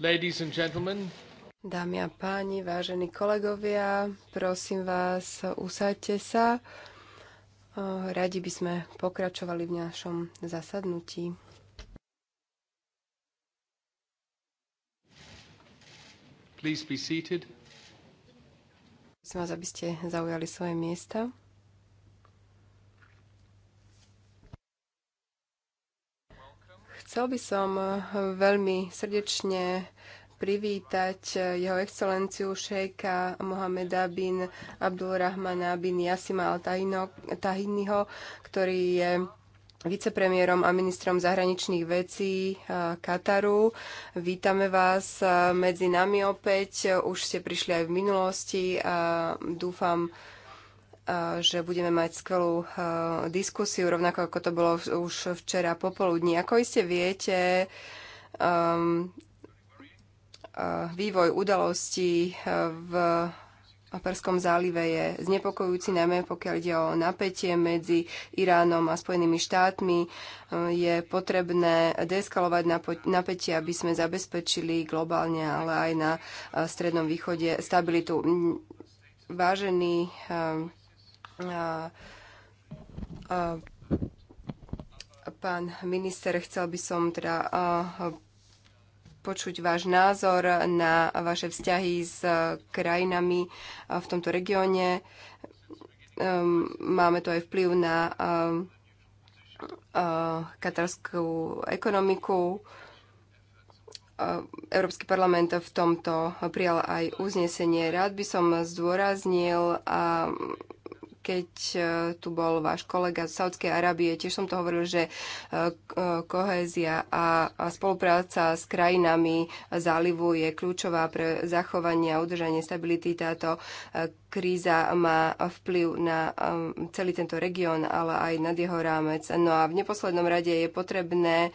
Ladies and gentlemen. Dámy a páni, vážení kolegovia, prosím vás, usaďte sa. Radi by sme pokračovali v našom zasadnutí. Please be seated. Prosím vás, aby ste zaujali svoje miesta. Chcel by som eh, veľmi srdečne privítať eh, jeho excelenciu šejka Mohameda bin Abdulrahmana bin Yasima al-Tahiniho, ktorý je vicepremiérom a ministrom zahraničných vecí eh, Kataru. Vítame vás medzi nami opäť. Už ste prišli aj v minulosti a dúfam, že budeme mať skvelú eh, diskusiu, rovnako ako to bolo už včera popoludní. Ako iste viete, ehm, eh, vývoj udalostí eh, v Perskom zálive je znepokojujúci, najmä pokiaľ ide o napätie medzi Iránom a Spojenými štátmi. Je potrebné deeskalovať napätie, aby sme zabezpečili globálne, ale aj na Strednom východe stabilitu. Vážení Pán minister, chcel by som teda počuť váš názor na vaše vzťahy s krajinami v tomto regióne. Ehm, máme to aj vplyv na katarskú ekonomiku. Európsky parlament v tomto prijal aj uznesenie. Rád by som zdôraznil keď e, tu bol váš kolega z Saudskej Arábie, tiež som to hovoril, že e, e, kohézia a spolupráca s krajinami zálivu je kľúčová pre zachovanie a udržanie stability. Táto kríza má vplyv na celý tento región, ale aj nad jeho rámec. No a v neposlednom rade je potrebné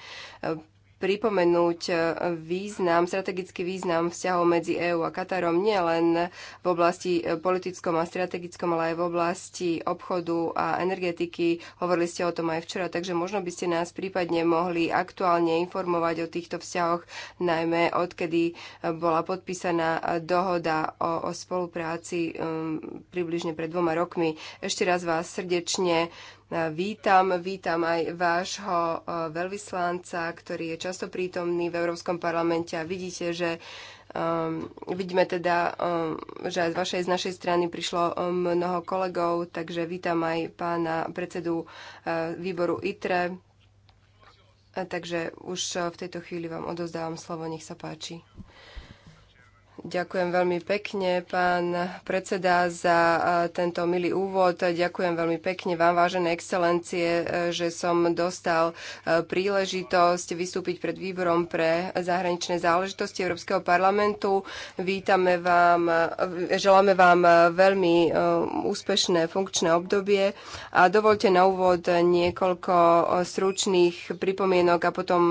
pripomenúť e, význam, strategický význam vzťahov medzi EÚ a Katarom nielen v oblasti e, politickom a strategickom, ale aj v oblasti obchodu a energetiky. Hovorili ste o tom aj včera, takže možno by ste nás prípadne mohli aktuálne informovať o týchto vzťahoch, najmä odkedy e, bola podpísaná dohoda o, o spolupráci um, približne pred dvoma rokmi. Ešte raz vás srdečne uh, Vítam, vítam aj vášho e, veľvyslanca, ktorý je často prítomný v Európskom parlamente a vidíte, že um, vidíme teda, um, že aj z vašej, z našej strany prišlo um, mnoho kolegov, takže vítam aj pána predsedu uh, výboru ITRE. A e, takže už v tejto chvíli vám odozdávam slovo, nech sa páči. Ďakujem veľmi pekne, pán predseda, za tento milý úvod. Ďakujem veľmi pekne vám, vážené excelencie, e, že som dostal e, príležitosť vystúpiť pred výborom pre zahraničné záležitosti Európskeho parlamentu. Vítame vám, e, želáme vám veľmi úspešné funkčné obdobie a dovolte na úvod niekoľko stručných pripomienok a potom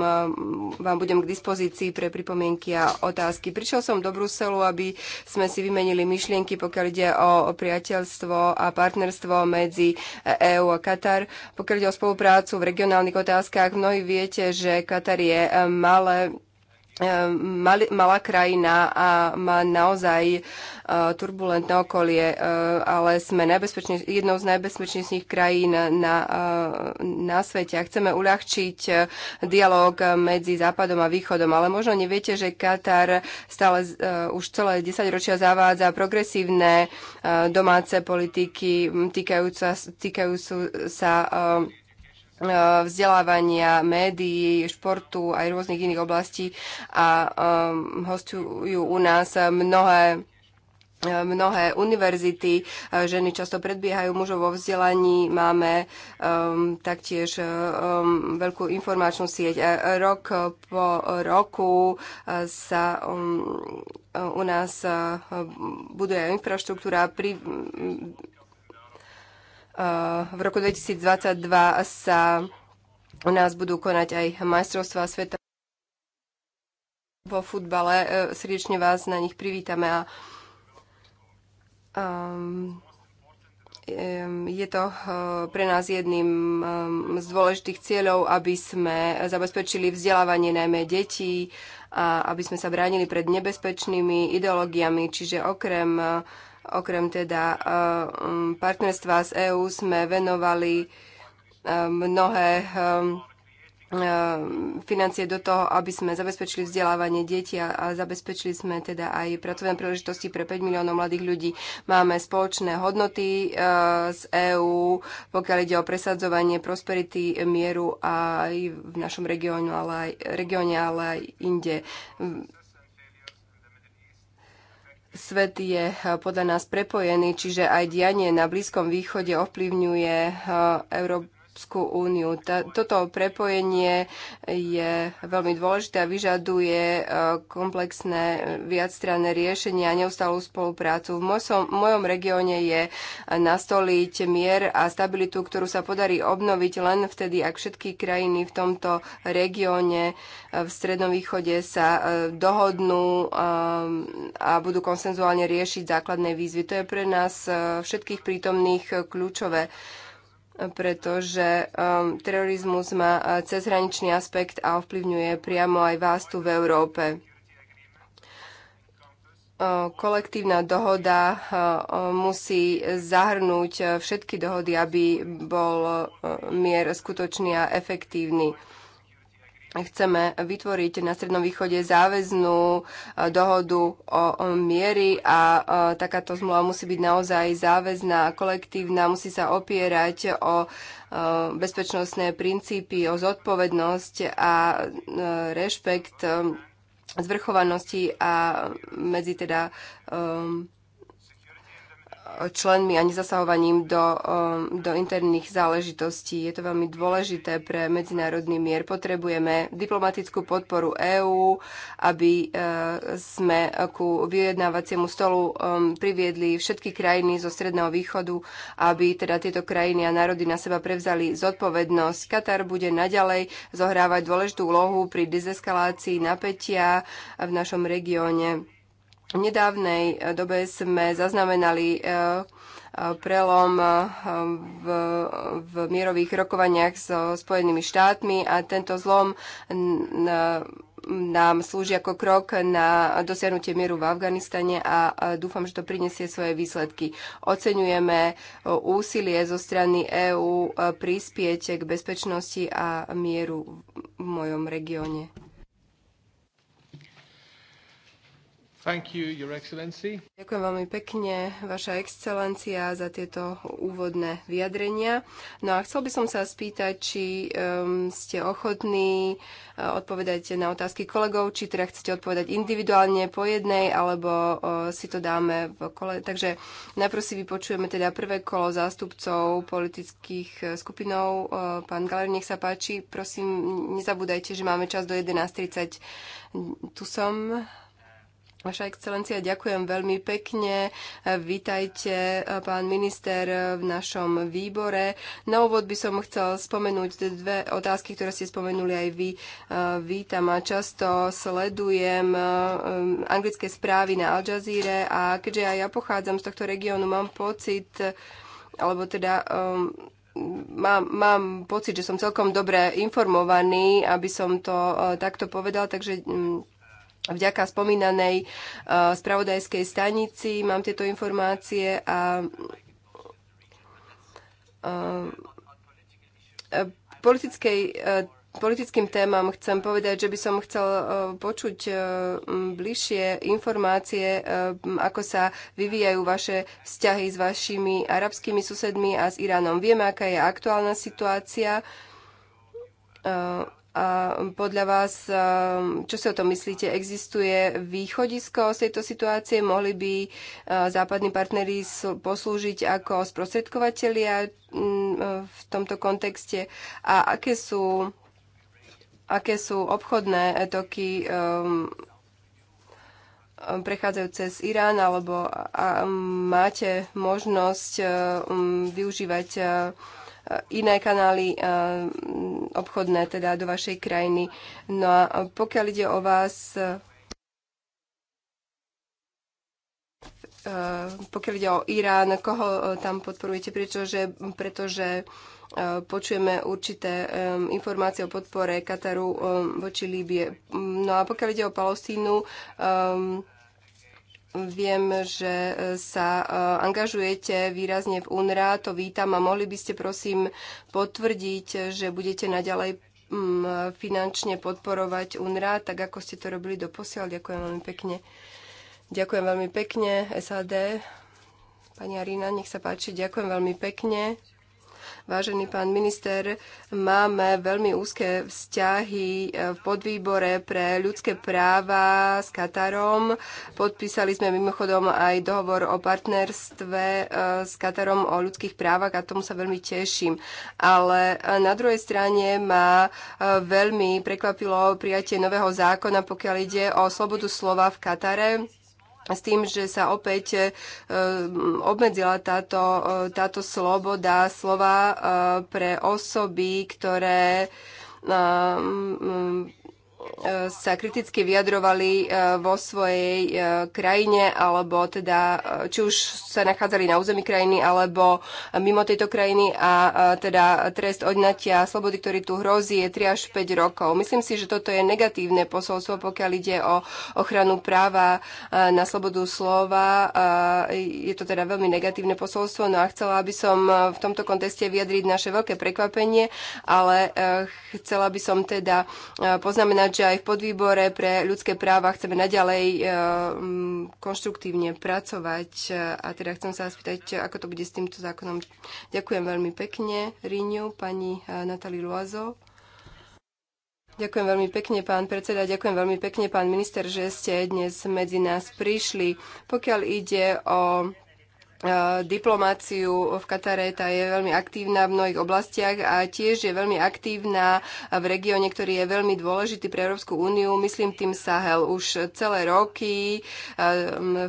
vám budem k dispozícii pre pripomienky a otázky. Prišiel som do Bruselu Bruselu, aby sme si vymenili myšlienky, pokiaľ ide o priateľstvo a partnerstvo medzi EÚ e a Katar. Pokiaľ ide o spoluprácu v regionálnych otázkach, mnohí viete, že Katar je eh, malé Ehm, malá krajina a má naozaj eh, turbulentné okolie, eh, ale sme jednou z najbezpečnejších krajín na, eh, na svete a chceme uľahčiť dialog medzi Západom a Východom. Ale možno neviete, že Katar stále už celé 10 ročia zavádza progresívne domáce politiky týkajúce sa, týkajú sa E, vzdelávania, médií, športu aj rôznych iných oblastí a um, hostujú u nás mnohé e, mnohé univerzity, ženy často predbiehajú mužov vo vzdelaní, máme um, taktiež um, veľkú informačnú sieť. Rok po roku sa um, u nás buduje infraštruktúra, pri, um, Eh, v roku 2022 sa u nás budú konať aj majstrovstvá sveta vo futbale. Eh, srdečne vás na nich privítame a ehm, ehm, je to eh, pre nás jedným ehm, z dôležitých cieľov, aby sme zabezpečili vzdelávanie najmä detí a aby sme sa bránili pred nebezpečnými ideológiami, čiže okrem Okrem teda e, partnerstva z EÚ sme venovali e, mnohé e, financie do toho, aby sme zabezpečili vzdelávanie detí a zabezpečili sme teda aj pracovné príležitosti pre 5 miliónov mladých ľudí. Máme spoločné hodnoty z EÚ, pokiaľ ide o presadzovanie prosperity, mieru aj v našom regióne, ale aj, regióne, ale aj inde Svet je eh, podľa nás prepojený, čiže aj dianie na Blízkom východe ovplyvňuje eh, Európu Európsku úniu. Toto prepojenie je veľmi dôležité a vyžaduje e, komplexné viacstranné riešenia a neustalú spoluprácu. V mojom, mojom regióne je e, nastoliť mier a stabilitu, ktorú sa podarí obnoviť len vtedy, ak všetky krajiny v tomto regióne e, v Strednom východe sa dohodnú a budú konsenzuálne riešiť základné výzvy. To je pre nás všetkých prítomných kľúčové pretože um, terorizmus má uh, cezhraničný aspekt a ovplyvňuje priamo aj vás tu v Európe. Uh, kolektívna dohoda uh, musí zahrnúť všetky dohody, aby bol mier skutočný a efektívny chceme vytvoriť na Strednom východe záväznú e, dohodu o, miery a e, takáto zmluva musí byť naozaj záväzná, kolektívna, musí sa opierať o e, bezpečnostné princípy, o zodpovednosť a rešpekt zvrchovanosti a medzi teda um, členmi a nezasahovaním do, um, do interných záležitostí. Je to veľmi dôležité pre medzinárodný mier. Potrebujeme diplomatickú podporu EÚ, aby e, sme ku vyjednávaciemu stolu um, priviedli všetky krajiny zo Stredného východu, aby teda tieto krajiny a národy na seba prevzali zodpovednosť. Katar bude naďalej zohrávať dôležitú úlohu pri dezeskalácii napätia v našom regióne v nedávnej eh, dobe sme zaznamenali eh, eh, prelom v, v mierových rokovaniach so Spojenými štátmi a tento zlom nám slúži ako krok na dosiahnutie mieru v Afganistane a dúfam, že to prinesie svoje výsledky. Oceňujeme úsilie zo strany EÚ prispieť k bezpečnosti a mieru v mojom regióne. Thank you, Your Excellency. Ďakujem veľmi pekne, Vaša Excelencia, za tieto úvodné vyjadrenia. No a chcel by som sa spýtať, či um, ste ochotní e, odpovedať na otázky kolegov, či teda chcete odpovedať individuálne po jednej, alebo uh, si to dáme v kole. Takže najprv si vypočujeme teda prvé kolo zástupcov politických e, skupinov. Uh, pán Galer, nech sa páči. Prosím, nezabúdajte, že máme čas do 11.30. Tu som. Vaša excelencia, ďakujem veľmi pekne. Vítajte, pán minister, v našom výbore. Na úvod by som chcel spomenúť dve otázky, ktoré ste spomenuli aj vy. E, vítam a často sledujem e, e, anglické správy na Al Jazeera a keďže aj ja pochádzam z tohto regiónu, mám pocit, alebo teda mám, mám pocit, že som celkom dobre informovaný, aby som to takto povedal, takže Vďaka spomínanej eh, spravodajskej stanici mám tieto informácie a eh, eh, politickej politickým témam chcem povedať, že by som chcel počuť bližšie informácie, ako sa vyvíjajú vaše vzťahy s vašimi arabskými susedmi a s Iránom. Vieme, aká je aktuálna situácia podľa vás, čo si o tom myslíte, existuje východisko z tejto situácie? Mohli by západní partnery poslúžiť ako sprostredkovateľia v tomto kontexte? A aké sú, aké sú obchodné toky um, prechádzajú cez Irán, alebo máte možnosť um, využívať E, iné kanály e, obchodné, teda do vašej krajiny. No a pokiaľ ide o vás, e, pokiaľ ide o Irán, koho tam podporujete, pretože, pretože počujeme určité informácie o podpore Kataru voči Líbie. No a pokiaľ ide o Palestínu, Viem, že e, sa e, angažujete výrazne v UNRA, to vítam a mohli by ste prosím potvrdiť, že budete naďalej mm, finančne podporovať UNRA, tak ako ste to robili do posiaľ. Ďakujem veľmi pekne. Ďakujem veľmi pekne, SAD. Pani Arina, nech sa páči, ďakujem veľmi pekne. Vážený pán minister, máme veľmi úzke vzťahy e, v podvýbore pre ľudské práva s Katarom. Podpísali sme mimochodom aj dohovor o partnerstve e, s Katarom o ľudských právach a tomu sa veľmi teším. Ale e, na druhej strane ma veľmi prekvapilo prijatie nového zákona, pokiaľ ide o slobodu slova v Katare s tým, že sa opäť e, obmedzila táto, e, táto sloboda slova e, pre osoby, ktoré E, sa kriticky vyjadrovali e, vo svojej e, krajine, alebo teda, či už sa nachádzali na území krajiny, alebo mimo tejto krajiny a teda trest odňatia slobody, ktorý tu hrozí, je 3 až 5 rokov. Myslím si, že toto je negatívne posolstvo, pokiaľ ide o ochranu práva na slobodu slova. Je to teda veľmi negatívne posolstvo, no a chcela by som v tomto konteste vyjadriť naše veľké prekvapenie, ale chcela by som teda poznamenať, že aj v podvýbore pre ľudské práva chceme naďalej eh, mm, konštruktívne pracovať. A teda chcem sa spýtať, ako to bude s týmto zákonom. Ďakujem veľmi pekne, Ríňu, pani eh, Natali Luazo. Ďakujem veľmi pekne, pán predseda, ďakujem veľmi pekne, pán minister, že ste dnes medzi nás prišli. Pokiaľ ide o E, diplomáciu v Katare, tá je veľmi aktívna v mnohých oblastiach a tiež je veľmi aktívna v regióne, ktorý je veľmi dôležitý pre Európsku úniu, myslím tým Sahel. Už celé roky e,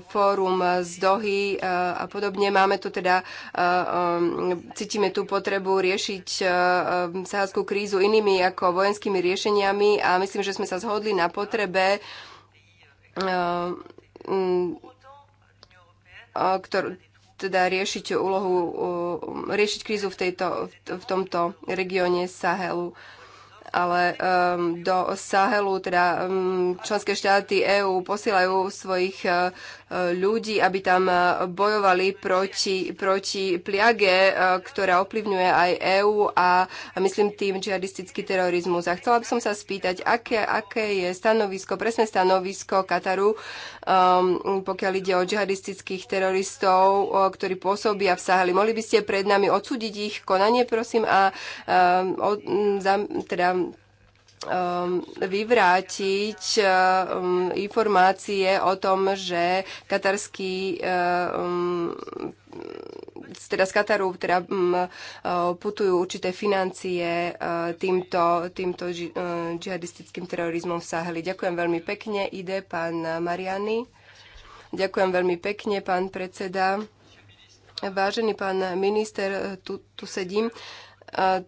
fórum z Dohy e, a podobne. Máme tu teda, cítime tú potrebu riešiť sahelskú krízu inými ako vojenskými riešeniami a myslím, že sme sa zhodli na potrebe ktorú teda riešiť úlohu, riešiť krízu v, tejto, v tomto regióne Sahelu. Ale um, do Sahelu teda um, členské štáty EÚ posielajú svojich uh, ľudí, aby tam e, bojovali proti, proti pliage, e, ktorá ovplyvňuje aj EÚ a, a myslím tým džihadistický terorizmus. A chcela by som sa spýtať, aké, aké je stanovisko, presné stanovisko Kataru, um, pokiaľ ide o džihadistických teroristov, o, e, ktorí pôsobia v Sahali. Mohli by ste pred nami odsúdiť ich konanie, prosím, a um, o, za, teda Um, vyvrátiť uh, um, informácie o tom, že katarský uh, um, teda z Kataru teda, uh, putujú určité financie týmto, týmto ži, džihadistickým terorizmom v Saheli. Ďakujem veľmi pekne. Ide pán Mariany. Ďakujem veľmi pekne, pán predseda. Vážený pán minister, tu, tu sedím. Uh,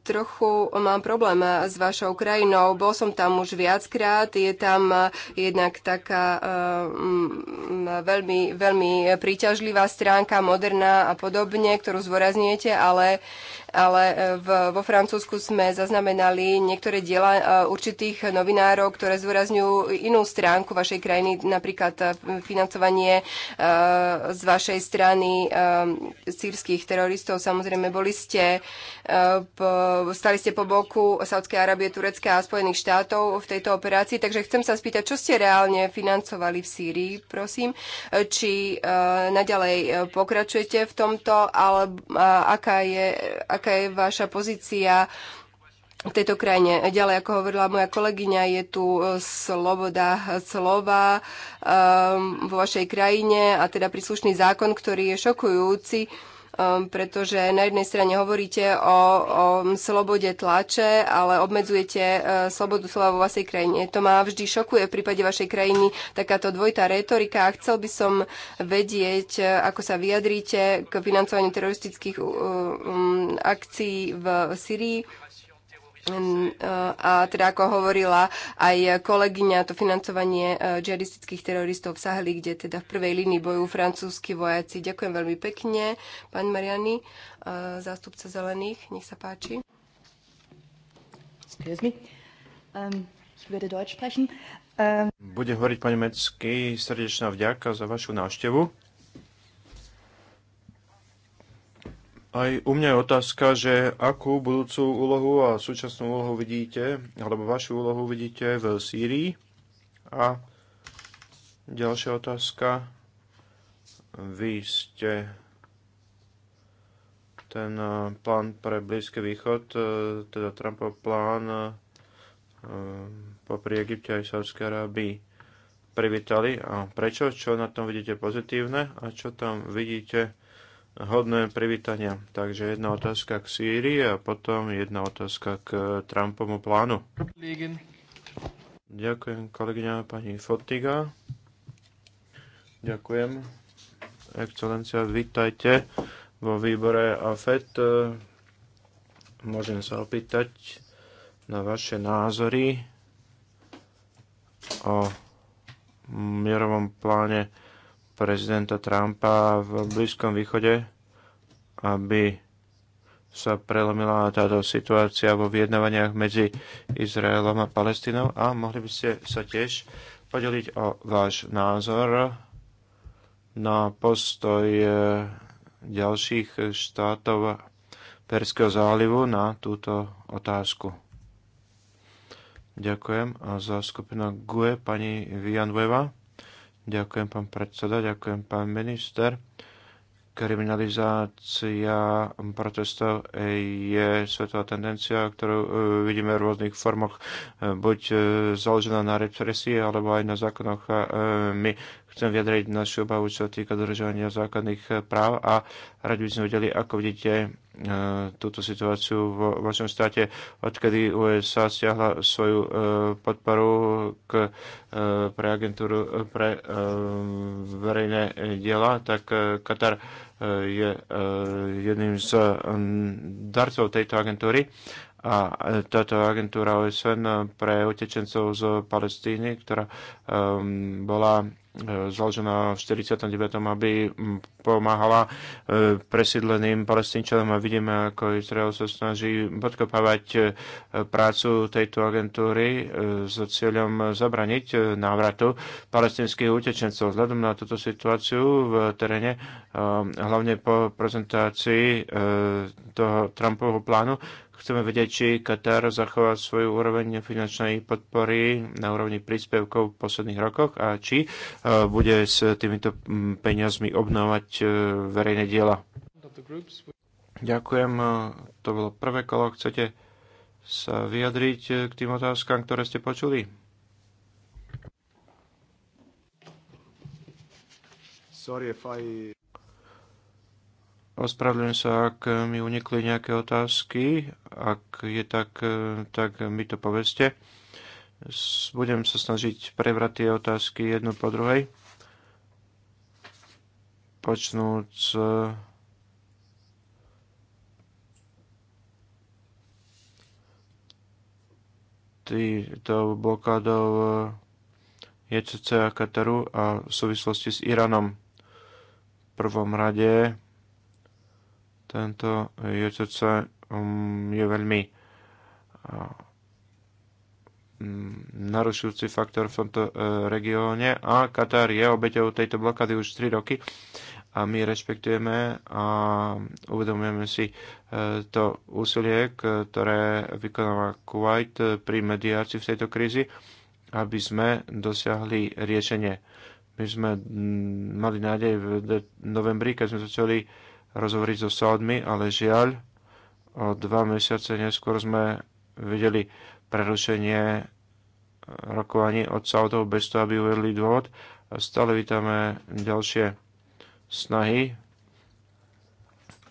trochu mám problém s vašou krajinou. Bol som tam už viackrát. Je tam e, jednak taká e, veľmi, veľmi príťažlivá stránka, moderná a podobne, ktorú zvorazniete, ale ale e, v, vo Francúzsku sme zaznamenali niektoré diela e, určitých novinárov, ktoré zdôrazňujú inú stránku vašej krajiny, napríklad e, financovanie z vašej strany sírskych teroristov. Samozrejme, boli ste, stali ste po boku Saudskej Arábie, Turecka a Spojených štátov v tejto operácii, takže chcem sa spýtať, čo ste reálne financovali v Sýrii, prosím, či naďalej pokračujete v tomto, ale aká je, aká je vaša pozícia v tejto krajine. Ďalej, ako hovorila moja kolegyňa, je tu e, sloboda slova um, vo vašej krajine a teda príslušný zákon, ktorý je šokujúci. Um, pretože na jednej strane hovoríte o, o slobode tlače, ale obmedzujete uh, slobodu slova vo vašej krajine. To ma vždy šokuje v prípade vašej krajiny takáto dvojitá retorika a chcel by som vedieť, uh, ako sa vyjadríte k financovaniu teroristických uh, um, akcií v Syrii Mm, eh, a teda ako hovorila aj kolegyňa, to financovanie eh, džihadistických teroristov v Saheli, kde teda v prvej línii bojujú francúzski vojaci. Ďakujem veľmi pekne, pán Mariani, eh, zástupca zelených, nech sa páči. Um, ähm, Bude hovoriť pani Mecký, srdečná vďaka za vašu návštevu. Aj u mňa je otázka, že akú budúcu úlohu a súčasnú úlohu vidíte, alebo vašu úlohu vidíte v Sýrii. A ďalšia otázka. Vy ste ten eh, plán pre Blízky východ, eh, teda Trumpov plán eh, popri Egypte aj Sávskej Arábii privítali. A prečo? Čo na tom vidíte pozitívne a čo tam vidíte hodné privítania. Takže jedna otázka k Sýrii a potom jedna otázka k Trumpomu plánu. Ligen. Ďakujem kolegyňa pani Fotiga. Ďakujem. Excelencia, vítajte vo výbore AFET. Môžem sa opýtať na vaše názory o mierovom pláne prezidenta Trumpa v Blízkom východe, aby sa prelomila táto situácia vo vyjednávaniach medzi Izraelom a Palestínou a mohli by ste sa tiež podeliť o váš názor na postoj e, ďalších štátov Perského zálivu na túto otázku. Ďakujem a za skupinu GUE pani Vianueva. Ďakujem, pán predseda, ďakujem, pán minister. Kriminalizácia protestov eh, je svetová tendencia, ktorú eh, vidíme v rôznych formách, eh, buď založená na represii, alebo aj na zákonoch. My chcem vyjadriť našu obavu, čo týka dodržovania základných eh, práv a radi by sme vedeli, ako vidíte eh, túto situáciu vo vašom štáte, odkedy USA stiahla svoju eh, podporu k, pre agentúru pre verejné diela, tak Katar je jedným z darcov tejto agentúry a táto agentúra OSN pre utečencov z Palestíny, ktorá bola E, založená v 49. aby pomáhala e, presídleným Palestinčanom. a vidíme, ako Izrael sa snaží podkopávať e, prácu tejto agentúry s cieľom zabraniť návratu palestinských utečencov. Vzhľadom na túto situáciu v teréne, hlavne po prezentácii toho Trumpovho plánu, Chceme vedieť, či Katar zachová svoju úroveň finančnej podpory na úrovni príspevkov v posledných rokoch a či e, bude s týmito peniazmi obnovať e, verejné diela. Ďakujem, e, to bolo prvé kolo. Chcete sa vyjadriť k tým otázkam, ktoré ste počuli? Sorry if I... Ospravedlňujem sa, ak mi unikli nejaké otázky. Ak je tak, eh, tak mi to povedzte. Budem sa snažiť prebrať tie otázky jednu po druhej. Počnúc eh, týto blokádov eh, JCC a Kataru a v súvislosti s Iránom. V prvom rade tento JCC um, je veľmi mm, narušujúci faktor v tomto e, regióne a Katar je obeťou tejto blokády už 3 roky a my rešpektujeme a uvedomujeme si e, to úsilie, ktoré vykonáva Kuwait pri mediácii v tejto krízi, aby sme dosiahli riešenie. My sme mali nádej v novembri, keď sme začali rozhovoriť so Saudmi, ale žiaľ, o dva mesiace neskôr sme videli prerušenie e, rokovaní od Saudov bez toho, aby uvedli dôvod. A stále vítame ďalšie snahy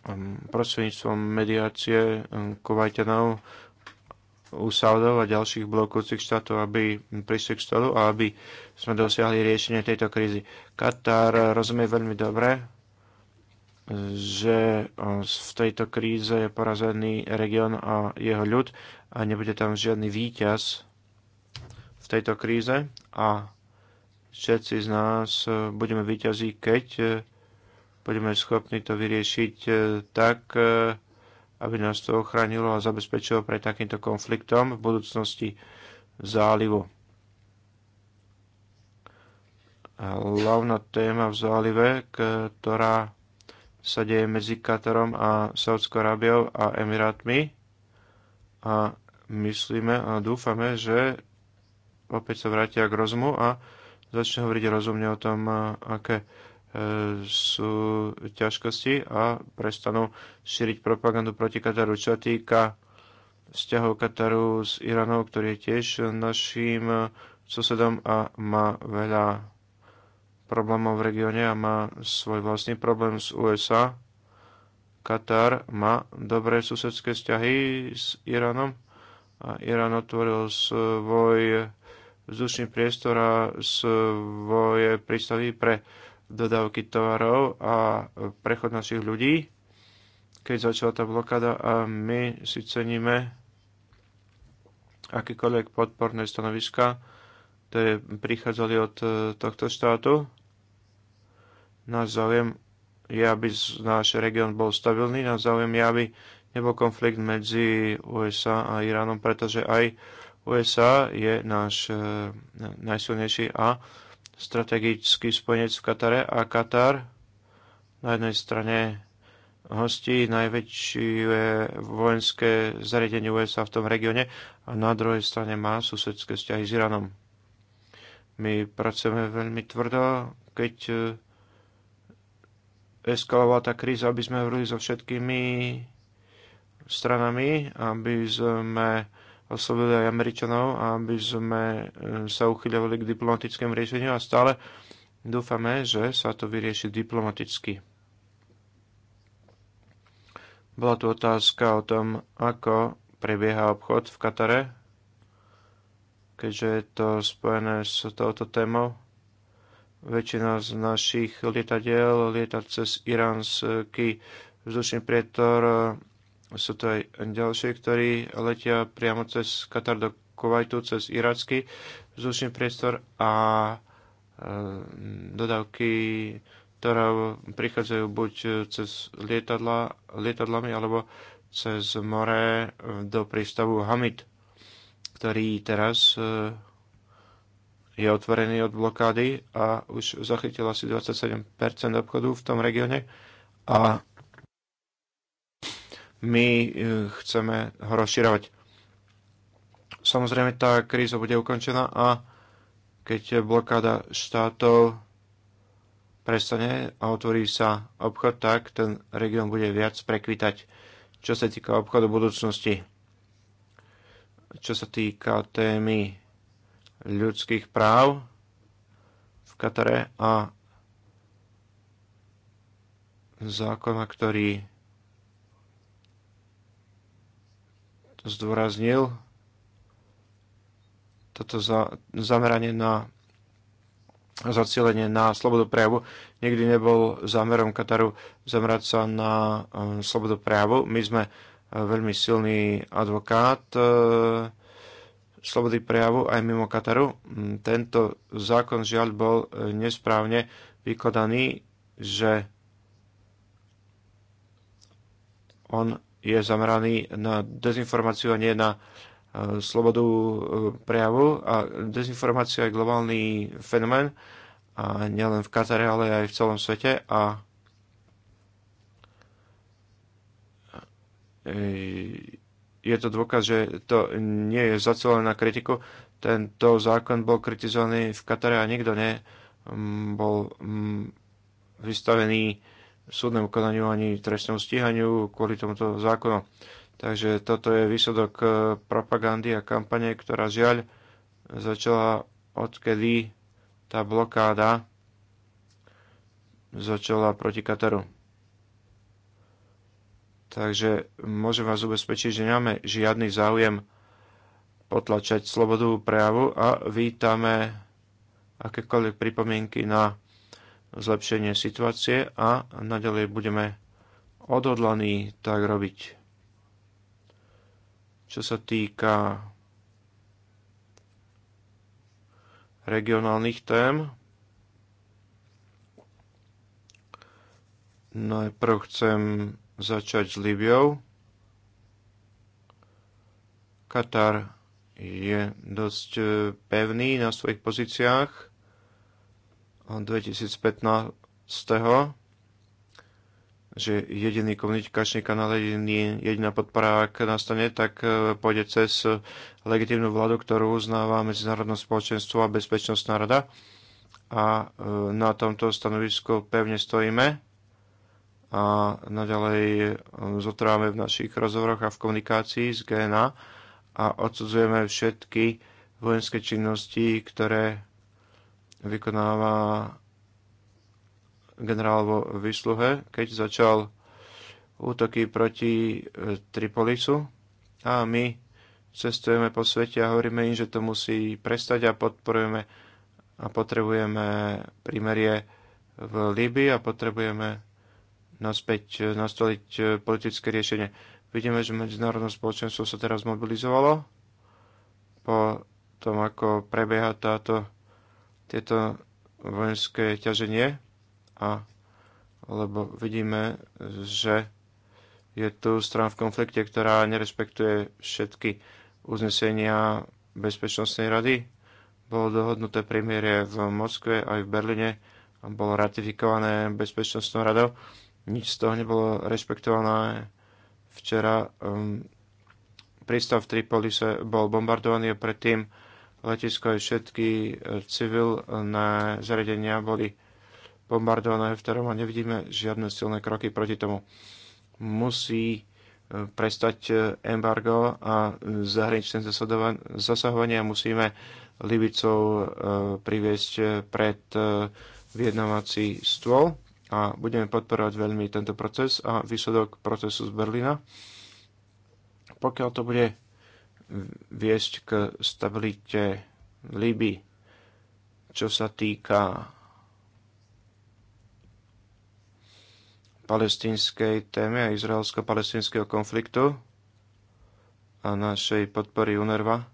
ehm, prostredníctvom mediácie ehm, Kovajtenov u Saudov a ďalších blokujúcich štátov, aby prišli k stolu a aby sme dosiahli riešenie tejto krízy. Katar rozumie veľmi dobre že e, v tejto kríze je porazený región a jeho ľud a nebude tam žiadny víťaz v tejto kríze a všetci z nás e, budeme víťazí, keď e, budeme schopní to vyriešiť tak, aby nás to ochránilo a zabezpečilo pred takýmto konfliktom v budúcnosti zálivu. Hlavná téma v zálive, ktorá sa deje medzi Katarom a Saudskou Arábiou a Emirátmi. A myslíme a dúfame, že opäť sa vrátia k rozumu a začne hovoriť rozumne o tom, aké e, sú ťažkosti a prestanú šíriť propagandu proti Kataru. Čo týka vzťahov Kataru s Iránom, ktorý je tiež našim susedom a má veľa problémov v regióne a má svoj vlastný problém s USA. Katar má dobré susedské vzťahy s Iránom a Irán otvoril svoj vzdušný priestor a svoje prístavy pre dodávky tovarov a prechod našich ľudí, keď začala tá blokáda a my si ceníme akékoľvek podporné stanoviska, ktoré prichádzali od tohto štátu Náš záujem je, aby náš región bol stabilný, náš záujem je, aby nebol konflikt medzi USA a Iránom, pretože aj USA je náš e, najsilnejší a strategický spojenec v Katare a Katar na jednej strane hostí najväčšie vojenské zariadenie USA v tom regióne a na druhej strane má susedské vzťahy s Iránom. My pracujeme veľmi tvrdo, keď e, eskalovala tá kríza, aby sme hovorili so všetkými stranami, aby sme oslovili aj Američanov, aby sme e, sa uchyľovali k diplomatickému riešeniu a stále dúfame, že sa to vyrieši diplomaticky. Bola tu otázka o tom, ako prebieha obchod v Katare, keďže je to spojené s touto témou. Väčšina z našich lietadiel lieta cez iránsky vzdušný prietor. Sú to aj ďalšie, ktorí letia priamo cez Katar do Kuwaitu, cez iracký vzdušný priestor a e, dodávky ktoré prichádzajú buď cez lietadla, lietadlami alebo cez more do prístavu Hamid, ktorý teraz e, je otvorený od blokády a už zachytil asi 27% obchodu v tom regióne a my e, chceme ho rozširovať. Samozrejme, tá kríza bude ukončená a keď blokáda štátov prestane a otvorí sa obchod, tak ten región bude viac prekvitať, čo sa týka obchodu budúcnosti. Čo sa týka témy ľudských práv v Katare a zákona, ktorý zdôraznil toto za, zameranie na zacielenie na slobodu prejavu nikdy nebol zámerom Kataru zamerať sa na um, slobodu prejavu. My sme uh, veľmi silný advokát uh, slobody prejavu aj mimo Kataru. Mm, tento zákon žiaľ bol e, nesprávne vykladaný, že on je zameraný na dezinformáciu a nie na e, slobodu e, prejavu. A dezinformácia je globálny fenomén, a nielen v Katare, ale aj v celom svete. A je to dôkaz, že to nie je zacelené na kritiku. Tento zákon bol kritizovaný v Katare a nikto ne bol vystavený súdnemu konaniu ani trestnému stíhaniu kvôli tomuto zákonu. Takže toto je výsledok e, propagandy a kampane, ktorá žiaľ začala odkedy tá blokáda začala proti Kataru. Takže môžem vás ubezpečiť, že nemáme žiadny záujem potlačať slobodu prejavu a vítame akékoľvek pripomienky na zlepšenie situácie a naďalej budeme odhodlaní tak robiť. Čo sa týka regionálnych tém, najprv chcem začať s Libiou. Katar je dosť e, pevný na svojich pozíciách od 2015. že jediný komunikačný kanál, jediný, jediná podpora, ak nastane, tak e, pôjde cez legitívnu vládu, ktorú uznáva medzinárodné spoločenstvo a bezpečnostná rada. A e, na tomto stanovisku pevne stojíme a naďalej um, zotrváme v našich rozhovoroch a v komunikácii s GNA a odsudzujeme všetky vojenské činnosti, ktoré vykonáva generál vo výsluhe, keď začal útoky proti e, Tripolisu a my cestujeme po svete a hovoríme im, že to musí prestať a podporujeme a potrebujeme prímerie v Líbii a potrebujeme naspäť e, nastoliť e, politické riešenie. Vidíme, že medzinárodné spoločenstvo sa teraz mobilizovalo po tom, ako prebieha táto, tieto vojenské ťaženie a lebo vidíme, že je tu strana v konflikte, ktorá nerespektuje všetky uznesenia Bezpečnostnej rady. Bolo dohodnuté premiérie v Moskve aj v Berlíne a bolo ratifikované Bezpečnostnou radou nič z toho nebolo rešpektované. Včera um, prístav v Tripolise bol bombardovaný a predtým letisko aj všetky e, civilné zariadenia boli bombardované, v ktorom nevidíme žiadne silné kroky proti tomu. Musí e, prestať e, embargo a zahraničné zasahovanie musíme Libicov priviesť pred vyjednávací stôl a budeme podporovať veľmi tento proces a výsledok procesu z Berlína. Pokiaľ to bude viesť k stabilite Líby, čo sa týka palestinskej téme a izraelsko-palestinského konfliktu a našej podpory UNRWA.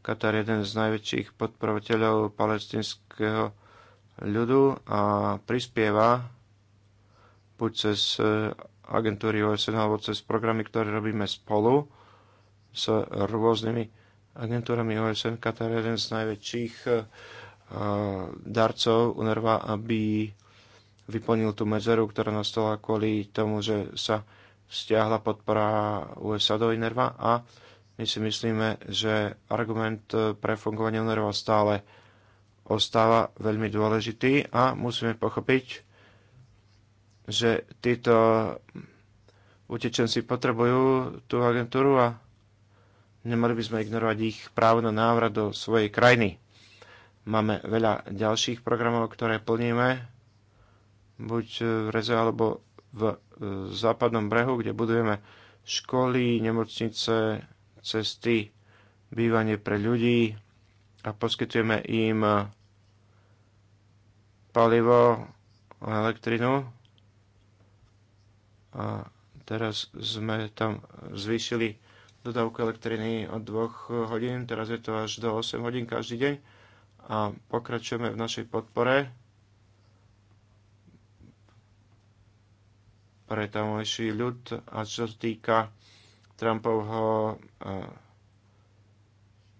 Katar je jeden z najväčších podporovateľov palestinského ľudu a prispieva buď cez e, agentúry OSN alebo cez programy, ktoré robíme spolu s rôznymi agentúrami OSN. Katar je jeden z najväčších e, darcov UNRWA, aby vyplnil tú medzeru, ktorá nastala kvôli tomu, že sa stiahla podpora USA do UNRWA a my si myslíme, že argument e, pre fungovanie UNRWA stále ostáva veľmi dôležitý a musíme pochopiť, že títo utečenci potrebujú tú agentúru a nemali by sme ignorovať ich právo na návrat do svojej krajiny. Máme veľa ďalších programov, ktoré plníme, buď v Reze alebo v e, západnom brehu, kde budujeme školy, nemocnice, cesty, bývanie pre ľudí a poskytujeme im palivo a elektrinu. A teraz sme tam zvýšili dodávku elektriny od 2 hodín, teraz je to až do 8 hodín každý deň a pokračujeme v našej podpore pre tamojší ľud a čo sa týka Trumpovho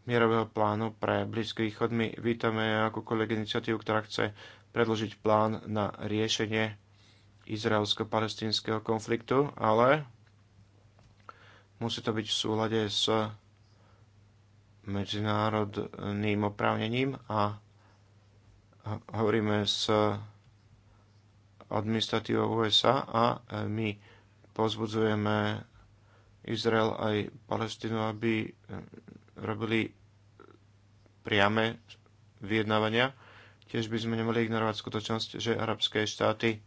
mierového plánu pre Blízky východ. My vítame akúkoľvek iniciatívu, ktorá chce predložiť plán na riešenie izraelsko palestinského konfliktu, ale musí to byť v súlade s medzinárodným oprávnením a hovoríme s administratívou USA a my pozbudzujeme Izrael aj Palestínu, aby robili priame vyjednávania Tiež by sme nemali ignorovať skutočnosť, že arabské štáty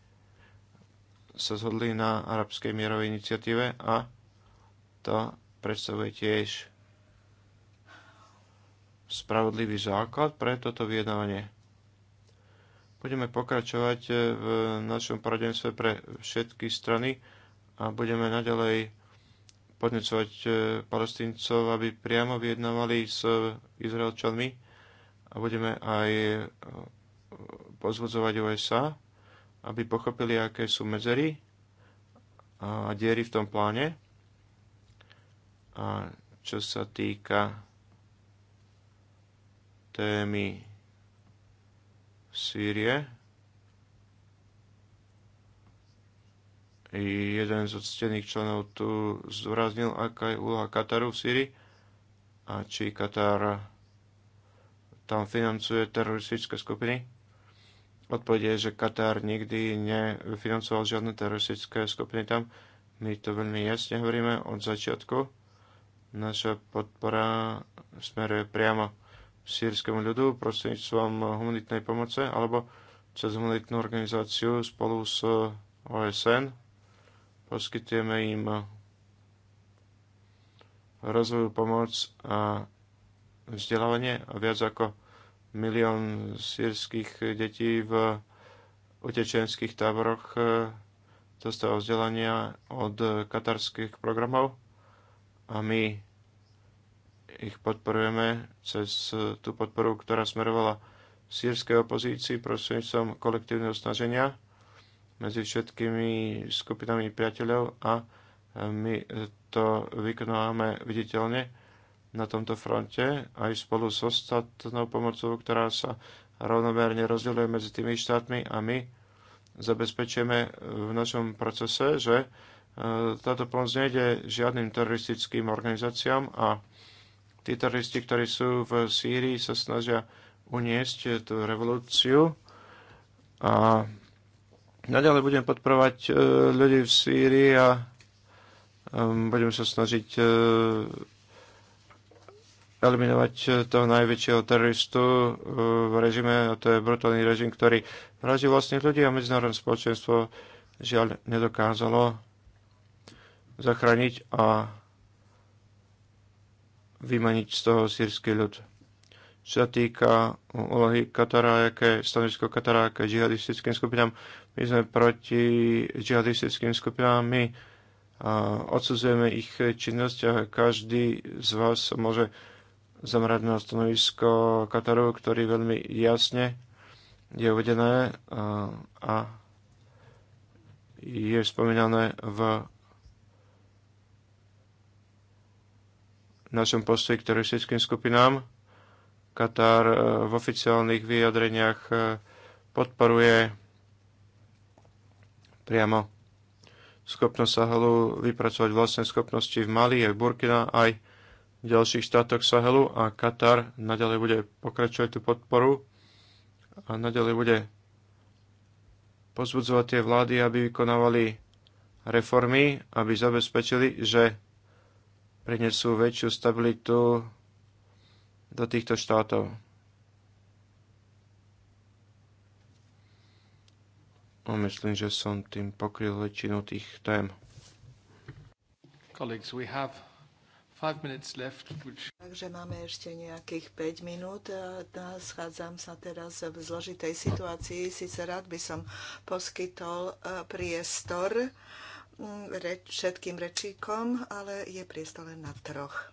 sa zhodli na arabskej mierovej iniciatíve a to predstavuje tiež spravodlivý základ pre toto vyjednávanie. Budeme pokračovať e, v našom poradenstve pre všetky strany a budeme naďalej podnecovať e, palestíncov, aby priamo vyjednávali s Izraelčanmi a budeme aj e, pozvodzovať USA, aby pochopili, aké sú medzery a diery v tom pláne. A čo sa týka témy Sýrie, jeden z odstených členov tu zdôraznil, aká je úloha Kataru v Sýrii a či Katar tam financuje teroristické skupiny? Odpovedie je, že Katar nikdy nefinancoval žiadne teroristické skupiny tam. My to veľmi jasne hovoríme od začiatku. Naša podpora smeruje priamo sírskému ľudu prostredníctvom humanitnej pomoce alebo cez humanitnú organizáciu spolu s OSN. Poskytujeme im rozvoju pomoc a vzdelávanie a viac ako milión sírskych detí v utečenských táboroch dostalo eh, vzdelania od katarských programov a my ich podporujeme cez tú podporu, ktorá smerovala sírskej opozícii prostredníctvom kolektívneho snaženia medzi všetkými skupinami priateľov a eh, my to vykonávame viditeľne na tomto fronte, aj spolu s ostatnou pomocou, ktorá sa rovnomerne rozdeľuje medzi tými štátmi a my zabezpečujeme v našom procese, že e, táto pomoc nejde žiadnym teroristickým organizáciám a tí teroristi, ktorí sú v Sýrii, sa snažia uniesť tú revolúciu a naďalej budem podporovať e, ľudí v Sýrii a e, budem sa snažiť eliminovať eh, toho najväčšieho teroristu eh, v režime, a to je brutálny režim, ktorý vraží vlastných ľudí a medzinárodné spoločenstvo žiaľ nedokázalo zachrániť a vymaniť z toho sírsky ľud. Čo sa týka úlohy Katara, aké stanovisko Katara k džihadistickým skupinám, my sme proti džihadistickým skupinám, my eh, odsudzujeme ich činnosť a každý z vás môže zamerať na stanovisko Kataru, ktorý veľmi jasne je uvedené a je spomínané v našom postoji k teroristickým skupinám. Katar e, v oficiálnych vyjadreniach e, podporuje priamo schopnosť Sahelu vypracovať vlastné schopnosti v Mali, aj v Burkina, aj ďalších štátoch Sahelu a Katar naďalej bude pokračovať tú podporu a naďalej bude pozbudzovať tie vlády, aby vykonávali reformy, aby zabezpečili, že prinesú väčšiu stabilitu do týchto štátov. A no, myslím, že som tým pokryl väčšinu tých tém. Colleagues, we have Takže máme ešte nejakých 5 minút. Schádzam sa teraz v zložitej situácii. Sice rád by som poskytol e, priestor mm, všetkým rečíkom, ale je priestor len na troch.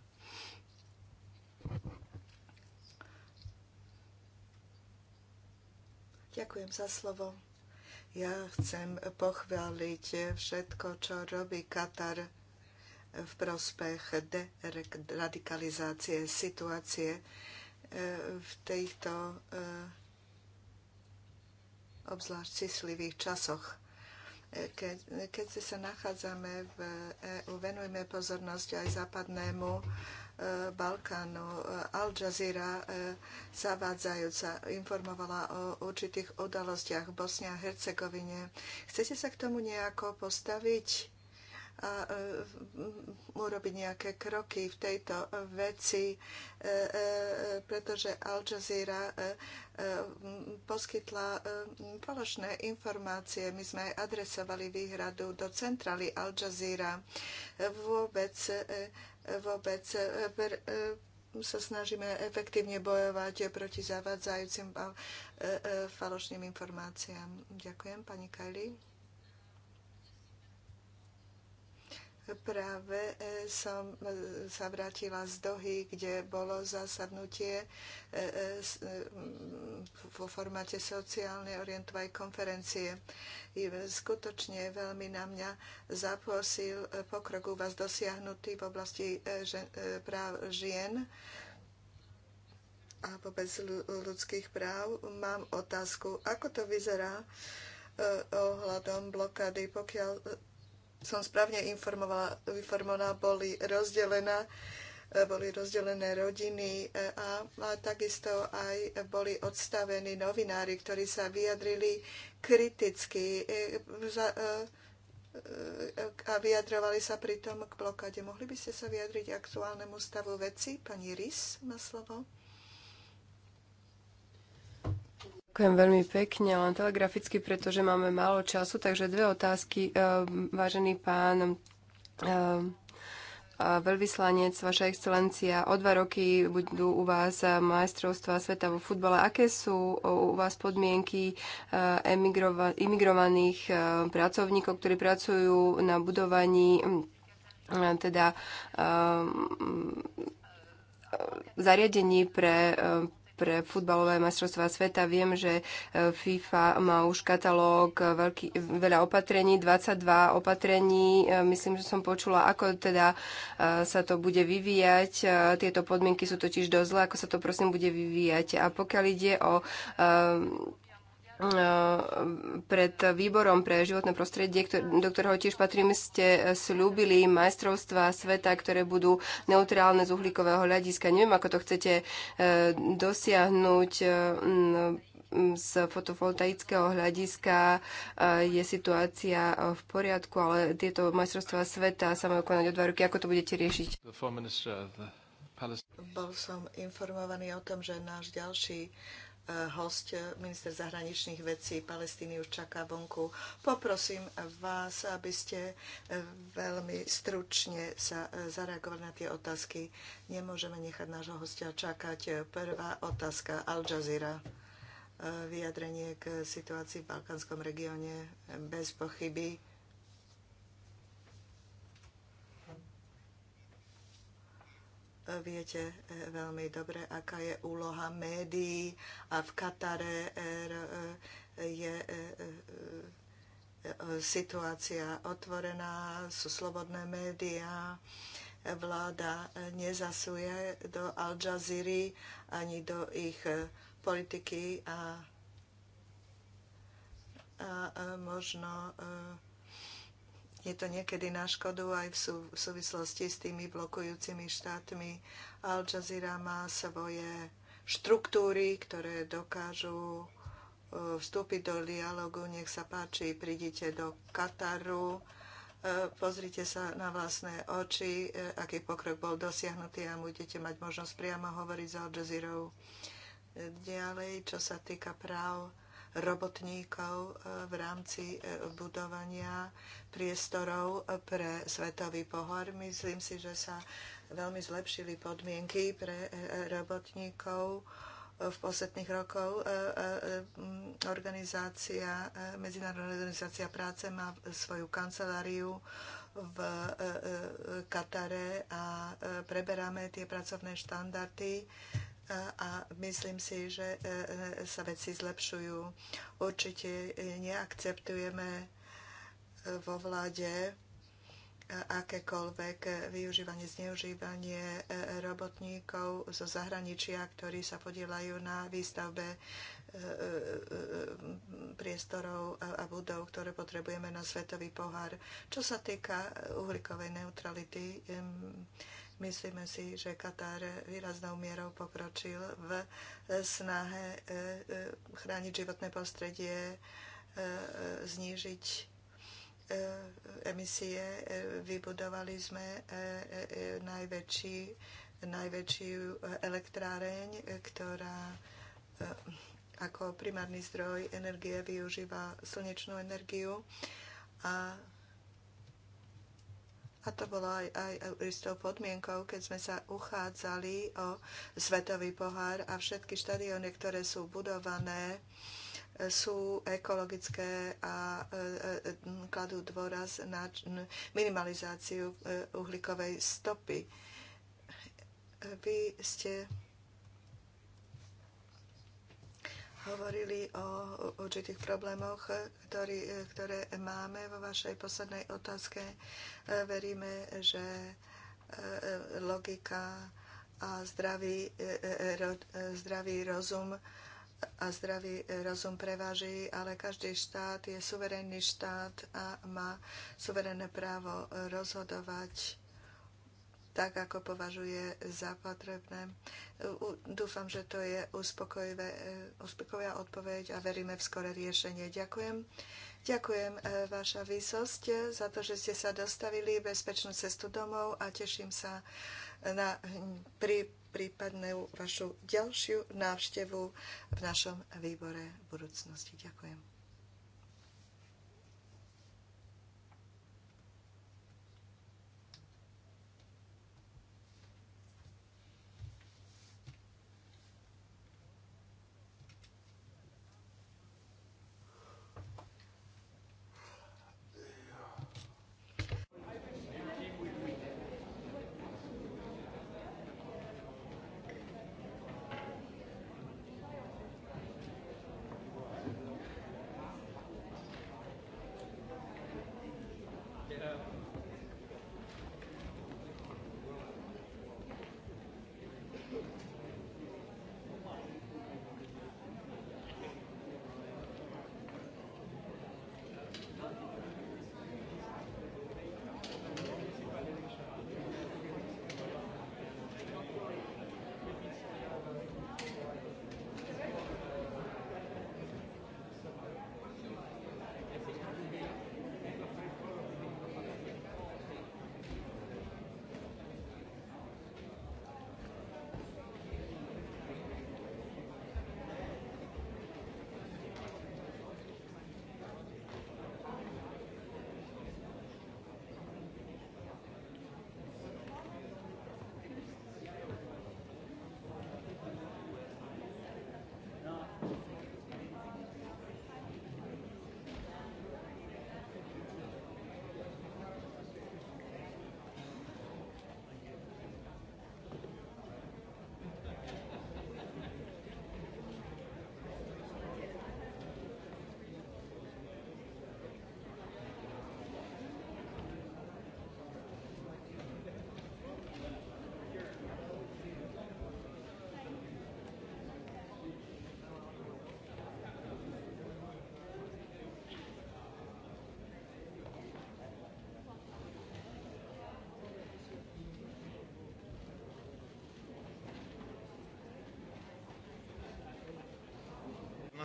Ďakujem za slovo. Ja chcem pochváliť všetko, čo robí Katar v prospech deradikalizácie situácie e, v týchto e, obzvlášť cislivých časoch. E, keď, keď sa nachádzame v EU, venujme pozornosť aj západnému Balkánu. Al Jazeera zavádzajúca informovala o určitých udalostiach v Bosne a Hercegovine. Chcete sa k tomu nejako postaviť? a e, urobiť nejaké kroky v tejto veci, e, e, pretože Al Jazeera poskytla falošné informácie. My sme aj adresovali výhradu do centrály Al Jazeera. Vôbec, vôbec sa snažíme efektívne bojovať proti zavádzajúcim falošným informáciám. Ďakujem, pani Kajli. Práve e, som e, sa vrátila z Dohy, kde bolo zasadnutie e, vo formáte sociálnej orientovej konferencie. I skutočne veľmi na mňa zaposil pokrok u vás dosiahnutý v oblasti práv žien a vôbec ľudských práv. Mám otázku, ako to vyzerá ohľadom blokády, pokiaľ som správne informovaná, boli rozdelená e, boli rozdelené rodiny e, a, a takisto aj boli odstavení novinári, ktorí sa vyjadrili kriticky e, a vyjadrovali sa pritom k blokáde. Mohli by ste sa vyjadriť aktuálnemu stavu veci? Pani Rys má slovo. Ďakujem veľmi pekne, len telegraficky, pretože máme málo času, takže dve otázky. Eh, vážený pán eh, eh, veľvyslanec, vaša excelencia, o dva roky budú u vás majstrovstva sveta vo futbale. Aké sú u vás podmienky imigrovaných pracovníkov, ktorí pracujú na budovaní teda zariadení pre pre futbalové majstrovstvá sveta. Viem, že e, FIFA má už katalóg e, veľký, veľa opatrení, 22 opatrení. E, myslím, že som počula, ako teda sa to bude vyvíjať. Tieto podmienky sú totiž dosť zlé, ako sa to prosím bude vyvíjať. A pokiaľ ide o E, pred výborom pre životné prostredie, do ktorého tiež patrím, ste slúbili majstrovstva sveta, ktoré budú neutrálne z uhlíkového hľadiska. Neviem, ako to chcete e, dosiahnuť e, z fotovoltaického hľadiska je situácia v poriadku, ale tieto majstrovstvá sveta sa majú konať o dva roky. Ako to budete riešiť? Bol som informovaný o tom, že náš ďalší host, eh, minister zahraničných vecí Palestíny už čaká vonku. Poprosím vás, aby ste eh, veľmi stručne sa eh, zareagovali na tie otázky. Nemôžeme nechať nášho hostia čakať. Prvá otázka Al Jazeera. Vyjadrenie k situácii v balkánskom regióne bez pochyby viete eh, veľmi dobre, aká je úloha médií a v Katare er, eh, je eh, situácia otvorená, sú slobodné médiá, vláda nezasuje do Al Jazeera ani do ich politiky a, a možno je to niekedy na škodu aj v, sú, v súvislosti s tými blokujúcimi štátmi. Al Jazeera má svoje štruktúry, ktoré dokážu e, vstúpiť do dialogu. Nech sa páči, prídite do Kataru, e, pozrite sa na vlastné oči, e, aký pokrok bol dosiahnutý a budete mať možnosť priamo hovoriť s Al Jazeera. Ďalej, čo sa týka práv robotníkov eh, v rámci eh, budovania priestorov eh, pre svetový pohor. Myslím si, že sa veľmi zlepšili podmienky pre robotníkov v posledných rokov organizácia, Medzinárodná organizácia práce má svoju kanceláriu v Katare a preberáme tie pracovné štandardy a myslím si, že e, e, sa veci zlepšujú. Určite neakceptujeme e, vo vláde akékoľvek využívanie, zneužívanie robotníkov zo zahraničia, ktorí sa podielajú na výstavbe priestorov a budov, ktoré potrebujeme na svetový pohár. Čo sa týka uhlíkovej neutrality, Myslíme si, že Katar výraznou mierou pokročil v snahe e, e, chrániť životné prostredie, e, znížiť emisie. Vybudovali sme najväčší, najväčší elektráreň, ktorá ako primárny zdroj energie využíva slnečnú energiu a a to bolo aj, aj istou podmienkou, keď sme sa uchádzali o svetový pohár a všetky štadióny, ktoré sú budované, e, sú ekologické a e, e, kladú dôraz na minimalizáciu uhlíkovej stopy. Vy ste hovorili o určitých problémoch, ktorý, ktoré máme vo vašej poslednej otázke. E, veríme, že e, logika a zdravý, e, zdravý rozum a zdravý rozum preváži, ale každý štát je suverénny štát a má suverénne právo rozhodovať tak, ako považuje za potrebné. Dúfam, že to je e, uspokojivá odpoveď a veríme v skore riešenie. Ďakujem. Ďakujem, e, Vaša výsosť, e, za to, že ste sa dostavili bezpečnú cestu domov a teším sa na pri, prípadnú vašu ďalšiu návštevu v našom výbore v budúcnosti. Ďakujem.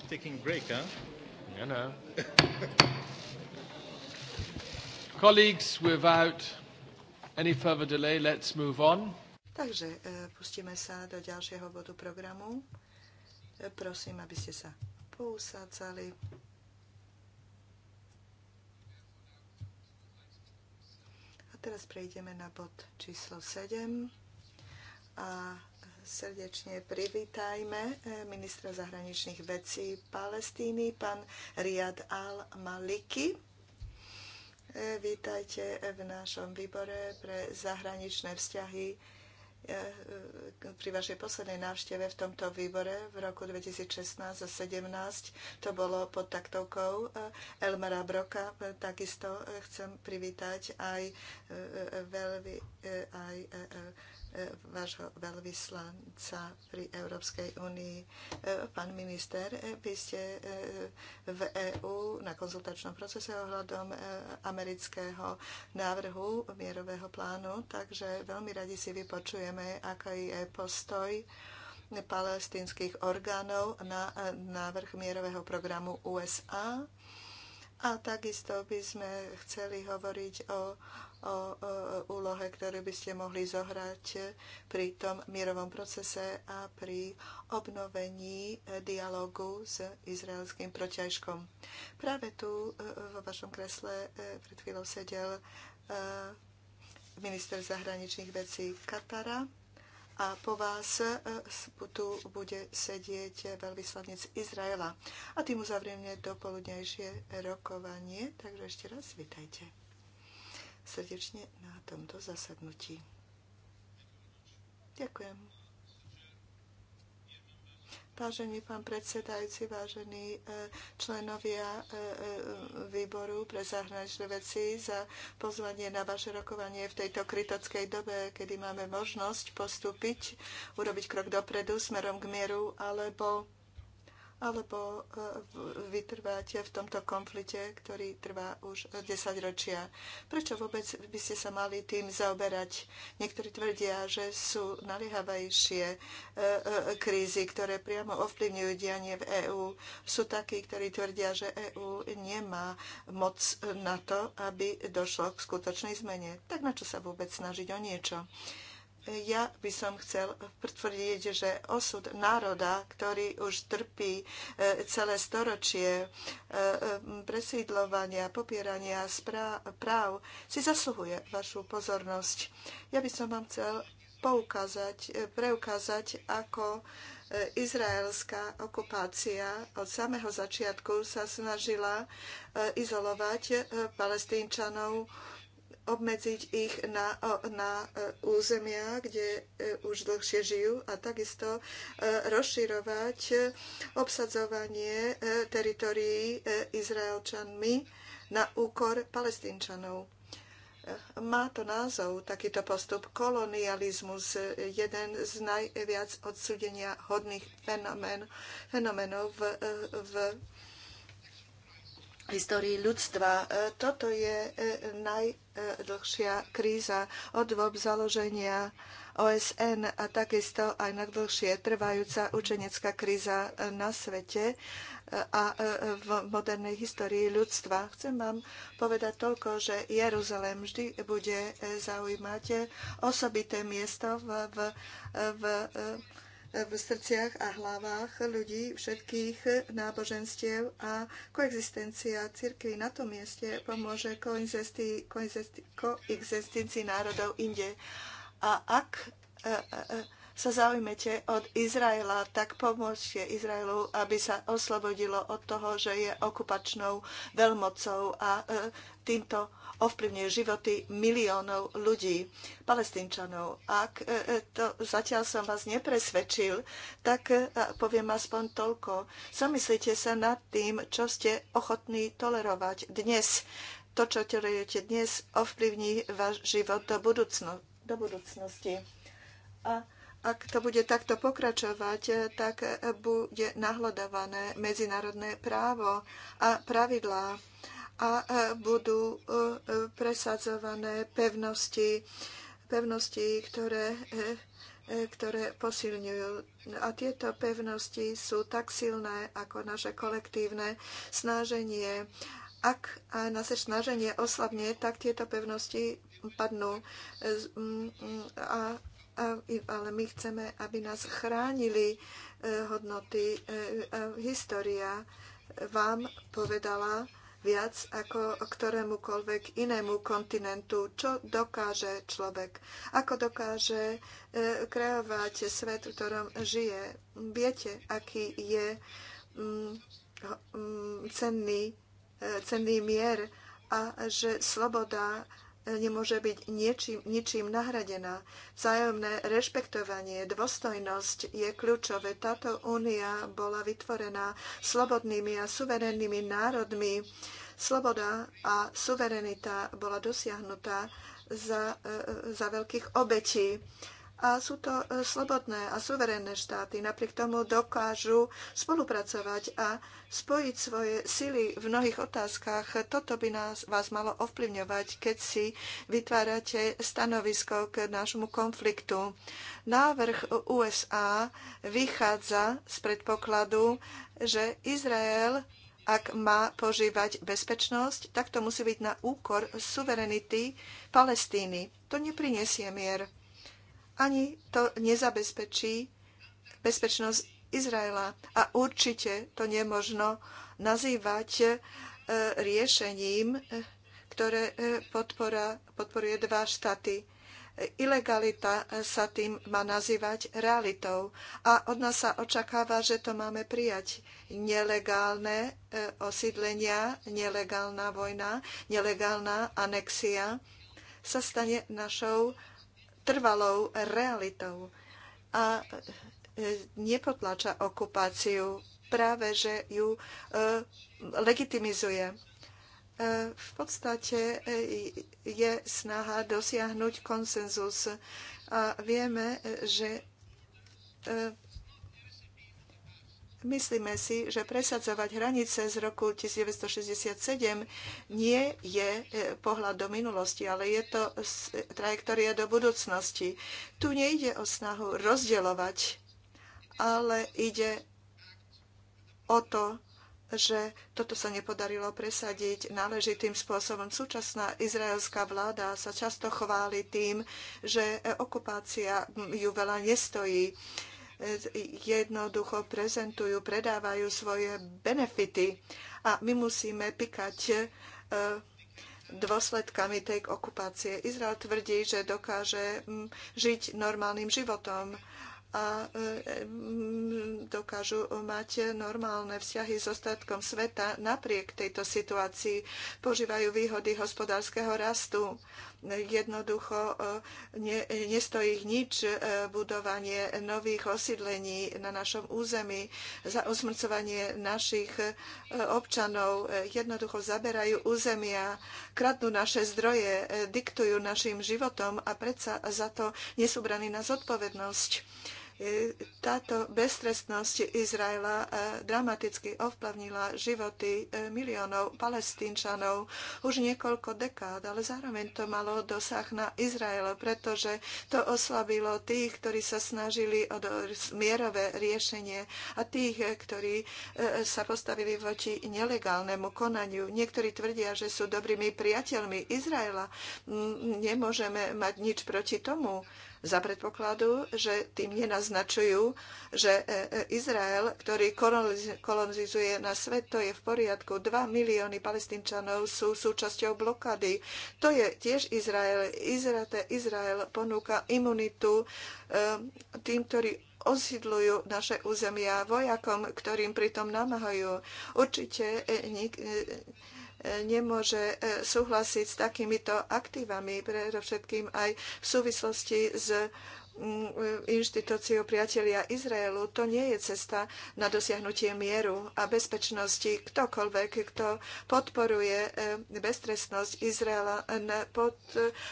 not taking break, huh? No, no. Colleagues, without any further delay, let's move on. Takže e, pustíme sa do ďalšieho bodu programu. E, prosím, aby ste sa pousádzali. A teraz prejdeme na bod číslo 7. A srdečne privítajme eh, ministra zahraničných vecí Palestíny, pán Riad al-Maliki. Eh, vítajte v našom výbore pre zahraničné vzťahy eh, pri vašej poslednej návšteve v tomto výbore v roku 2016 a 2017. To bolo pod taktovkou Elmara Broka. Takisto chcem privítať aj aj vášho veľvyslanca pri Európskej únii. E, pán minister, by e, ste e, v EÚ na konzultačnom procese ohľadom amerického návrhu mierového plánu, takže veľmi radi si vypočujeme, aký je postoj palestinských orgánov na návrh mierového programu USA a takisto by sme chceli hovoriť o, o, o úlohe, ktorú by ste mohli zohrať pri tom mierovom procese a pri obnovení dialogu s izraelským protiažkom. Práve tu e, vo vašom kresle e, pred chvíľou sedel e, minister zahraničných vecí Katara a po vás e, tu bude sedieť veľvyslanec Izraela. A tým uzavrieme dopoludnejšie rokovanie, takže ešte raz vitajte srdečne na tomto zasadnutí. Ďakujem. Vážený pán predsedajúci, vážení e, členovia e, e, výboru pre zahraničné veci za pozvanie na vaše rokovanie v tejto kritickej dobe, kedy máme možnosť postúpiť, urobiť krok dopredu smerom k mieru alebo alebo eh, vytrváte v tomto konflikte, ktorý trvá už 10 ročia. Prečo vôbec by ste sa mali tým zaoberať? Niektorí tvrdia, že sú naliehavajšie eh, eh, krízy, ktoré priamo ovplyvňujú dianie v EÚ. Sú takí, ktorí tvrdia, že EÚ nemá moc na to, aby došlo k skutočnej zmene. Tak na čo sa vôbec snažiť o niečo? ja by som chcel potvrdiť, že osud národa, ktorý už trpí e, celé storočie e, e, presídlovania, popierania práv, si zasluhuje vašu pozornosť. Ja by som vám chcel poukázať, preukázať, ako izraelská okupácia od samého začiatku sa snažila izolovať palestínčanov obmedziť ich na, na e, územia, kde e, už dlhšie žijú a takisto e, rozširovať obsadzovanie teritorií Izraelčanmi na úkor palestínčanov. Má to názov takýto postup kolonializmus, jeden z najviac odsudenia hodných fenomén, fenoménov v, v histórii ľudstva. Toto je naj dlhšia kríza od dôb založenia OSN a takisto aj dlhšie trvajúca učenecká kríza na svete a e, v modernej histórii ľudstva. Chcem vám povedať toľko, že Jeruzalém vždy bude zaujímať osobité miesto v, v, v v srdciach a hlavách ľudí všetkých náboženstiev a koexistencia církvy na tom mieste pomôže koexistencii národov inde. A ak e, e, e, sa zaujmete od Izraela, tak pomôžte Izraelu, aby sa oslobodilo od toho, že je okupačnou veľmocou a týmto ovplyvňuje životy miliónov ľudí, palestínčanov. Ak e, e, to zatiaľ som vás nepresvedčil, tak e, poviem aspoň toľko. Zamyslite sa nad tým, čo ste ochotní tolerovať dnes. To, čo tolerujete dnes, ovplyvní váš život do, budúcno, do budúcnosti. A ak to bude takto pokračovať, tak bude nahľadávané medzinárodné právo a pravidlá a e, budú e, e, presadzované pevnosti, pevnosti ktoré, ktoré posilňujú. A tieto pevnosti sú tak silné ako naše kolektívne snaženie. Ak naše snaženie oslabne, tak tieto pevnosti padnú. A ale my chceme, aby nás chránili hodnoty. História vám povedala, viac ako ktorémukoľvek inému kontinentu, čo dokáže človek, ako dokáže e, kreovať svet, v ktorom žije. Viete, aký je mm, mm, cenný, e, cenný mier a že sloboda nemôže byť niečím, ničím nahradená. Vzájomné rešpektovanie, dôstojnosť je kľúčové. Táto únia bola vytvorená slobodnými a suverennými národmi. Sloboda a suverenita bola dosiahnutá za, e, e, za veľkých obetí a sú to e, slobodné a suverénne štáty. Napriek tomu dokážu spolupracovať a spojiť svoje sily v mnohých otázkach. Toto by nás, vás malo ovplyvňovať, keď si vytvárate stanovisko k nášmu konfliktu. Návrh USA vychádza z predpokladu, že Izrael ak má požívať bezpečnosť, tak to musí byť na úkor suverenity Palestíny. To neprinesie mier ani to nezabezpečí bezpečnosť Izraela. A určite to nemožno nazývať e, riešením, e, ktoré e, podpora, podporuje dva štáty. Ilegalita sa tým má nazývať realitou a od nás sa očakáva, že to máme prijať. Nelegálne osídlenia, nelegálna vojna, nelegálna anexia sa stane našou trvalou realitou a e, nepotlača okupáciu, práve že ju e, legitimizuje. E, v podstate je snaha dosiahnuť konsenzus a vieme, že Myslíme si, že presadzovať hranice z roku 1967 nie je e, pohľad do minulosti, ale je to e, trajektória do budúcnosti. Tu nejde o snahu rozdielovať, ale ide o to, že toto sa nepodarilo presadiť náležitým spôsobom. Súčasná izraelská vláda sa často chváli tým, že e, okupácia ju veľa nestojí jednoducho prezentujú, predávajú svoje benefity a my musíme pikať e, dôsledkami tej okupácie. Izrael tvrdí, že dokáže žiť normálnym životom a e, dokážu mať normálne vzťahy s ostatkom sveta napriek tejto situácii. Požívajú výhody hospodárskeho rastu Jednoducho e, ne, nestojí nič e, budovanie nových osídlení na našom území, za osmrcovanie našich e, občanov. Jednoducho zaberajú územia, kradnú naše zdroje, diktujú našim životom a predsa za to nie sú braní na zodpovednosť E, táto beztrestnosť Izraela e, dramaticky ovplyvnila životy e, miliónov palestínčanov už niekoľko dekád, ale zároveň to malo dosah na Izrael, pretože to oslabilo tých, ktorí sa snažili o mierové riešenie a tých, ktorí sa postavili voči nelegálnemu konaniu. Niektorí tvrdia, že sú dobrými priateľmi Izraela. Nemôžeme mať nič proti tomu za predpokladu, že tým nenaznačujú, že e, e, Izrael, ktorý kolonizuje na svet, to je v poriadku. 2 milióny palestínčanov sú súčasťou blokady. To je tiež Izrael. Izrael, Izrael ponúka imunitu e, tým, ktorí osidľujú naše územia vojakom, ktorým pritom namáhajú. Určite nik- nemôže e, súhlasiť s takýmito aktívami, predovšetkým aj v súvislosti s mm, e, inštitúciou priatelia Izraelu, to nie je cesta na dosiahnutie mieru a bezpečnosti. Ktokoľvek, kto podporuje e, beztrestnosť Izraela, pod,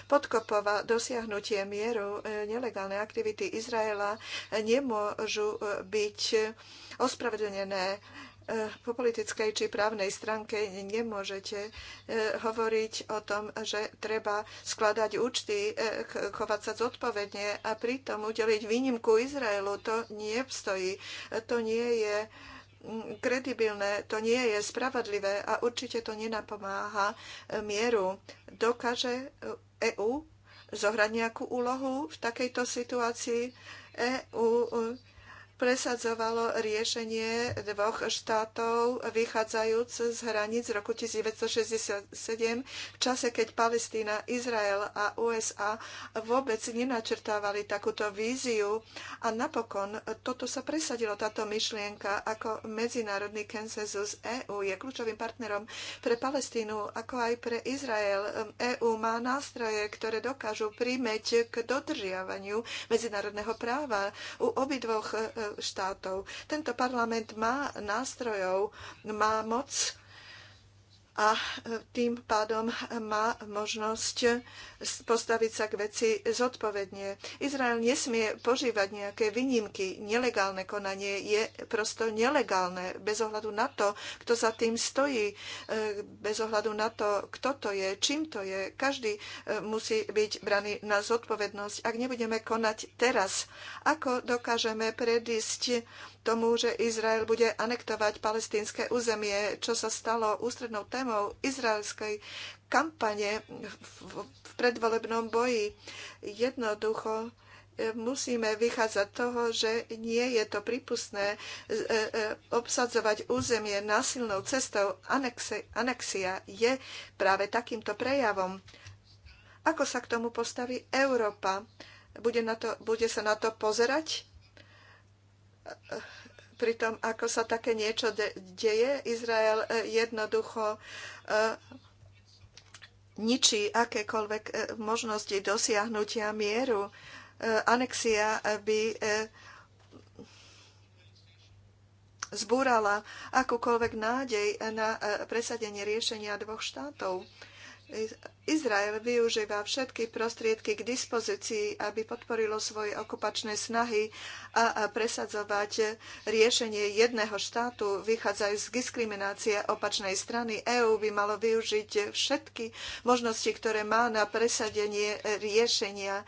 podkopova dosiahnutie mieru, nelegálne aktivity Izraela nemôžu byť ospravedlnené Eh, po politickej či právnej stránke nemôžete eh, hovoriť o tom, že treba skladať účty, eh, chovať sa zodpovedne a pritom udeliť výnimku Izraelu. To nie To nie je mm, kredibilné, to nie je spravodlivé a určite to nenapomáha mieru. Dokáže EÚ e zohrať nejakú úlohu v takejto situácii? EÚ presadzovalo riešenie dvoch štátov vychádzajúc z hraníc roku 1967 v čase, keď Palestína, Izrael a USA vôbec nenačrtávali takúto víziu a napokon toto sa presadilo, táto myšlienka ako medzinárodný konsenzus EÚ je kľúčovým partnerom pre Palestínu ako aj pre Izrael. EÚ má nástroje, ktoré dokážu príjmeť k dodržiavaniu medzinárodného práva u obidvoch štátov. Tento parlament má nástrojov, má moc a e, tým pádom má možnosť postaviť sa k veci zodpovedne. Izrael nesmie požívať nejaké výnimky. Nelegálne konanie je prosto nelegálne, bez ohľadu na to, kto za tým stojí, e, bez ohľadu na to, kto to je, čím to je. Každý e, musí byť braný na zodpovednosť. Ak nebudeme konať teraz, ako dokážeme predísť tomu, že Izrael bude anektovať palestínske územie, čo sa stalo ústrednou témou izraelskej kampane v predvolebnom boji. Jednoducho e, musíme vychádzať toho, že nie je to prípustné e, e, obsadzovať územie násilnou cestou. Anexia je práve takýmto prejavom. Ako sa k tomu postaví Európa? Bude, na to, bude sa na to pozerať? pri tom, ako sa také niečo de- deje. Izrael e, jednoducho e, ničí akékoľvek e, možnosti dosiahnutia mieru. Anexia by zbúrala akúkoľvek nádej na presadenie riešenia dvoch štátov. Izrael využíva všetky prostriedky k dispozícii, aby podporilo svoje okupačné snahy a presadzovať riešenie jedného štátu, vychádzajú z diskriminácie opačnej strany. EÚ by malo využiť všetky možnosti, ktoré má na presadenie riešenia e, e,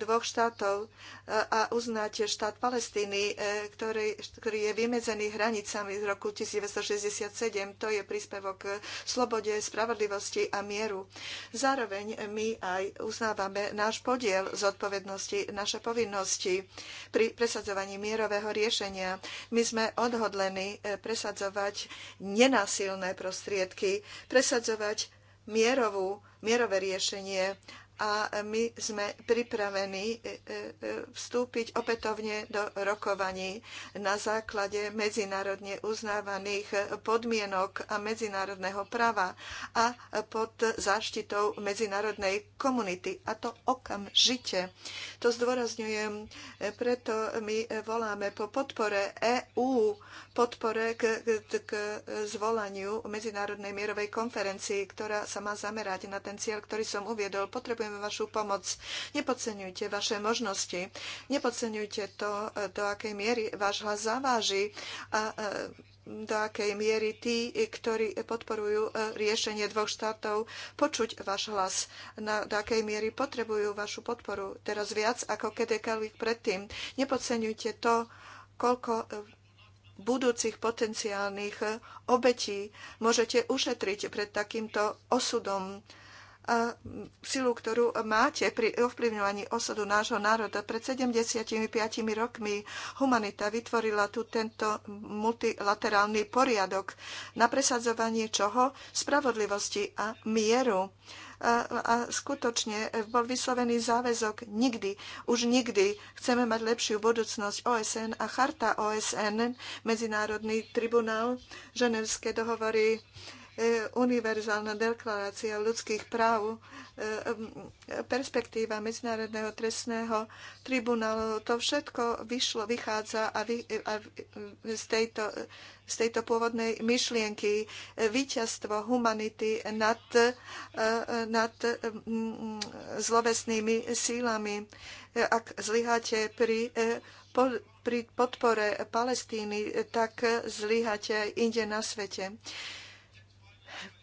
dvoch štátov e, a uznať štát Palestíny, ktorý, ktorý je vymedzený hranicami z roku 1967. To je príspevok k slobode, spravodlivosti a mieru Zároveň my aj uznávame náš podiel zodpovednosti, naše povinnosti pri presadzovaní mierového riešenia. My sme odhodlení eh, presadzovať nenásilné prostriedky, presadzovať mierovú, mierové riešenie a my sme pripravení e, e, e, vstúpiť opätovne do rokovaní na základe medzinárodne uznávaných podmienok a medzinárodného práva a pod záštitou medzinárodnej komunity. A to okamžite. To zdôrazňujem, preto my voláme po podpore EÚ, podpore k, k, k zvolaniu Medzinárodnej mierovej konferencii, ktorá sa má zamerať na ten cieľ, ktorý som uviedol. Potrebujeme potrebujeme vašu pomoc. Nepodceňujte vaše možnosti, nepodceňujte to, do akej miery váš hlas zaváži a e, do akej miery tí, ktorí podporujú e, riešenie dvoch štátov, počuť váš hlas, na, do akej miery potrebujú vašu podporu teraz viac ako kedykoľvek predtým. Nepodceňujte to, koľko e, budúcich potenciálnych obetí môžete ušetriť pred takýmto osudom silu, ktorú máte pri ovplyvňovaní osadu nášho národa. Pred 75 rokmi humanita vytvorila tu tento multilaterálny poriadok na presadzovanie čoho? Spravodlivosti a mieru. A, a skutočne bol vyslovený záväzok nikdy, už nikdy chceme mať lepšiu budúcnosť OSN a charta OSN, Medzinárodný tribunál, ženevské dohovory, E, univerzálna deklarácia ľudských práv, e, e, perspektíva Medzinárodného trestného tribunálu, to všetko vyšlo, vychádza a, vy, a z, tejto, z tejto pôvodnej myšlienky víťazstvo humanity nad, nad mm, zlovesnými sílami. Ak zlyháte pri pri podpore Palestíny, tak zlyhate inde na svete.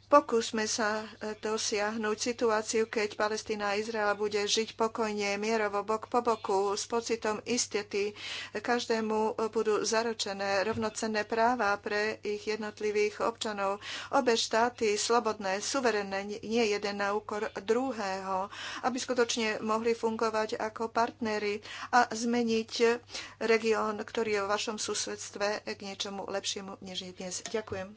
Pokúsme sa e, dosiahnuť situáciu, keď Palestína a Izrael bude žiť pokojne, mierovo, bok po boku, s pocitom istety. Každému budú zaručené rovnocenné práva pre ich jednotlivých občanov. Obe štáty, slobodné, suverenné, nie jeden na úkor druhého, aby skutočne mohli fungovať ako partnery a zmeniť región, ktorý je v vašom susedstve k niečomu lepšiemu, než je dnes. Ďakujem.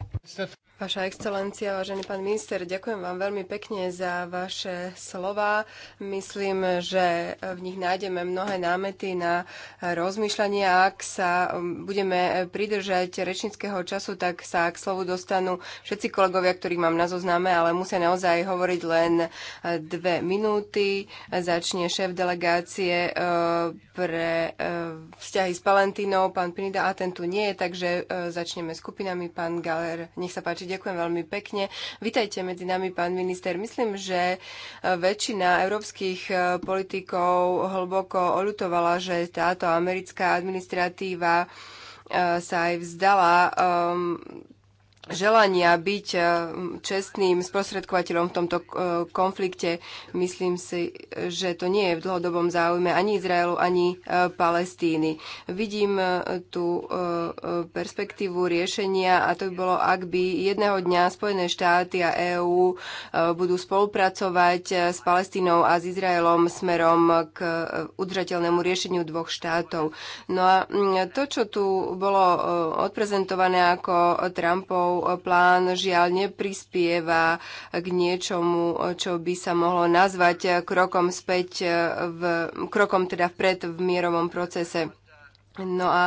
Vaša excelencia, vážený vážený pán minister, ďakujem vám veľmi pekne za vaše slova. Myslím, že v nich nájdeme mnohé námety na rozmýšľanie. Ak sa um, budeme pridržať rečnického času, tak sa k slovu dostanú všetci kolegovia, ktorých mám na zozname, ale musia naozaj hovoriť len eh, dve minúty. Začne šéf delegácie eh, pre eh, vzťahy s palentínou. pán Pinida, a ten tu nie je, takže začneme skupinami. Pán Galer, nech sa páči, ďakujem veľmi pekne. Vítajte medzi nami, pán minister. Myslím, že e, väčšina európskych e, politikov hlboko oľutovala, že táto americká administratíva e, sa aj vzdala um, želania byť eh, čestným sprostredkovateľom v tomto eh, konflikte. Myslím si, že to nie je v dlhodobom záujme ani Izraelu, ani eh, Palestíny. Vidím tú perspektívu riešenia a to by bolo, ak by jedného dňa Spojené štáty a EÚ budú spolupracovať s Palestínou a s Izraelom smerom k udržateľnému riešeniu dvoch štátov. No a mm, to, čo tu bolo odprezentované ako Trumpov rokov plán žiaľ neprispieva k niečomu, čo by sa mohlo nazvať krokom späť, v, krokom teda vpred v mierovom procese. No a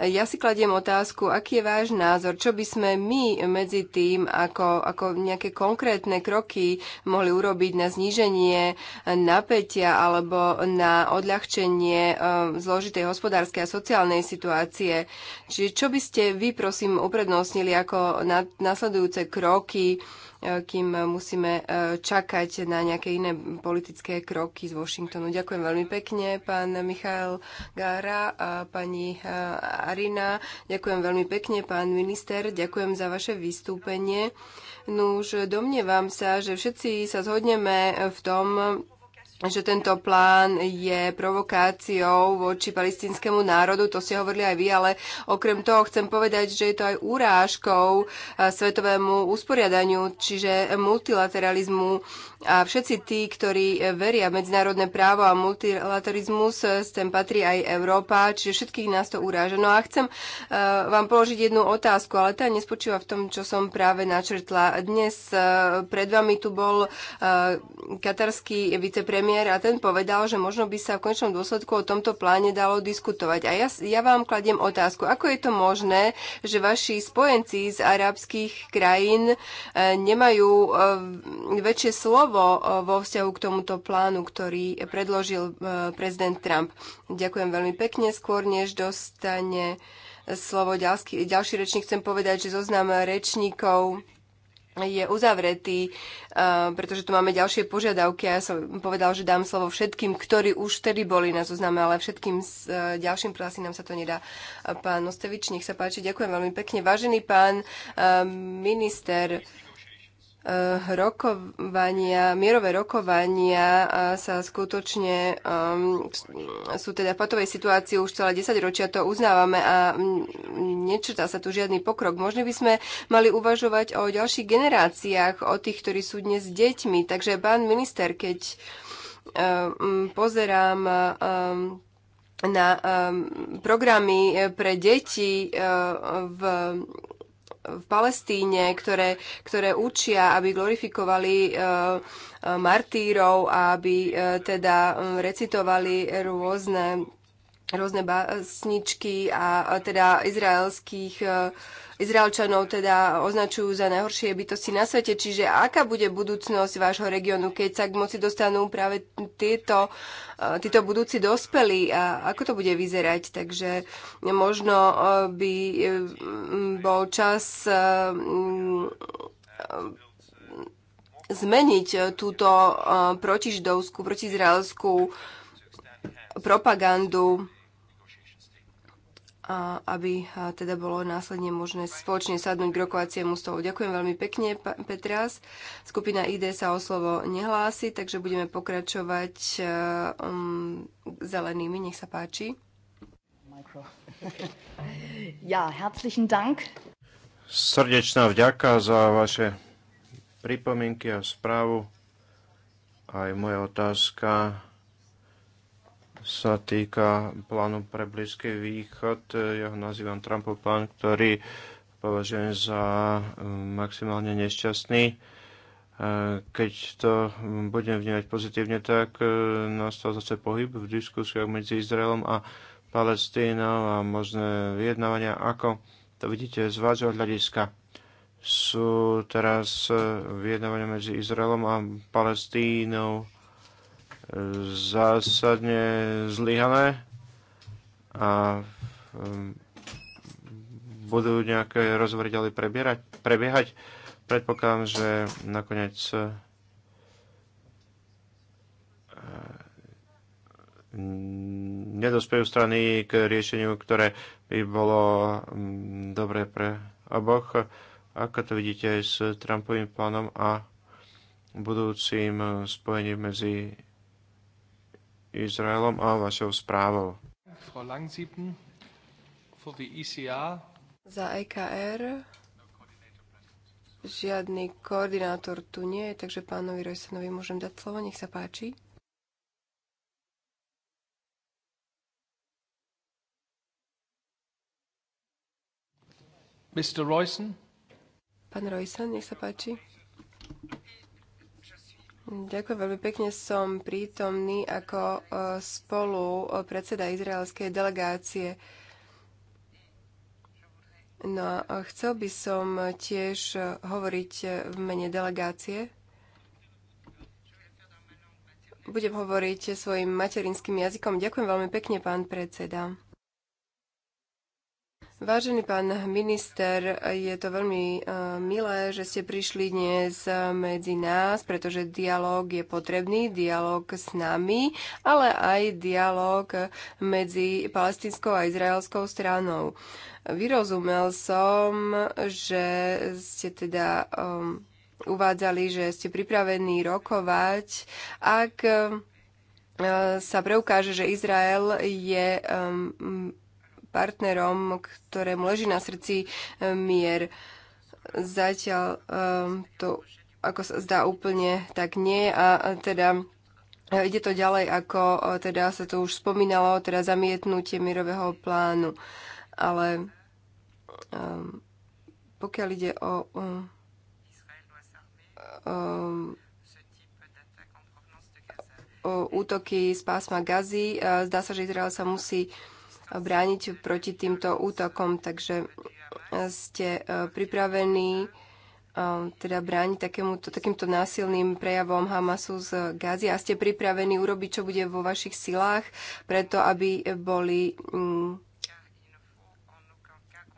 ja si kladiem otázku, aký je váš názor, čo by sme my medzi tým, ako, ako nejaké konkrétne kroky mohli urobiť na zníženie napätia alebo na odľahčenie eh, zložitej hospodárskej a sociálnej situácie. Čiže čo by ste vy, prosím, uprednostnili ako nasledujúce kroky, E, kým musíme e, čakať na nejaké iné politické kroky z Washingtonu. Ďakujem veľmi pekne, pán Michael Gára a pani e, Arina. Ďakujem veľmi pekne, pán minister. Ďakujem za vaše vystúpenie. Nuž, domnievam sa, že všetci sa zhodneme v tom, že tento plán je provokáciou voči palestinskému národu, to ste hovorili aj vy, ale okrem toho chcem povedať, že je to aj urážkou eh, svetovému usporiadaniu, čiže multilateralizmu a všetci tí, ktorí e, veria v medzinárodné právo a multilaterizmus, e, tým patrí aj Európa, čiže všetkých nás to uráža. No a chcem e, vám položiť jednu otázku, ale tá nespočíva v tom, čo som práve načrtla. Dnes pred vami tu bol katarský vicepremiér a ten povedal, že možno by sa v konečnom dôsledku o tomto pláne dalo diskutovať. A ja, ja vám kladiem otázku, ako je to možné, že vaši spojenci z arabských krajín nemajú väčšie slovo slovo eh, vo vzťahu k tomuto plánu, ktorý predložil eh, prezident Trump. Ďakujem veľmi pekne. Skôr než dostane slovo ďalší, ďalší rečník, chcem povedať, že zoznam rečníkov je uzavretý, eh, pretože tu máme ďalšie požiadavky ja som povedal, že dám slovo všetkým, ktorí už vtedy boli na zozname, ale všetkým s ďalším asi nám sa to nedá. Pán Ostevič, nech sa páči, ďakujem veľmi pekne. Vážený pán minister, Eh, rokovania, mierové rokovania eh, sa skutočne um, sú teda v patovej situácii už celé 10 ročia, to uznávame a nečrtá sa tu žiadny pokrok. Možno by sme mali uvažovať o ďalších generáciách, o tých, ktorí sú dnes deťmi. Takže pán minister, keď um, pozerám um, na um, programy eh, pre deti um, v v Palestíne, ktoré, ktoré učia, aby glorifikovali e, e, martírov a aby e, teda recitovali rôzne rôzne básničky a, teda izraelských e, Izraelčanov teda označujú za najhoršie bytosti na svete, čiže aká bude budúcnosť vášho regiónu, keď sa k moci dostanú práve tieto, e, títo budúci dospelí a ako to bude vyzerať. Takže možno e, by bol čas zmeniť túto protiždovskú protiizraelskú propagandu aby teda bolo následne možné spoločne sadnúť k rokovaciemu stolu. Ďakujem veľmi pekne, Petras. Skupina ID sa o slovo nehlási, takže budeme pokračovať e, um, zelenými. Nech sa páči. ja, herzlichen Dank. Srdečná vďaka za vaše pripomienky a správu. Aj moja otázka sa týka plánu pre Blízky východ. Ja ho nazývam Trumpov plán, ktorý považujem za eh, maximálne nešťastný. Eh, keď to budem vnímať pozitívne, tak eh, nastal zase pohyb v diskusiách medzi Izraelom a Palestínou a možné vyjednávania, ako to vidíte z vášho hľadiska. Sú teraz vyjednávania medzi Izraelom a Palestínou zásadne zlyhané a um, budú nejaké rozhovory ďalej prebierať, prebiehať. Predpokladám, že nakoniec e, nedospejú strany k riešeniu, ktoré by bolo dobre pre oboch. Ako to vidíte aj s Trumpovým plánom a budúcim spojením medzi Izraelom a vašou správou. E Za EKR žiadny koordinátor tu nie je, takže pánovi Rojsenovi môžem dať slovo, nech sa páči. Mr. Royson? Pán Royson, nech sa páči. Ďakujem veľmi pekne. Som prítomný ako e, spolu e, predseda izraelskej delegácie. No a chcel by som tiež e, hovoriť v mene delegácie. Budem hovoriť svojim materinským jazykom. Ďakujem veľmi pekne, pán predseda. Vážený pán minister, je to veľmi e, milé, že ste prišli dnes e, medzi nás, pretože dialog je potrebný, dialog s nami, ale aj dialog medzi palestinskou a izraelskou stranou. Vyrozumel som, že ste teda um, uvádzali, že ste pripravení rokovať, ak sa preukáže, že Izrael je um, partnerom, ktorému leží na srdci e, mier. Zatiaľ e, to, ako sa zdá, úplne tak nie a teda e, ide to ďalej, ako teda sa to už spomínalo, teda zamietnutie mirového plánu. Ale um, pokiaľ ide o um, um, útoky z pásma Gazy. Zdá sa, že Izrael sa musí brániť proti týmto útokom. Takže e, ste e, pripravení e, teda brániť takémuto, takýmto násilným prejavom Hamasu z Gazi a ste pripravení urobiť, čo bude vo vašich silách, preto aby boli mm,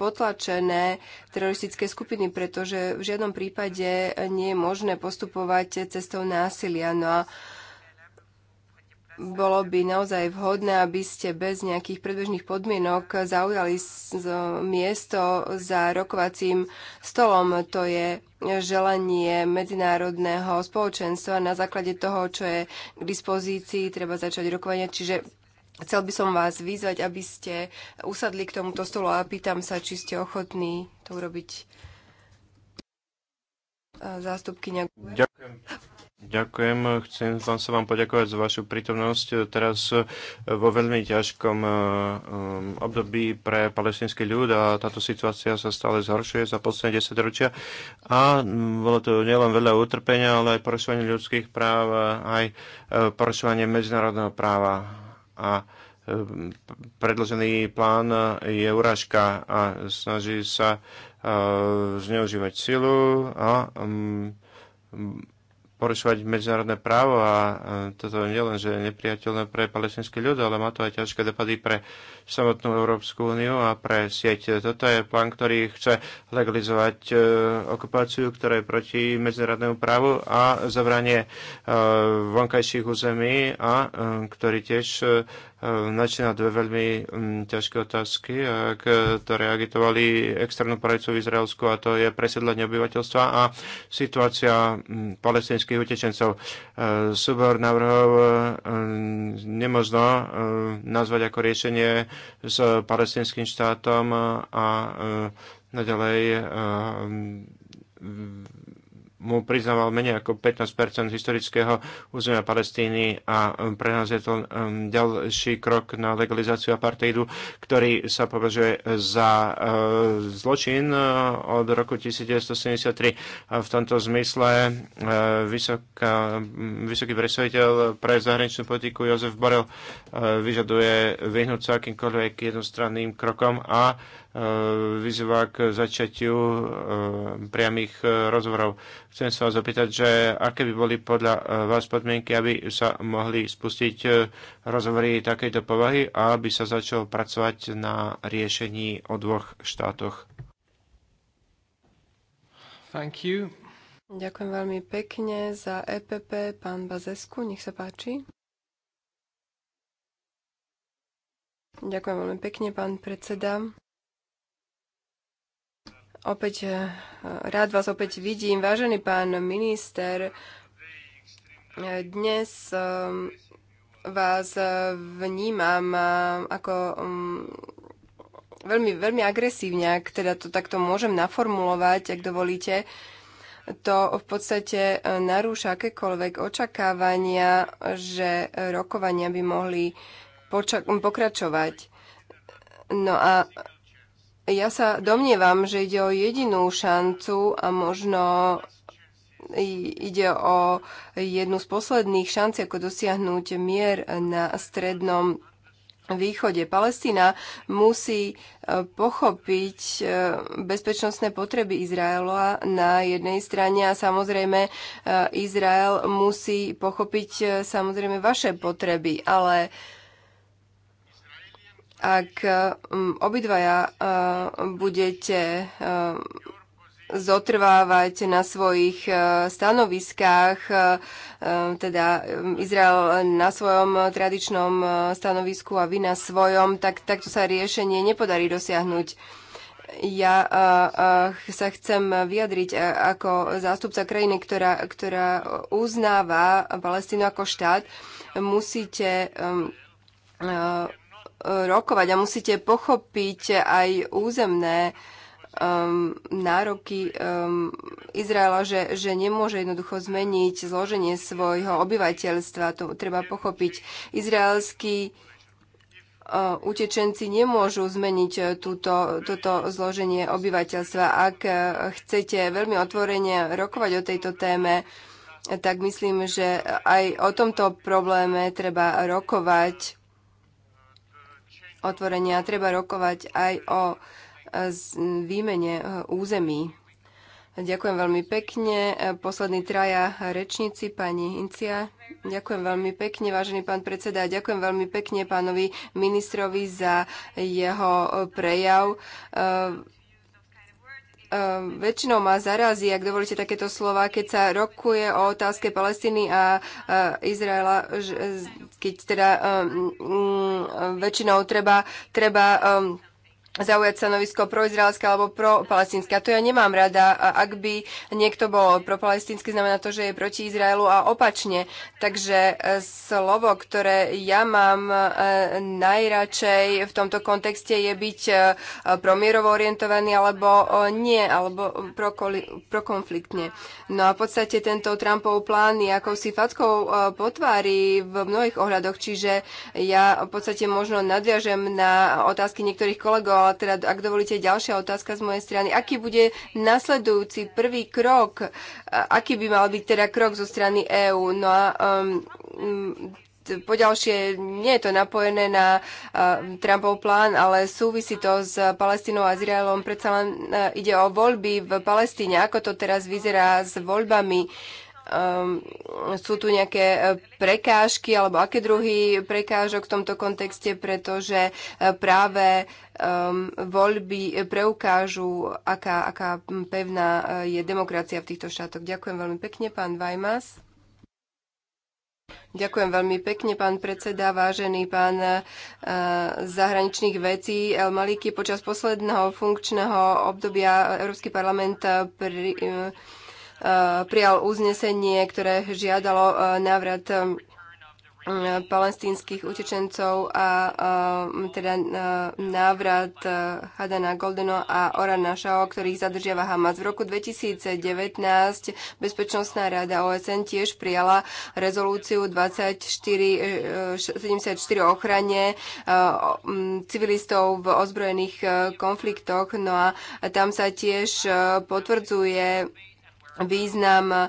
potlačené teroristické skupiny, pretože v žiadnom prípade nie je možné postupovať cestou násilia. No a bolo by naozaj vhodné, aby ste bez nejakých predbežných podmienok zaujali miesto za rokovacím stolom. To je želanie medzinárodného spoločenstva na základe toho, čo je k dispozícii, treba začať rokovania. Čiže chcel by som vás vyzvať, aby ste usadli k tomuto stolu a pýtam sa, či ste ochotní to urobiť Zástupky. Ďakujem. Ďakujem. Chcem vám sa vám poďakovať za vašu prítomnosť teraz vo veľmi ťažkom eh, eh, období pre palestinský ľud a táto situácia sa stále zhoršuje za posledné 10 ročia. A mm, bolo to nielen veľa utrpenia, ale aj porušovanie ľudských práv, aj eh, porušovanie medzinárodného práva. A predložený plán je urážka a snaží sa zneužívať silu a mm, porušovať medzinárodné právo a e, toto nie len, že je nepriateľné pre palestinský ľud, ale má to aj ťažké dopady pre samotnú Európsku úniu a pre sieť. Toto je plán, ktorý chce legalizovať e, okupáciu, ktorá je proti medzinárodnému právu a zabranie e, vonkajších území a e, ktorý tiež načína dve veľmi ťažké otázky, ktoré agitovali externú pravicu v Izraelsku a to je presiedlenie obyvateľstva a situácia palestinských utečencov. Súbor návrhov nemožno nazvať ako riešenie s palestinským štátom a naďalej mu priznával menej ako 15 historického územia Palestíny a um, pre nás je to um, ďalší krok na legalizáciu apartheidu, ktorý sa považuje za uh, zločin uh, od roku 1973. v tomto zmysle uh, vysoká, um, vysoký predstaviteľ pre zahraničnú politiku Jozef Borel vyžaduje vyhnúť sa akýmkoľvek jednostranným krokom a E, vyzýva k začiatiu e, priamých e, rozhovorov. Chcem sa vás zapýtať, že aké by boli podľa vás podmienky, aby sa mohli spustiť rozhovory takejto povahy a aby sa začalo pracovať na riešení o dvoch štátoch. Thank you. Ďakujem veľmi pekne za EPP. Pán Bazesku, nech sa páči. Ďakujem veľmi pekne, pán predseda. Opäť eh, rád vás opäť vidím. Vážený pán minister, eh, dnes eh, vás vnímam ako mm, veľmi, veľmi agresívne, ak teda to takto môžem naformulovať, ak dovolíte. To v podstate narúša akékoľvek očakávania, že rokovania by mohli pokračovať. No a ja sa domnievam, že ide o jedinú šancu a možno ide o jednu z posledných šanci, ako dosiahnuť mier na strednom východe. Palestína musí e, pochopiť e, bezpečnostné potreby Izraela na jednej strane a samozrejme e, Izrael musí pochopiť samozrejme vaše potreby, ale ak eh, obidvaja eh, budete eh, zotrvávať na svojich stanoviskách, teda Izrael na svojom tradičnom stanovisku a vy na svojom, tak takto sa riešenie nepodarí dosiahnuť. Ja sa chcem vyjadriť ako zástupca krajiny, ktorá, ktorá uznáva Palestínu ako štát. Musíte rokovať a musíte pochopiť aj územné um, nároky um, Izraela, že, že nemôže jednoducho zmeniť zloženie svojho obyvateľstva. To treba pochopiť. Izraelskí uh, utečenci nemôžu zmeniť uh, túto, toto zloženie obyvateľstva. Ak uh, chcete veľmi otvorene rokovať o tejto téme, tak myslím, že aj o tomto probléme treba rokovať otvorenia. Treba rokovať aj o e, výmene e, území. Ďakujem veľmi pekne. E, poslední traja rečníci, pani Incia. Ďakujem veľmi pekne, vážený pán predseda. A ďakujem veľmi pekne pánovi ministrovi za jeho prejav. Ehm, väčšinou ma zarazí, ak dovolíte takéto slova, keď sa rokuje o otázke Palestiny a eh, Izraela, keď teda ehm, mm, väčšinou treba, treba ehm, zaujať stanovisko proizraelské alebo propalestinské. A to ja nemám rada. A ak by niekto bol propalestinský, znamená to, že je proti Izraelu a opačne. Takže e, slovo, ktoré ja mám e, najradšej v tomto kontexte je byť e, promierovo orientovaný alebo nie, alebo prokonfliktne. No a v podstate tento Trumpov plán je akousi fackou potvári v mnohých ohľadoch, čiže ja v podstate možno nadviažem na otázky niektorých kolegov, ale teda, ak dovolíte, ďalšia otázka z mojej strany. Aký bude nasledujúci prvý krok? Aký by mal byť teda krok zo strany EÚ? No a um, mm, poďalšie nie je to napojené na uh, Trumpov plán, ale súvisí to s Palestínou a Izraelom. Predsa len uh, ide o voľby v Palestíne. Ako to teraz vyzerá s voľbami? Uh, um, sú tu nejaké e, prekážky alebo aké druhy prekážok v tomto kontexte, pretože e, práve um, voľby preukážu, aká, aká pevná e, je demokracia v týchto štátoch. Ďakujem veľmi pekne, pán Vajmas. Ďakujem veľmi pekne, pán predseda, vážený pán zahraničných vecí El Maliki. Počas posledného funkčného obdobia Európsky parlament pri, Eh, prijal uznesenie, ktoré žiadalo eh, návrat eh, palestínskych utečencov a teda návrat Hadana Goldeno a Orana Shao, ktorých zadržiava Hamas. V roku 2019 Bezpečnostná rada OSN tiež prijala rezolúciu 2474 o ochrane civilistov v ozbrojených konfliktoch. No a tam sa tiež potvrdzuje význam e,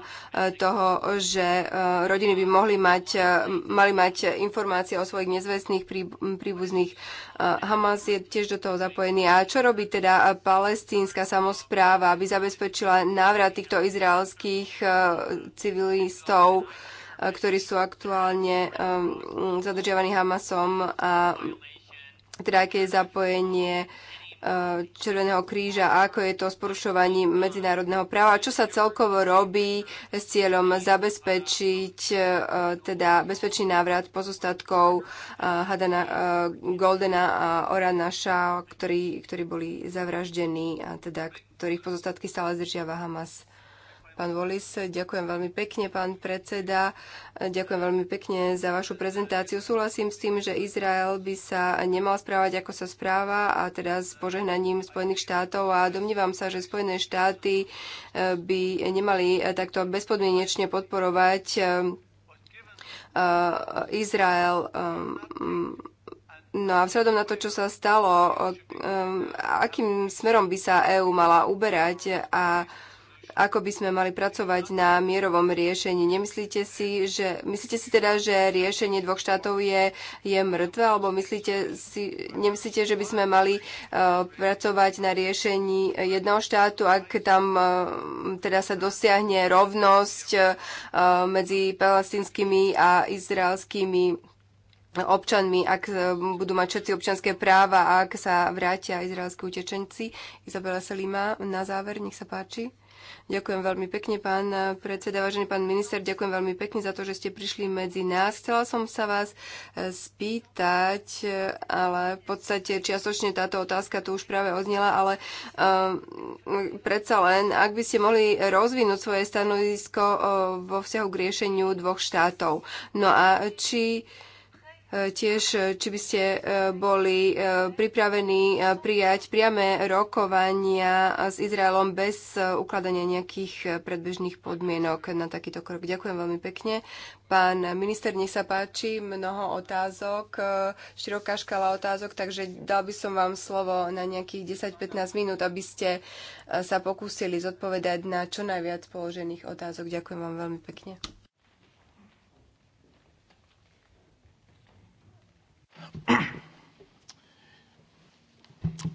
toho, že e, rodiny by mohli mať, e, mali mať informácie o svojich nezvestných príbuzných. Hamas je tiež do toho zapojený. A čo robí teda palestínska samozpráva, aby zabezpečila návrat týchto izraelských civilistov, ktorí sú aktuálne zadržiavaní Hamasom a teda aké je zapojenie Eh, Červeného kríža, ako je to s porušovaním medzinárodného práva čo sa celkovo robí s cieľom zabezpečiť eh, teda bezpečný návrat pozostatkov eh, Hadana Goldena a Orana Shah, ktorí, ktorí boli zavraždení a teda ktorých pozostatky stále zdržiava Hamas. Pán Volis, ďakujem veľmi pekne, pán predseda. Ďakujem veľmi pekne za vašu prezentáciu. Súhlasím s tým, že Izrael by sa nemal správať, ako sa správa, a teda s požehnaním Spojených štátov. A domnívam sa, že Spojené štáty eh, by nemali eh, takto bezpodmienečne podporovať eh, Izrael. No a vzhľadom na to, čo sa stalo, akým smerom by sa EÚ mala uberať a ako by sme mali pracovať na mierovom riešení. Nemyslíte si, že, myslíte si teda, že riešenie dvoch štátov je, je mŕtve, alebo myslíte si, nemyslíte, že by sme mali uh, pracovať na riešení jedného štátu, ak tam uh, teda sa dosiahne rovnosť uh, medzi palestinskými a izraelskými občanmi, ak budú mať všetci občanské práva a ak sa vrátia izraelskí utečenci. Izabela Selima, na záver, nech sa páči. Ďakujem veľmi pekne, pán predseda, vážený pán minister, ďakujem veľmi pekne za to, že ste prišli medzi nás. Chcela som sa vás eh, spýtať, eh, ale v podstate čiastočne táto otázka tu už práve odznela, ale eh, predsa len, ak by ste mohli rozvinúť svoje stanovisko vo vzťahu k riešeniu dvoch štátov. No a či tiež, či by ste e, boli e, pripravení e, prijať priame rokovania s Izraelom bez ukladania nejakých predbežných podmienok na takýto krok. Ďakujem veľmi pekne. Pán minister, nech sa páči, mnoho otázok, široká škala otázok, takže dal by som vám slovo na nejakých 10-15 minút, aby ste sa pokúsili zodpovedať na čo najviac položených otázok. Ďakujem vám veľmi pekne.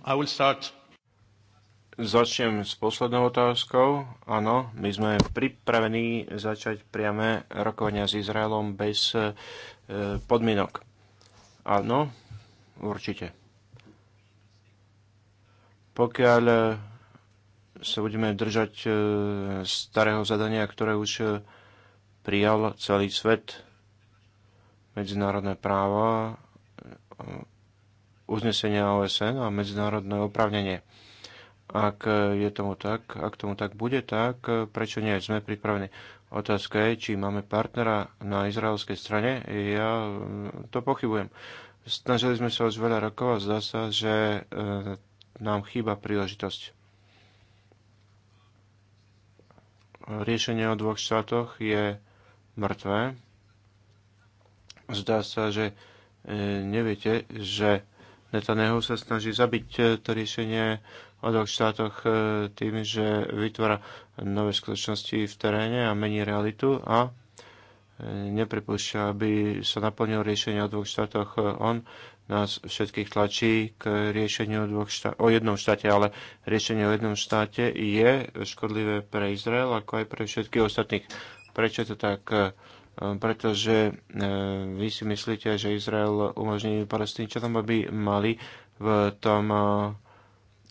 I will start. Začnem s poslednou otázkou. Áno, my sme pripravení začať priame rokovania s Izraelom bez e, podmienok. Áno, určite. Pokiaľ e, sa budeme držať e, starého zadania, ktoré už prijal celý svet, medzinárodné práva Eh, uznesenia OSN a medzinárodné opravnenie. Ak je tomu tak, ak tomu tak bude, tak eh, prečo nie? Sme pripravení. Otázka je, či máme partnera na izraelskej strane. Ja mm, to pochybujem. Snažili sme sa už veľa rokov a zdá sa, že eh, nám chýba príležitosť. Riešenie o dvoch štátoch je mŕtvé. Zdá sa, že neviete, že Netanyahu sa snaží zabiť e, to riešenie o dvoch štátoch e, tým, že vytvára nové skutočnosti v teréne a mení realitu a e, nepripúšťa, aby sa naplnil riešenie o dvoch štátoch. On nás všetkých tlačí k riešeniu o dvoch štá- o jednom štáte, ale riešenie o jednom štáte je škodlivé pre Izrael, ako aj pre všetkých ostatných. Prečo je to tak? Ehm, pretože ehm, vy si myslíte, že Izrael umožní palestínčanom, aby mali v tom ehm,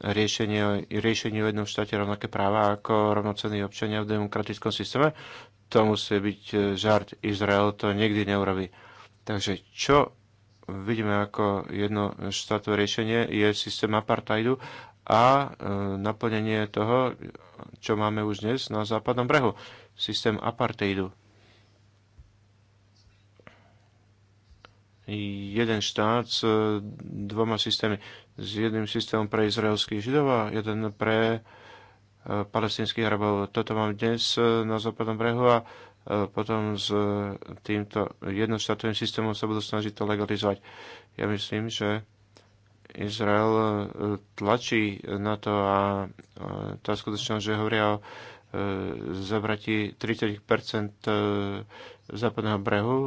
riešenie, riešenie v jednom štáte rovnaké práva ako rovnocenní občania v demokratickom systéme. To musí byť e, žart. Izrael to nikdy neurobi. Takže čo vidíme ako jedno štátové riešenie je systém apartheidu a e, naplnenie toho, čo máme už dnes na západnom brehu. Systém apartheidu. jeden štát s e, dvoma systémy. S jedným systémom pre izraelských židov a jeden pre e, palestinských arabov. Toto mám dnes e, na západnom brehu a potom s týmto jednoštátovým systémom sa budú snažiť to legalizovať. Ja myslím, že Izrael tlačí na to a tá skutočnosť, že hovoria o zabratí 30 západného brehu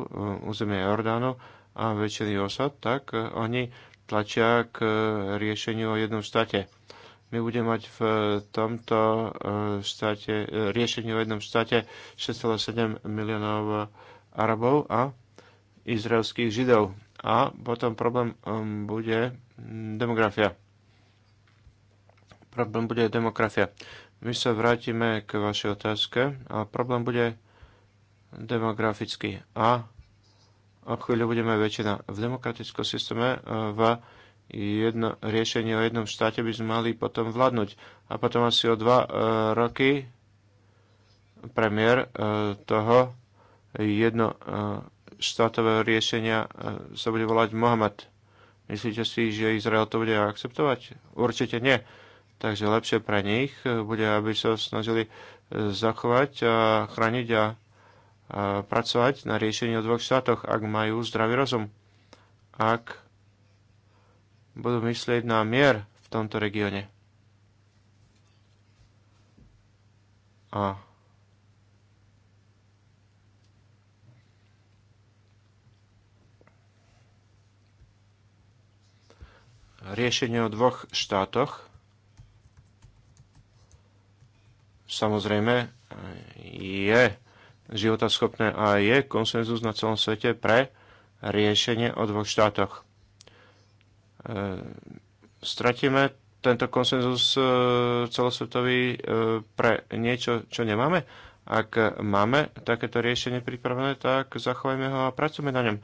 územia Jordánu, a väčšiny osad, tak e, oni tlačia k e, riešeniu o jednom štáte. My budeme mať v e, tomto štáte, riešení o jednom štáte 6,7 miliónov Arabov a izraelských Židov. A potom problém um, bude mm, demografia. Problém bude demografia. My sa vrátime k vašej otázke a problém bude demografický. A o chvíľu budeme väčšina. V demokratickom systéme e, v jedno, riešenie o jednom štáte by sme mali potom vládnuť. A potom asi o dva e, roky premiér e, toho jedno e, štátového riešenia e, sa bude volať Mohamed. Myslíte si, že Izrael to bude akceptovať? Určite nie. Takže lepšie pre nich e, bude, aby sa snažili e, zachovať a chrániť a pracovať na riešení o dvoch štátoch, ak majú zdravý rozum. Ak budú myslieť na mier v tomto regióne. A riešenie o dvoch štátoch. Samozrejme, je životaschopné a je konsenzus na celom svete pre riešenie o dvoch štátoch. E, stratíme tento konsenzus e, celosvetový e, pre niečo, čo nemáme? Ak máme takéto riešenie pripravené, tak zachovajme ho a pracujme na ňom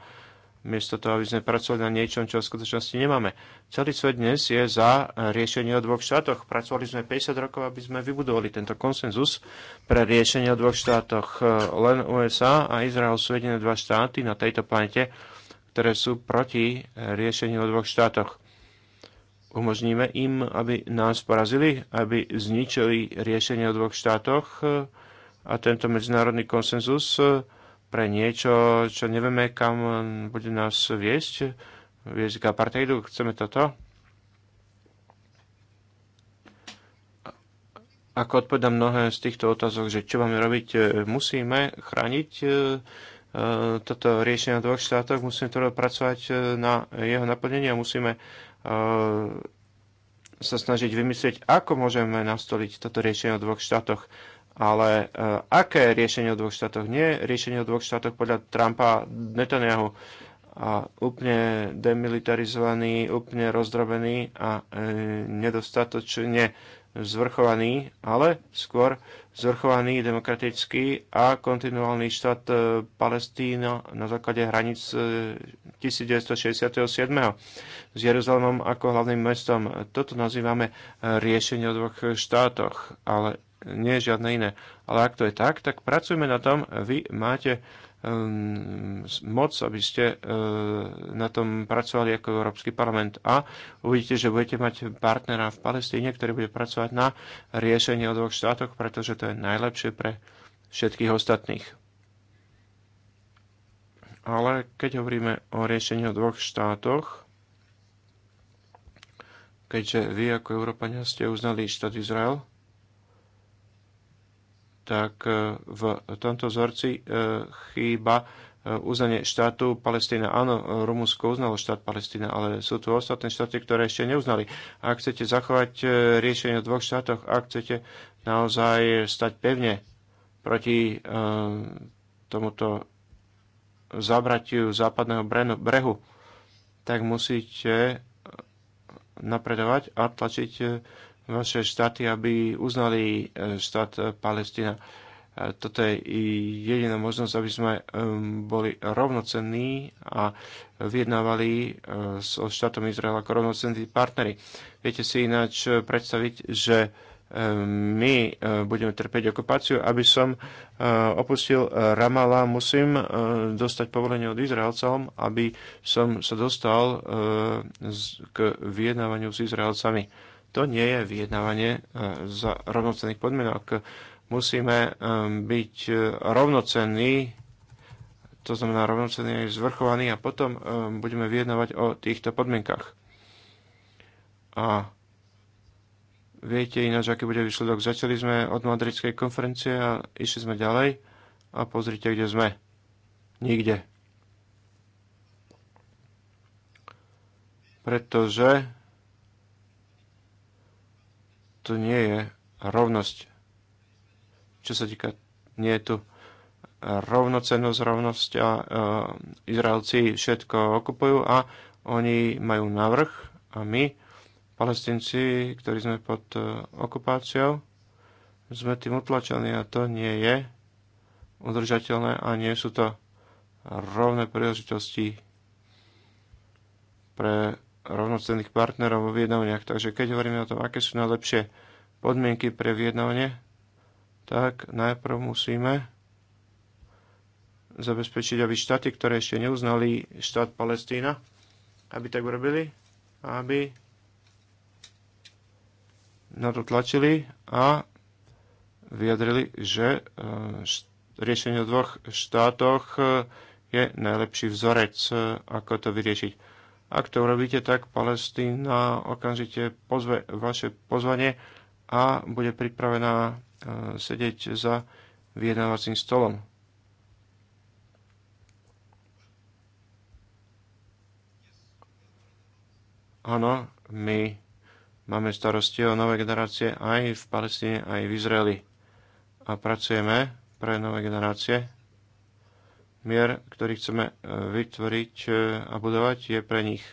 miesto toho, aby sme pracovali na niečom, čo v skutočnosti nemáme. Celý svet dnes je za riešenie o dvoch štátoch. Pracovali sme 50 rokov, aby sme vybudovali tento konsenzus pre riešenie o dvoch štátoch. Len USA a Izrael sú jediné dva štáty na tejto planete, ktoré sú proti riešeniu o dvoch štátoch. Umožníme im, aby nás porazili, aby zničili riešenie o dvoch štátoch a tento medzinárodný konsenzus pre niečo, čo nevieme, kam bude nás viesť, viesť k apartheidu. Chceme toto? Ako odpovedám mnohé z týchto otázok, že čo máme robiť, e, musíme chrániť e, e, toto riešenie na dvoch štátoch, musíme to pracovať na jeho naplnenie a musíme sa snažiť vymyslieť, ako môžeme nastoliť toto riešenie o dvoch štátoch. Ale e, aké riešenie o dvoch štátoch? Nie riešenie o dvoch štátoch podľa Trumpa Netanyahu a úplne demilitarizovaný, úplne rozdrobený a e, nedostatočne zvrchovaný, ale skôr zvrchovaný demokratický a kontinuálny štát e, Palestína na základe hraníc 1967 e, s Jeruzalemom ako hlavným mestom. Toto nazývame riešenie o dvoch štátoch, ale nie je žiadne iné. Ale ak to je tak, tak pracujme na tom, vy máte um, moc, aby ste uh, na tom pracovali ako Európsky parlament. A uvidíte, že budete mať partnera v Palestíne, ktorý bude pracovať na riešenie o dvoch štátoch, pretože to je najlepšie pre všetkých ostatných. Ale keď hovoríme o riešení o dvoch štátoch, keďže vy ako Európania ste uznali štát Izrael, tak e, v tomto vzorci e, chýba e, uznanie štátu Palestína. Áno, Rumunsko uznalo štát Palestína, ale sú tu ostatné štáty, ktoré ešte neuznali. Ak chcete zachovať riešenie o dvoch štátoch, ak chcete naozaj stať pevne proti tomuto zabratiu západného brehu, tak musíte napredovať a tlačiť naše štáty, aby uznali e, štát e, Palestína. E, toto je jediná možnosť, aby sme boli rovnocenní a vyjednávali so štátom Izrael ako rovnocenní partnery. Viete si ináč predstaviť, že my budeme trpieť okupáciu. Aby som opustil Ramala, musím dostať povolenie od Izraelcom, aby som sa dostal k vyjednávaniu s Izraelcami to nie je vyjednávanie e, za rovnocenných podmienok. Musíme e, byť e, rovnocenní, to znamená rovnocenní zvrchovaní a potom budeme vyjednávať o týchto podmienkach. A viete ináč, aký bude výsledok. Začali sme od madridskej konferencie a išli sme ďalej a pozrite, kde sme. Nikde. Pretože to nie je rovnosť. Čo sa týka, nie je tu rovnocennosť, rovnosť a e, Izraelci všetko okupujú a oni majú navrh a my, palestinci, ktorí sme pod e, okupáciou, sme tým utlačení a to nie je udržateľné a nie sú to rovné príležitosti pre rovnocenných partnerov vo viednovniach. Takže keď hovoríme o tom, aké sú najlepšie podmienky pre vyjednávanie, tak najprv musíme zabezpečiť, aby štáty, ktoré ešte neuznali štát Palestína, aby tak urobili, aby na to tlačili a vyjadrili, že e, riešenie o dvoch štátoch e, je najlepší vzorec, e, ako to vyriešiť. Ak to urobíte, tak Palestína okamžite pozve vaše pozvanie a bude pripravená e, sedieť za vyjednávacím stolom. Áno, my máme starosti o nové generácie aj v Palestíne, aj v Izraeli. A pracujeme pre nové generácie mier, ktorý chceme e, vytvoriť e, a budovať, je pre nich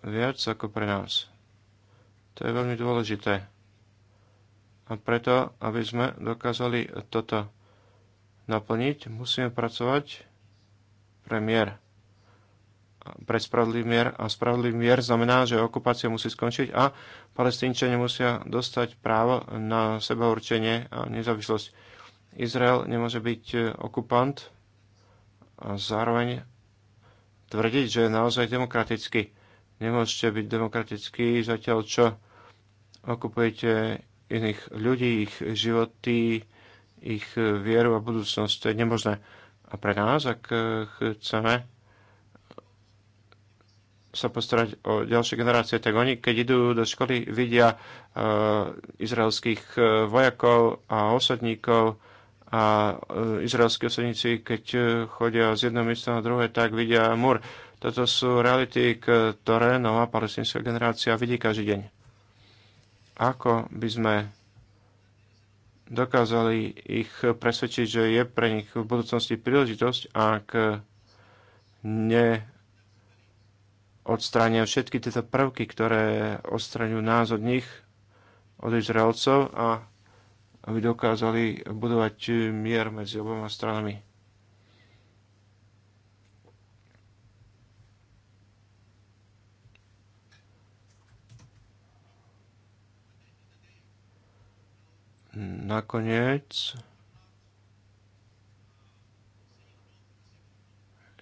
viac ako pre nás. To je veľmi dôležité. A preto, aby sme dokázali toto naplniť, musíme pracovať pre mier. Pre spravodlivý mier. A spravodlivý mier znamená, že okupácia musí skončiť a palestínčania musia dostať právo na sebaurčenie a nezávislosť Izrael nemôže byť e, okupant a zároveň tvrdiť, že je naozaj demokratický. Nemôžete byť demokratický zatiaľ, čo okupujete iných ľudí, ich životy, ich e, vieru a budúcnosť. To je nemožné. A pre nás, ak e, chceme sa postarať o ďalšie generácie, tak oni, keď idú do školy, vidia uh, izraelských vojakov a osadníkov, a e, izraelskí osadníci, keď e, chodia z jedného miesta na druhé, tak vidia mur. Toto sú reality, ktoré nová palestinská generácia vidí každý deň. Ako by sme dokázali ich presvedčiť, že je pre nich v budúcnosti príležitosť, ak ne odstránia všetky tieto prvky, ktoré odstraňujú nás od nich, od Izraelcov a aby dokázali budovať eh, mier medzi oboma stranami. Nakoniec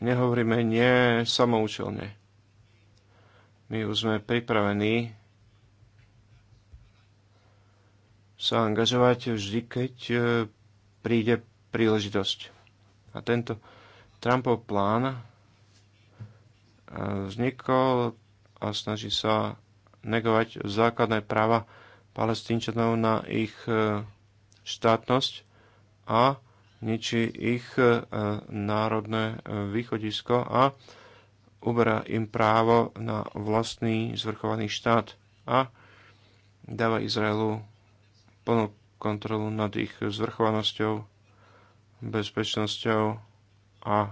nehovoríme nie samoučelne. My už sme pripravení sa angažovať vždy, keď e, príde príležitosť. A tento Trumpov plán e, vznikol a snaží sa negovať základné práva palestínčanov na ich e, štátnosť a ničí ich národné východisko a uberá im právo na vlastný zvrchovaný štát a dáva Izraelu plnú kontrolu nad ich zvrchovanosťou, bezpečnosťou a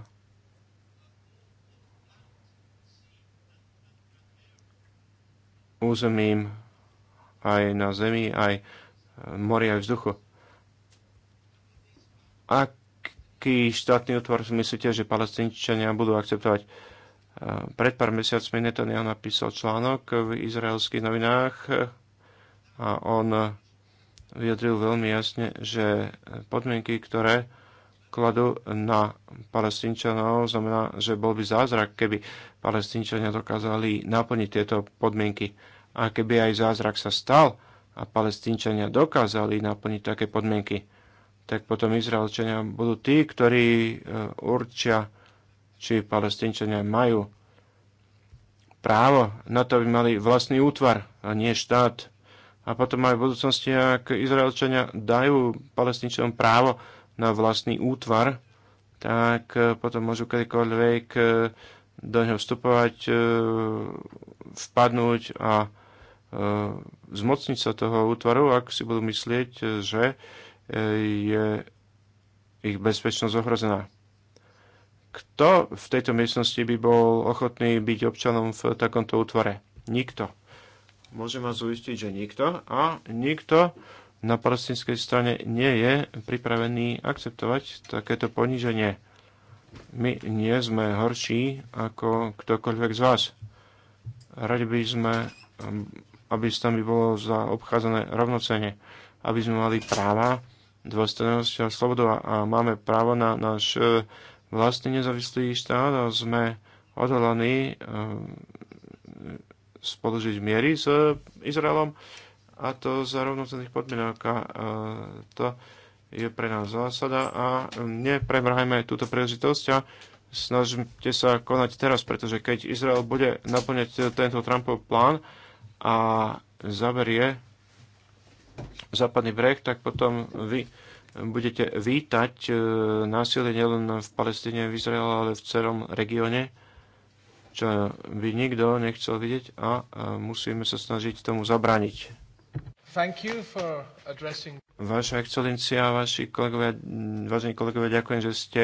územím aj na zemi, aj mori, aj vzduchu. Aký štátny útvar myslíte, že palestinčania budú akceptovať? Pred pár mesiacmi Netanyahu napísal článok v izraelských novinách a on vyjadril veľmi jasne, že podmienky, ktoré kladú na palestínčanov, znamená, že bol by zázrak, keby palestínčania dokázali naplniť tieto podmienky. A keby aj zázrak sa stal a palestínčania dokázali naplniť také podmienky, tak potom Izraelčania budú tí, ktorí e, určia, či palestínčania majú právo na to, aby mali vlastný útvar a nie štát a potom aj v budúcnosti, ak Izraelčania dajú palestinčanom právo na vlastný útvar, tak e, potom môžu kedykoľvek e, do neho vstupovať, e, vpadnúť a zmocniť sa toho útvaru, ak si budú myslieť, že je ich bezpečnosť ohrozená. Kto v tejto miestnosti by bol ochotný byť občanom v takomto útvare? Nikto. Môžem vás uistiť, že nikto a nikto na palestinskej strane nie je pripravený akceptovať takéto poníženie. My nie sme horší ako ktokoľvek z vás. Radi by sme, um, aby s nami bolo obchádzané rovnocene, aby sme mali práva, dôstojnosť a slobodu a máme právo na náš e, vlastný nezávislý štát a sme odhodlaní e, spolužiť v miery s eh, Izraelom a to za rovnocenných podmienok. A eh, to je pre nás zásada a eh, nepremrhajme túto príležitosť a snažte sa konať teraz, pretože keď Izrael bude naplňať tento Trumpov plán a zaberie západný breh, tak potom vy budete vítať násilie nielen v Palestíne, v Izraele, ale v celom regióne čo by nikto nechcel vidieť a musíme sa snažiť tomu zabrániť. Addressing... Vaša excelencia, vaši kolegovia, vážení kolegovia, ďakujem, že ste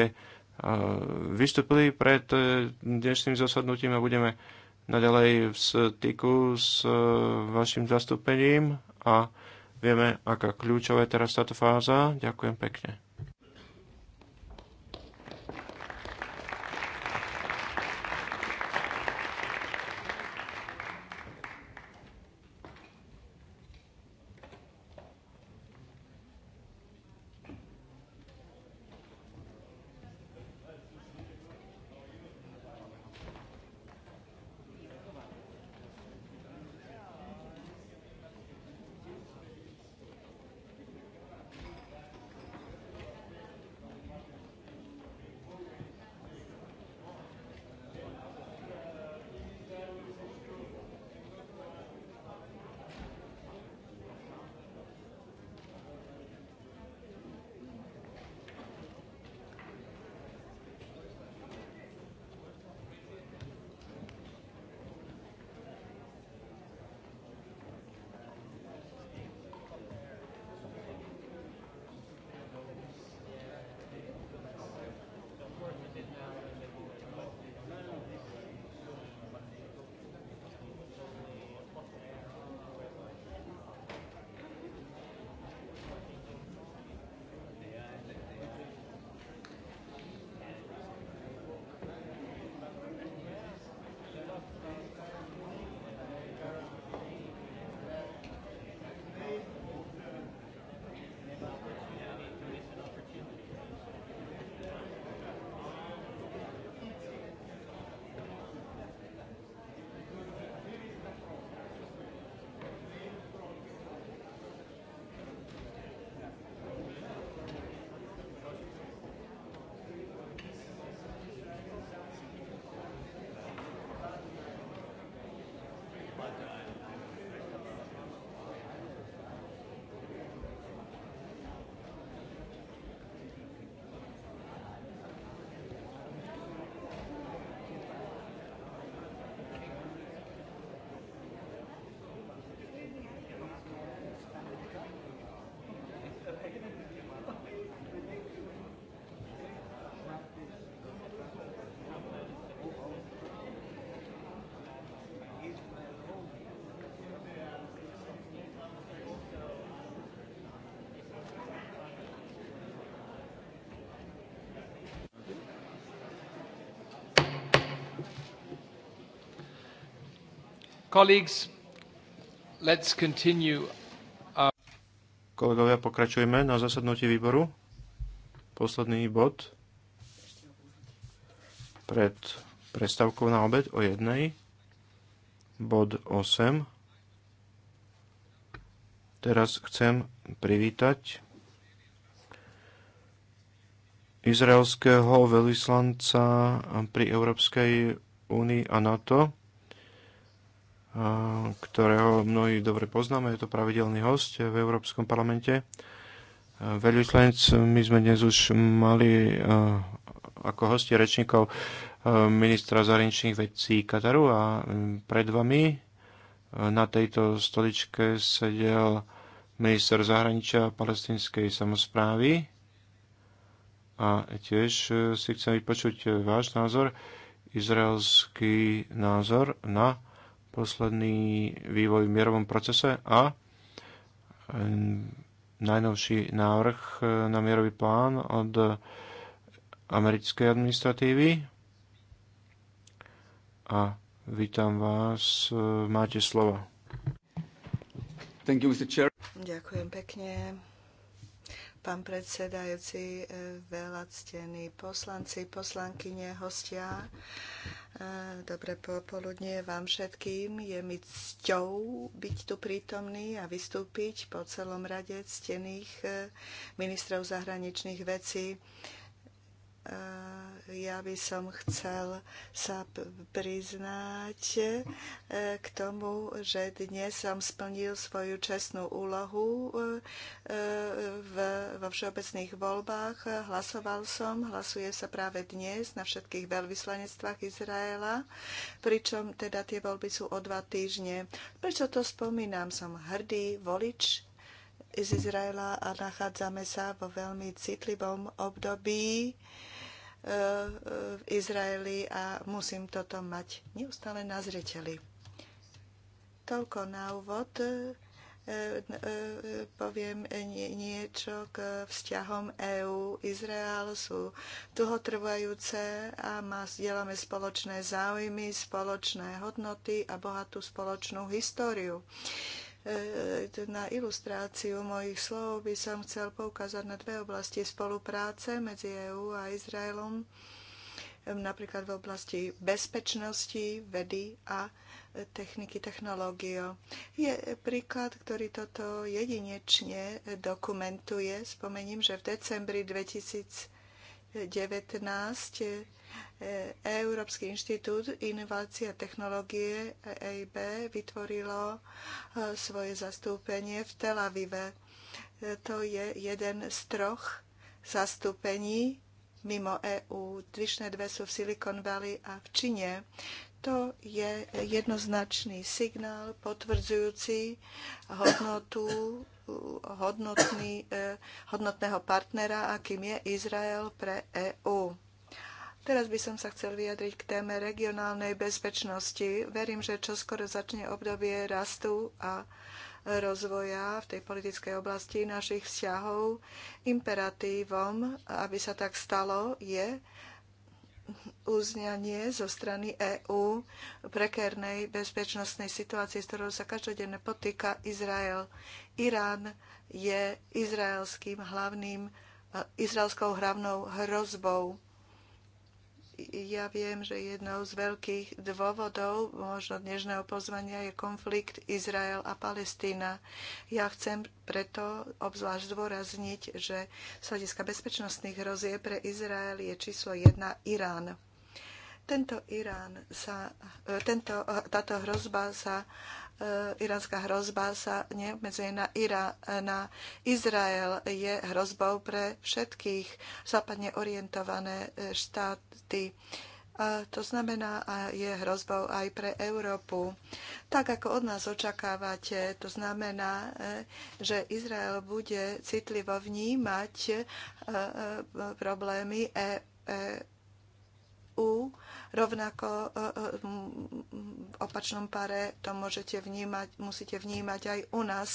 vystúpili pred e, dnešným zasadnutím a budeme naďalej v styku s e, vašim zastúpením a vieme, aká kľúčová je teraz táto fáza. Ďakujem pekne. Colleagues, let's continue. Uh, Kolegovia, pokračujeme na zasadnutí výboru. Posledný bod pred predstavkou na obed o jednej. Bod 8. Teraz chcem privítať izraelského velvyslanca pri Európskej únii a NATO, ktorého mnohí dobre poznáme. Je to pravidelný host v Európskom parlamente. Veľvyslanec, my sme dnes už mali ako hosti rečníkov ministra zahraničných vecí Kataru a pred vami na tejto stoličke sedel minister zahraničia palestinskej samozprávy a tiež e, si chcem vypočuť e, váš názor, izraelský názor na posledný vývoj v mierovom procese a najnovší návrh e, na mierový plán od americkej administratívy. A vítam vás, e, máte slovo. Thank you, Mr. Chair. Ďakujem pekne. Pán predsedajúci, e, veľa ctení poslanci, poslankyne, hostia. Dobré popoludne vám všetkým. Je mi cťou byť tu prítomný a vystúpiť po celom rade ctených eh, ministrov zahraničných vecí ja by som chcel sa priznať e, k tomu, že dnes som splnil svoju čestnú úlohu e, e, vo všeobecných voľbách. Hlasoval som, hlasuje sa práve dnes na všetkých veľvyslanectvách Izraela, pričom teda tie voľby sú o dva týždne. Prečo to spomínam? Som hrdý volič z Izraela a nachádzame sa vo veľmi citlivom období v Izraeli a musím toto mať neustále na zreteli. Toľko na úvod. E, e, poviem niečo k vzťahom EU izrael Sú dlhotrvajúce a má, zdieľame spoločné záujmy, spoločné hodnoty a bohatú spoločnú históriu. E, na ilustráciu mojich slov by som chcel poukázať na dve oblasti spolupráce medzi EÚ a Izraelom, napríklad v oblasti bezpečnosti, vedy a e, techniky, technológiou. Je príklad, ktorý toto jedinečne e, dokumentuje. Spomením, že v decembri 2019 Európsky inštitút inovácie a technológie EIB vytvorilo e, svoje zastúpenie v Tel Avive. E, to je jeden z troch zastúpení mimo EÚ. Dlišné dve sú v Silicon Valley a v Číne. To je jednoznačný signál potvrdzujúci hodnotu hodnotný, e, hodnotného partnera, akým je Izrael pre EÚ. Teraz by som sa chcel vyjadriť k téme regionálnej bezpečnosti. Verím, že čoskoro začne obdobie rastu a rozvoja v tej politickej oblasti našich vzťahov. Imperatívom, aby sa tak stalo, je uznanie zo strany EÚ prekernej bezpečnostnej situácie, s ktorou sa každodenne potýka Izrael. Irán je izraelským hlavným, e, izraelskou hlavnou hrozbou ja viem, že jednou z veľkých dôvodov možno dnešného pozvania je konflikt Izrael a Palestína. Ja chcem preto obzvlášť zdôrazniť, že z hľadiska bezpečnostných hrozie pre Izrael je číslo jedna Irán. Tento Irán sa, tento, táto hrozba sa E, iránska hrozba sa neobmedzuje na, Ira, na Izrael, je hrozbou pre všetkých západne orientované e, štáty. A to znamená, a je hrozbou aj pre Európu. Tak ako od nás očakávate, to znamená, e, že Izrael bude citlivo vnímať problémy EU u, Rovnako v e, e, opačnom pare to môžete vnímať, musíte vnímať aj u nás.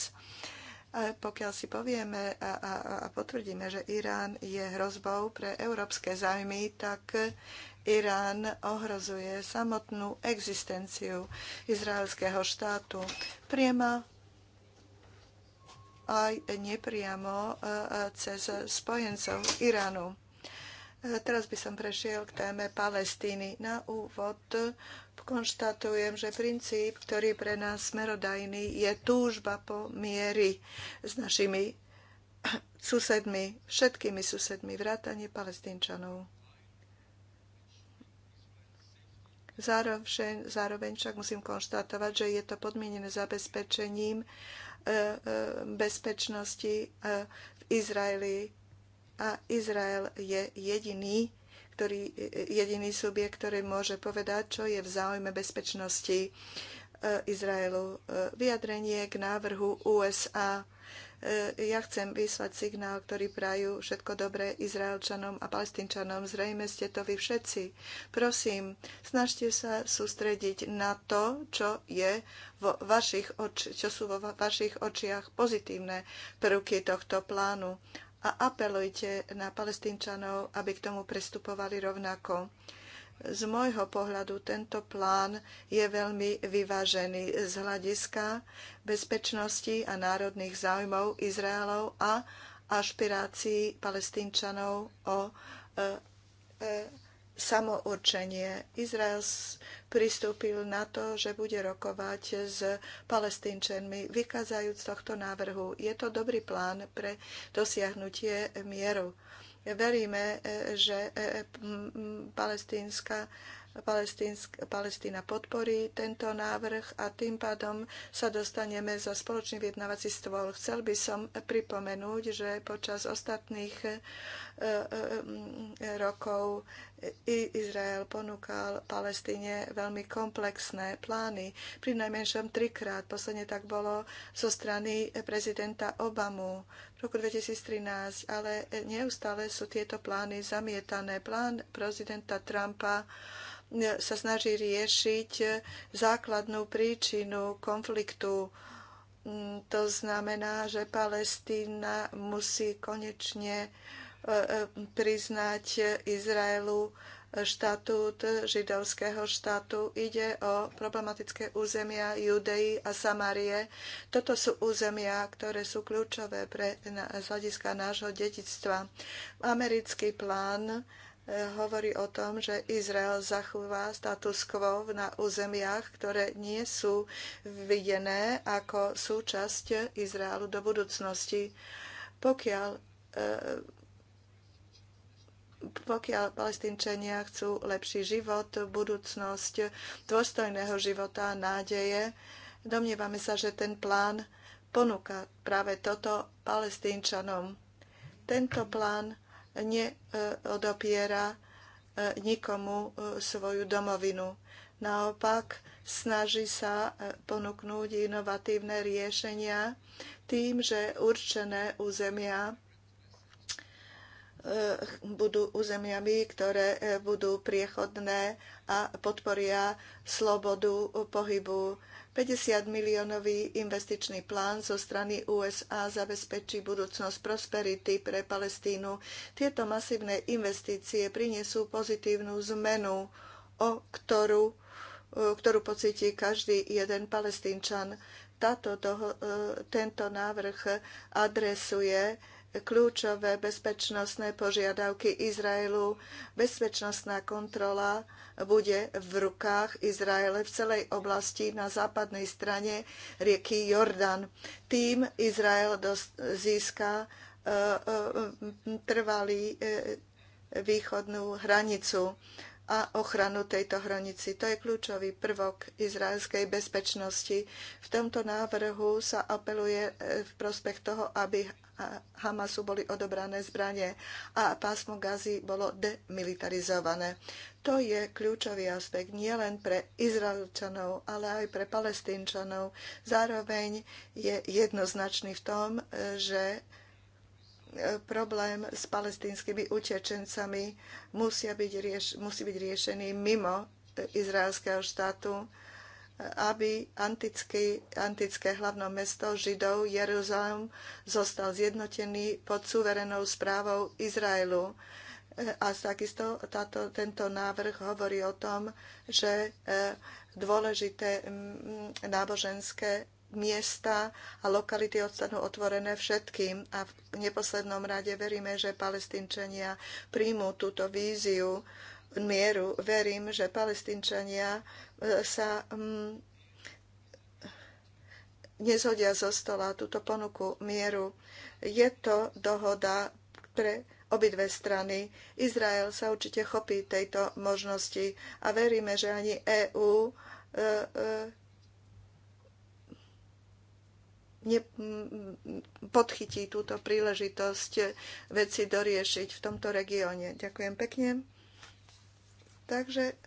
Pokiaľ si povieme a, a, a potvrdíme, že Irán je hrozbou pre európske zájmy, tak Irán ohrozuje samotnú existenciu izraelského štátu. Priamo aj nepriamo e, cez spojencov Iránu. E, teraz by som prešiel k téme Palestíny. Na úvod konštatujem, že princíp, ktorý pre nás smerodajný, je túžba po miery s našimi susedmi, všetkými susedmi, vrátane palestínčanov. Zároveň, zároveň však musím konštatovať, že je to podmienené zabezpečením e, e, bezpečnosti v Izraeli a Izrael je jediný, ktorý, jediný subjekt, ktorý môže povedať, čo je v záujme bezpečnosti e, Izraelu. E, vyjadrenie k návrhu USA e, ja chcem vyslať signál, ktorý prajú všetko dobré Izraelčanom a Palestínčanom. Zrejme ste to vy všetci. Prosím, snažte sa sústrediť na to, čo, je vo vašich oči, čo sú vo vašich očiach pozitívne prvky tohto plánu a apelujte na palestínčanov, aby k tomu pristupovali rovnako. Z môjho pohľadu tento plán je veľmi vyvážený z hľadiska bezpečnosti a národných záujmov Izraelov a ašpirácií palestínčanov o e, e, samourčenie. Izrael pristúpil na to, že bude rokovať s palestínčanmi, vykazajúc tohto návrhu. Je to dobrý plán pre dosiahnutie mieru. Veríme, že e, e, palestínska Palestína podporí tento návrh a tým pádom sa dostaneme za spoločný vyjednávací stôl. Chcel by som pripomenúť, že počas ostatných e, e, mm, rokov i Izrael ponúkal Palestíne veľmi komplexné plány, pri najmenšom trikrát. Posledne tak bolo zo strany prezidenta Obamu v roku 2013, ale neustále sú tieto plány zamietané. Plán prezidenta Trumpa sa snaží riešiť základnú príčinu konfliktu. Mm, to znamená, že Palestína musí konečne e, e, priznať Izraelu štatút židovského štátu. Ide o problematické územia Judei a Samárie. Toto sú územia, ktoré sú kľúčové pre, z hľadiska nášho detictva. Americký plán hovorí o tom, že Izrael zachová status quo na územiach, ktoré nie sú videné ako súčasť Izraelu do budúcnosti. Pokiaľ eh, pokiaľ palestínčania chcú lepší život, budúcnosť, dôstojného života, nádeje, domnievame sa, že ten plán ponúka práve toto palestínčanom. Tento plán neodopiera e, nikomu e, svoju domovinu. Naopak snaží sa e, ponúknúť inovatívne riešenia tým, že určené územia budú územiami, ktoré budú priechodné a podporia slobodu pohybu 50 miliónový investičný plán zo strany USA zabezpečí budúcnosť prosperity pre Palestínu. Tieto masívne investície prinesú pozitívnu zmenu, o ktorú, ktorú pocíti každý jeden palestínčan. Táto, toho, e, tento návrh adresuje kľúčové bezpečnostné požiadavky Izraelu. Bezpečnostná kontrola bude v rukách Izraele v celej oblasti na západnej strane rieky Jordan. Tým Izrael získa e, e, trvalý e, východnú hranicu a ochranu tejto hranici. To je kľúčový prvok izraelskej bezpečnosti. V tomto návrhu sa apeluje v prospech toho, aby Hamasu boli odobrané zbranie a pásmo Gazy bolo demilitarizované. To je kľúčový aspekt nielen pre Izraelčanov, ale aj pre Palestínčanov. Zároveň je jednoznačný v tom, že e, problém s palestínskymi utečencami musia byť rieš- musí byť riešený mimo e, izraelského štátu aby antický, antické hlavné mesto Židov Jeruzalém zostal zjednotený pod suverenou správou Izraelu. A takisto táto, tento návrh hovorí o tom, že e, dôležité náboženské miesta a lokality ostanú otvorené všetkým. A v neposlednom rade veríme, že palestínčania príjmú túto víziu mieru. Verím, že palestínčania sa mm, nezhodia zo stola túto ponuku mieru. Je to dohoda pre obidve strany. Izrael sa určite chopí tejto možnosti a veríme, že ani EÚ e, e, ne, mm, podchytí túto príležitosť veci doriešiť v tomto regióne. Ďakujem pekne. Takže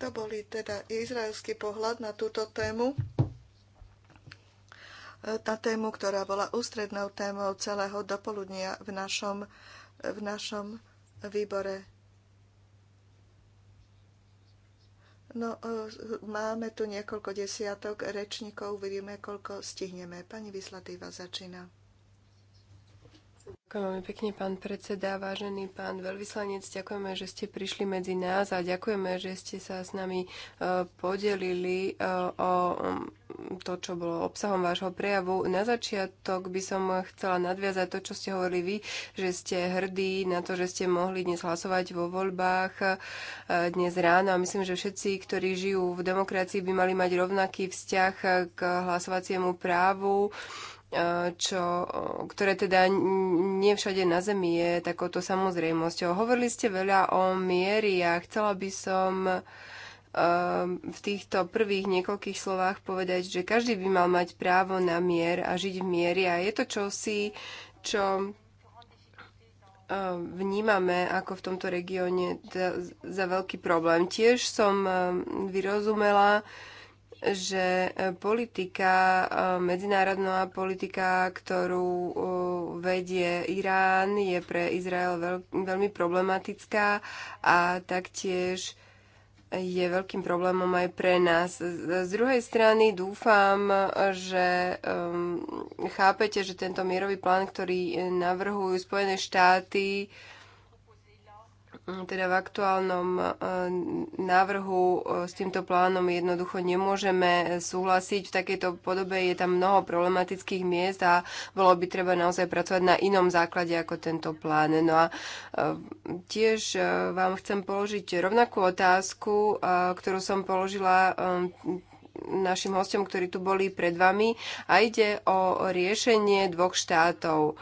To boli teda izraelský pohľad na túto tému. Tá e, tému, ktorá bola ústrednou témou celého dopoludnia v našom, v našom výbore. No, e, máme tu niekoľko desiatok rečníkov, vidíme, koľko stihneme. Pani Vyslatýva začína veľmi pekne, pán predseda, vážený pán veľvyslanec. Ďakujeme, že ste prišli medzi nás a ďakujeme, že ste sa s nami e, podelili e, o mm, to, čo bolo obsahom vášho prejavu. Na začiatok by som chcela nadviazať to, čo ste hovorili vy, že ste hrdí na to, že ste mohli dnes hlasovať vo voľbách e, dnes ráno. A myslím, že všetci, ktorí žijú v demokracii, by mali mať rovnaký vzťah k hlasovaciemu právu E, čo, e, ktoré teda nie všade na Zemi je takouto samozrejmosťou. Hovorili ste veľa o miery a chcela by som e, v týchto prvých niekoľkých slovách povedať, že každý by mal mať právo na mier a žiť v miery a je to čosi, čo vnímame ako v tomto regióne za veľký problém. Tiež som vyrozumela, že e, politika e, medzinárodná politika, ktorú e, vedie Irán, je pre Izrael veľ, veľmi problematická a taktiež je veľkým problémom aj pre nás. Z druhej strany dúfam, že um, chápete, že tento mierový plán, ktorý navrhujú Spojené štáty, uh, Mm, teda v aktuálnom e, návrhu e, s týmto plánom jednoducho nemôžeme súhlasiť. V takejto podobe je tam mnoho problematických miest a bolo by treba naozaj pracovať na inom základe ako tento plán. No a e, tiež vám chcem položiť rovnakú otázku, ktorú som položila našim hostom, ktorí tu boli pred vami a ide o riešenie dvoch štátov.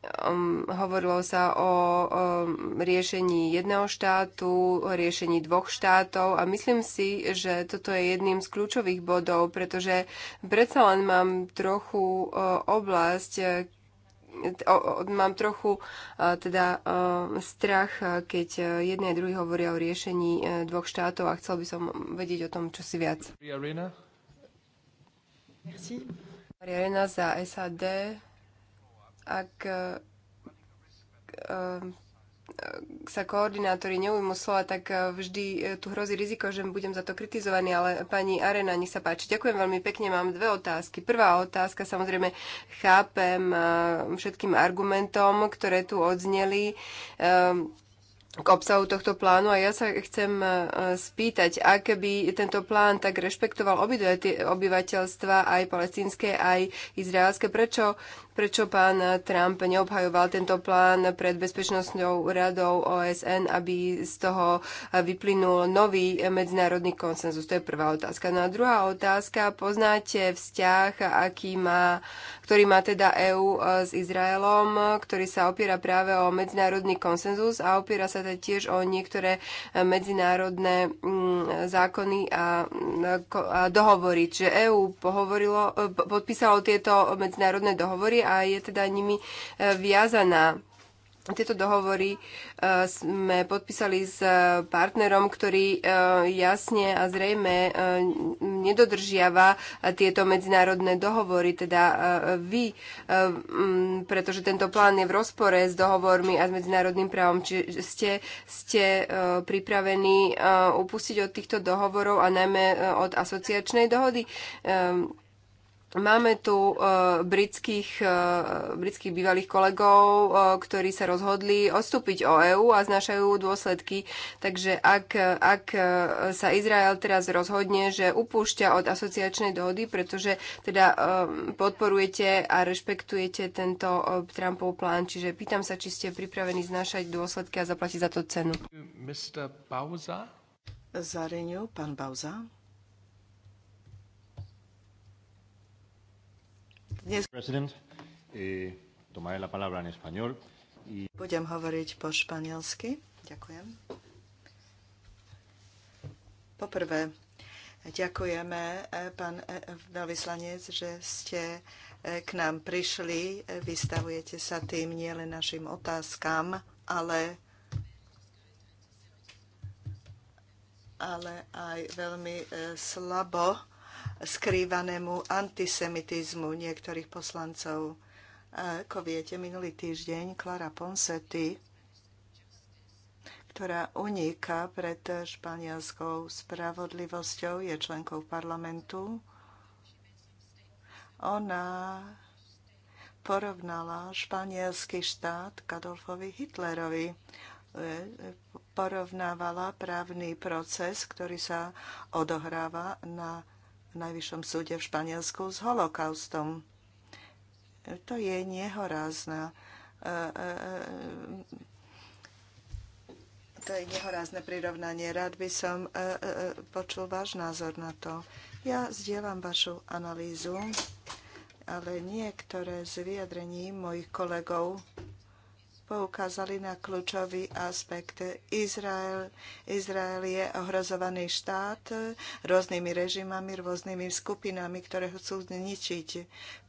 Um, hovorilo sa o um, riešení jedného štátu, o riešení dvoch štátov a myslím si, že toto je jedným z kľúčových bodov, pretože predsa len mám trochu uh, oblasť, uh, o, o, mám trochu uh, teda uh, strach, uh, keď uh, jedné a druhý hovoria o riešení uh, dvoch štátov a chcel by som vedieť o tom, čo si viac. Arena za SAD ak eh, eh, sa koordinátori neujmu slova, tak eh, vždy tu hrozí riziko, že budem za to kritizovaný, ale pani Arena, nech sa páči. Ďakujem veľmi pekne, mám dve otázky. Prvá otázka, samozrejme, chápem všetkým argumentom, ktoré tu odzneli. Ehm, k obsahu tohto plánu a ja sa chcem e, spýtať, ak by tento plán tak rešpektoval obyvateľstva aj palestínske, aj izraelské, prečo, prečo pán Trump neobhajoval tento plán pred Bezpečnostnou radou OSN, aby z toho vyplynul nový medzinárodný konsenzus? To je prvá otázka. No a druhá otázka, poznáte vzťah, aký má ktorý má teda EÚ e, s Izraelom, ktorý sa opiera práve o medzinárodný konsenzus a opiera sa teda tiež o niektoré e, medzinárodné mm, zákony a, mm, a dohovory. Čiže EÚ e, podpísalo tieto medzinárodné dohovory a je teda nimi viazaná tieto dohovory e, sme podpísali s e, partnerom, ktorý e, jasne a zrejme nedodržiava tieto medzinárodné dohovory, teda vy, pretože tento plán je v rozpore s dohovormi a s medzinárodným právom. Čiže ste, ste pripravení upustiť od týchto dohovorov a najmä od asociačnej dohody? Máme tu e, britských, e, britských bývalých kolegov, e, ktorí sa rozhodli odstúpiť o EÚ a znášajú dôsledky. Takže ak, ak sa Izrael teraz rozhodne, že upúšťa od asociačnej dohody, pretože teda podporujete a rešpektujete tento Trumpov plán, čiže pýtam sa, či ste pripravení znášať dôsledky a zaplatiť za to cenu. Mr. Bauza? Zareňu, pán Bauza. Dnes... Eh, Budem hovoriť po španielsky. Ďakujem. Poprvé, ďakujeme, eh, pán eh, veľvyslanec, že ste k nám prišli. Vystavujete sa tým nielen našim otázkam, ale ale aj veľmi slabo skrývanému antisemitizmu niektorých poslancov. Ako viete, minulý týždeň Clara Ponsetti, ktorá uniká pred španielskou spravodlivosťou, je členkou parlamentu. Ona porovnala španielský štát k Adolfovi Hitlerovi e, porovnávala právny proces, ktorý sa odohráva na v Najvyššom súde v Španielsku s holokaustom. To je nehorázna e, e, e, to je nehorázne prirovnanie. Rád by som počul váš názor na to. Ja zdieľam vašu analýzu, ale niektoré z vyjadrení mojich kolegov poukázali na kľúčový aspekt. Izrael, Izrael je ohrozovaný štát rôznymi režimami, rôznymi skupinami, ktoré chcú zničiť.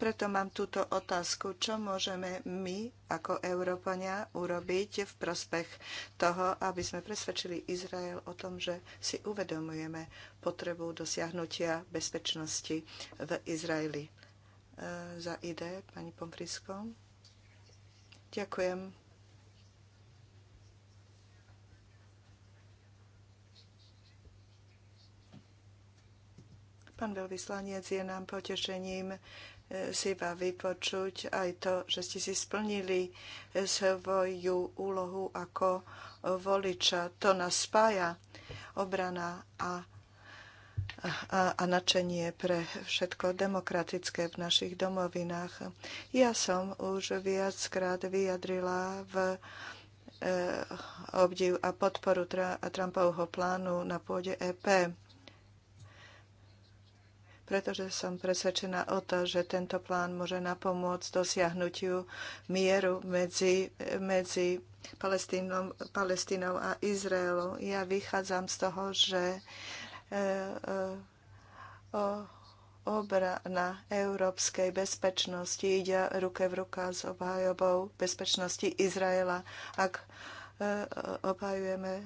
Preto mám túto otázku, čo môžeme my ako Európania urobiť v prospech toho, aby sme presvedčili Izrael o tom, že si uvedomujeme potrebu dosiahnutia bezpečnosti v Izraeli. E, za ide, pani Pomfrisko. Ďakujem. Pán veľvyslanec, je nám potešením e, si iba vypočuť aj to, že ste si splnili e, svoju úlohu ako voliča. To nás spája obrana a, a, a načenie pre všetko demokratické v našich domovinách. Ja som už viackrát vyjadrila v e, obdiv a podporu Trumpovho plánu na pôde EP pretože som presvedčená o to, že tento plán môže napomôcť dosiahnutiu mieru medzi, medzi Palestínom, Palestínou a Izraelom. Ja vychádzam z toho, že e, e, obrana európskej bezpečnosti ide ruke v ruka s obhajobou bezpečnosti Izraela. Ak E, obhajujeme e, e,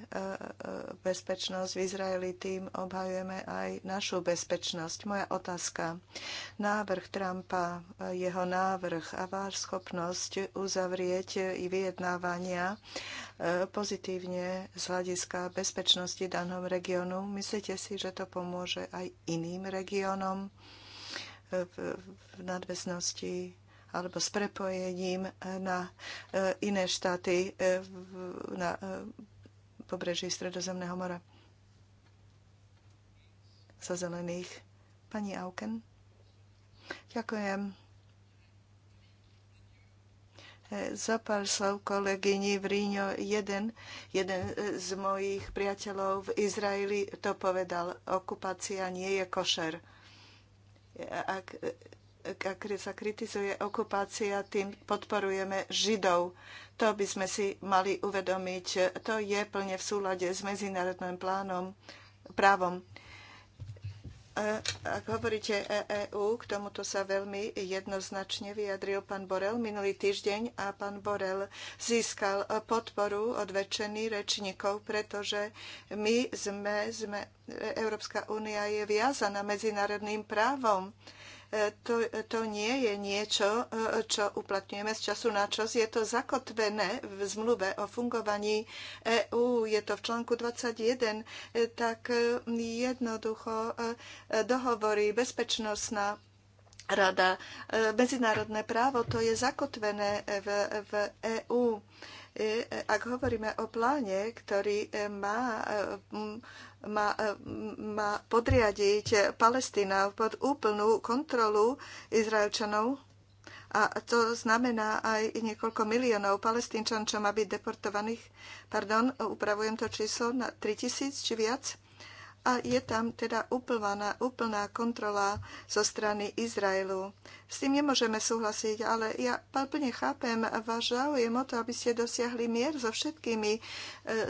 bezpečnosť v Izraeli, tým obhajujeme aj našu bezpečnosť. Moja otázka. Návrh Trumpa, jeho návrh a váš schopnosť uzavrieť i vyjednávania pozitívne z hľadiska bezpečnosti danom regiónu. Myslíte si, že to pomôže aj iným regiónom v nadväznosti alebo s prepojením na e, iné štáty e, na e, pobreží Stredozemného mora. Za zelených. Pani Auken. Ďakujem. Zapal slov kolegyni v Ríňo, jeden, jeden z mojich priateľov v Izraeli to povedal, okupácia nie je košer. Ak ak sa kritizuje okupácia, tým podporujeme Židov. To by sme si mali uvedomiť. To je plne v súlade s medzinárodným plánom, právom. E, ak hovoríte EEU, k tomuto sa veľmi jednoznačne vyjadril pán Borel minulý týždeň a pán Borel získal podporu od väčšiny rečníkov, pretože my sme, sme Európska únia je viazaná medzinárodným právom to, to nie je niečo, čo uplatňujeme z času na čas. Je to zakotvené v zmluve o fungovaní EÚ, je to v článku 21, tak jednoducho e, dohovorí bezpečnostná rada. E, medzinárodné právo to je zakotvené v, v EÚ. EU E, ak hovoríme o pláne, ktorý e, má, e, má, má podriadiť Palestína pod úplnú kontrolu Izraelčanov, a to znamená aj niekoľko miliónov palestínčan, čo má byť deportovaných. Pardon, upravujem to číslo na 3000 či viac a je tam teda úplná, úplná kontrola zo strany Izraelu. S tým nemôžeme súhlasiť, ale ja plne chápem váš záujem o to, aby ste dosiahli mier so všetkými, e,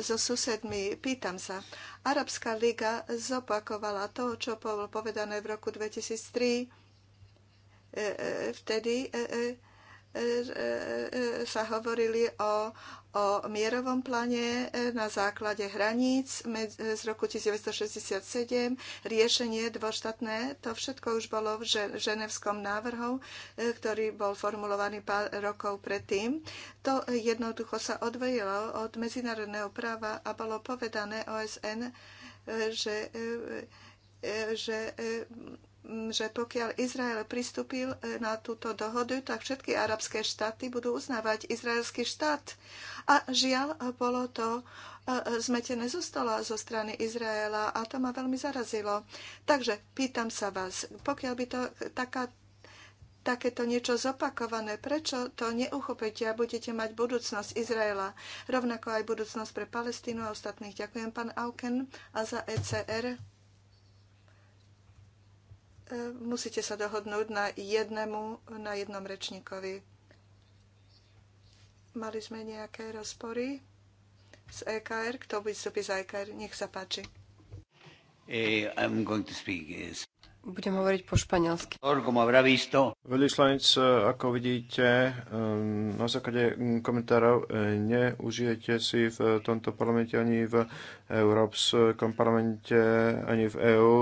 so susedmi. Pýtam sa, Arabská liga zopakovala to, čo bolo povedané v roku 2003. E, e, vtedy sa hovorili o, o mierovom plane e, na základe hraníc e, z roku 1967, riešenie dvoštatné, to všetko už bolo v ženevskom návrhu, e, ktorý bol formulovaný pár rokov predtým. To jednoducho sa odvojilo od medzinárodného práva a bolo povedané OSN, že, že že pokiaľ Izrael pristúpil e, na túto dohodu, tak všetky arabské štáty budú uznávať izraelský štát. A žiaľ, bolo to e, zmetené zo stola zo strany Izraela a to ma veľmi zarazilo. Takže pýtam sa vás, pokiaľ by to taká takéto niečo zopakované, prečo to neuchopíte a budete mať budúcnosť Izraela, rovnako aj budúcnosť pre Palestínu a ostatných. Ďakujem, pán Auken, a za ECR musíte sa dohodnúť na, jednému, na jednom rečníkovi. Mali sme nejaké rozpory z EKR? Kto by z EKR? Nech sa páči. Hey, eh, I'm going to speak. Yes. Eh, budem hovoriť po španielsky. Veľvyslanec, eh, ako vidíte, eh, na základe mm, komentárov eh, neužijete si v tomto parlamente ani v Európskom parlamente, ani v EÚ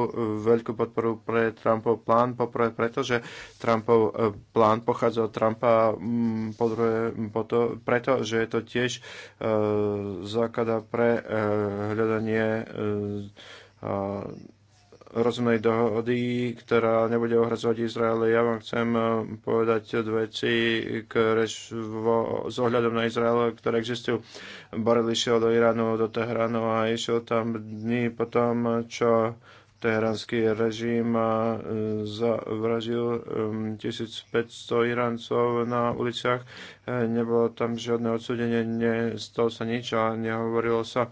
veľkú podporu pre Trumpov plán. Poprvé preto, že Trumpov plán pochádza od Trumpa, mm, po druhé mm, preto, že je to tiež základa pre hľadanie rozumnej dohody, ktorá nebude ohrazovať Izrael. Ja vám chcem eh, povedať dve veci ktoré vo, s ohľadom na Izrael, ktoré existujú. Borel išiel do Iránu, do Tehranu a išiel tam dní potom, čo tehranský režim eh, zavražil 1500 Iráncov na uliciach. Eh, Nebolo tam žiadne odsudenie, nestalo sa nič a nehovorilo sa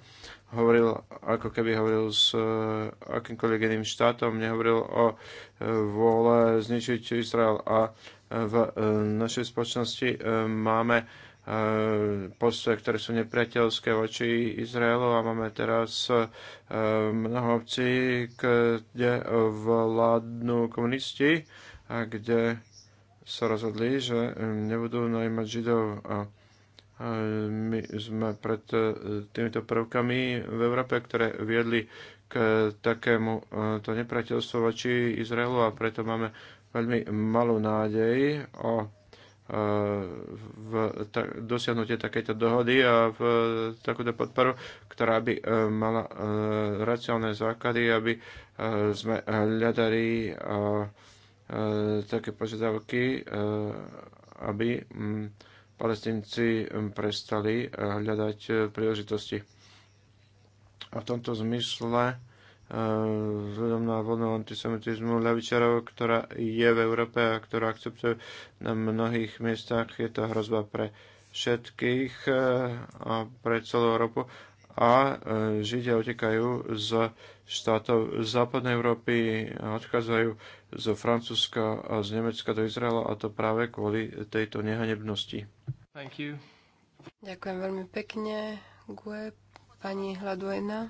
hovoril, ako keby hovoril s e, akýmkoľvek iným štátom, nehovoril o e, vôle zničiť Izrael. A e, v našej spoločnosti máme postoje, ktoré sú nepriateľské voči Izraelu a máme teraz mnoho obcí, kde vládnu komunisti a kde sa rozhodli, že nebudú najímať Židov. A my sme pred e, týmito prvkami v Európe, ktoré viedli k takému e, to nepriateľstvo voči Izraelu a preto máme veľmi malú nádej o e, v ta, dosiahnutie takejto dohody a v takúto podporu, ktorá by mala racionálne základy, aby sme hľadali také požiadavky, aby mm, Palestinci hm, prestali eh, hľadať eh, príležitosti. A v tomto zmysle eh, vzhľadom na vodnú antisemitizmu ľavičarov, ktorá je v Európe a ktorá akceptuje na mnohých miestach, je to hrozba pre všetkých a pre celú Európu a e, Židia utekajú z štátov západnej Európy, odchádzajú z Francúzska a z Nemecka do Izraela a to práve kvôli tejto nehanebnosti. Ďakujem veľmi pekne, Gue, pani Hladuena.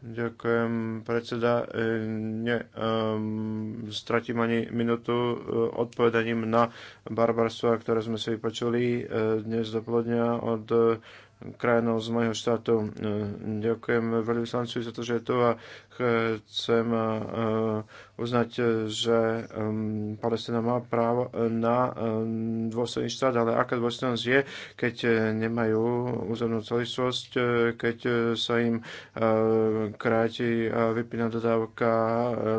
Ďakujem, predseda. E, ne, um, stratím ani minútu e, odpovedaním na barbarstva, ktoré sme si vypočuli dnes do od krajinou z mojho štátu. E, ďakujem veľvyslancovi za to, že je tu a chcem e, uznať, že Palestina má právo na dôstojný štát, ale aká dôstojnosť je, keď e, nemajú územnú celistvosť, keď sa im kráti a vypína dodávka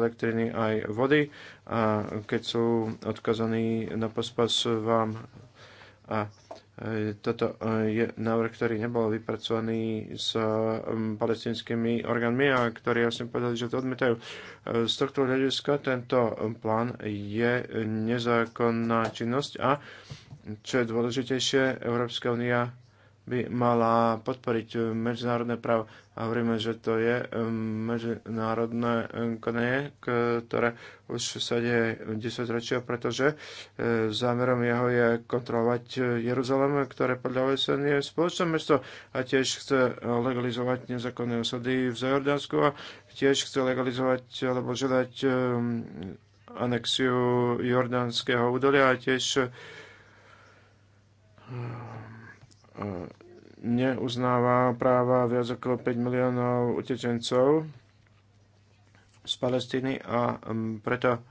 elektriny aj vody a keď sú odkazaní na pospas vám a E, toto e, je návrh, ktorý nebol vypracovaný s palestinskými orgánmi a ktorí jasne povedali, že to odmietajú. E, z tohto hľadiska tento plán je nezákonná činnosť a čo je dôležitejšie, Európska únia by mala podporiť eh, medzinárodné právo. A hovoríme, že to je eh, medzinárodné eh, konanie, ktoré už sa deje 10 ročia, pretože zámerom jeho je kontrolovať Jeruzalem, ktoré podľa OSN je spoločné mesto a tiež chce legalizovať nezákonné osady v Zajordánsku a tiež chce legalizovať alebo žiadať anexiu jordánskeho údolia a tiež E, neuznáva práva viac ako 5 miliónov utečencov z Palestíny a preto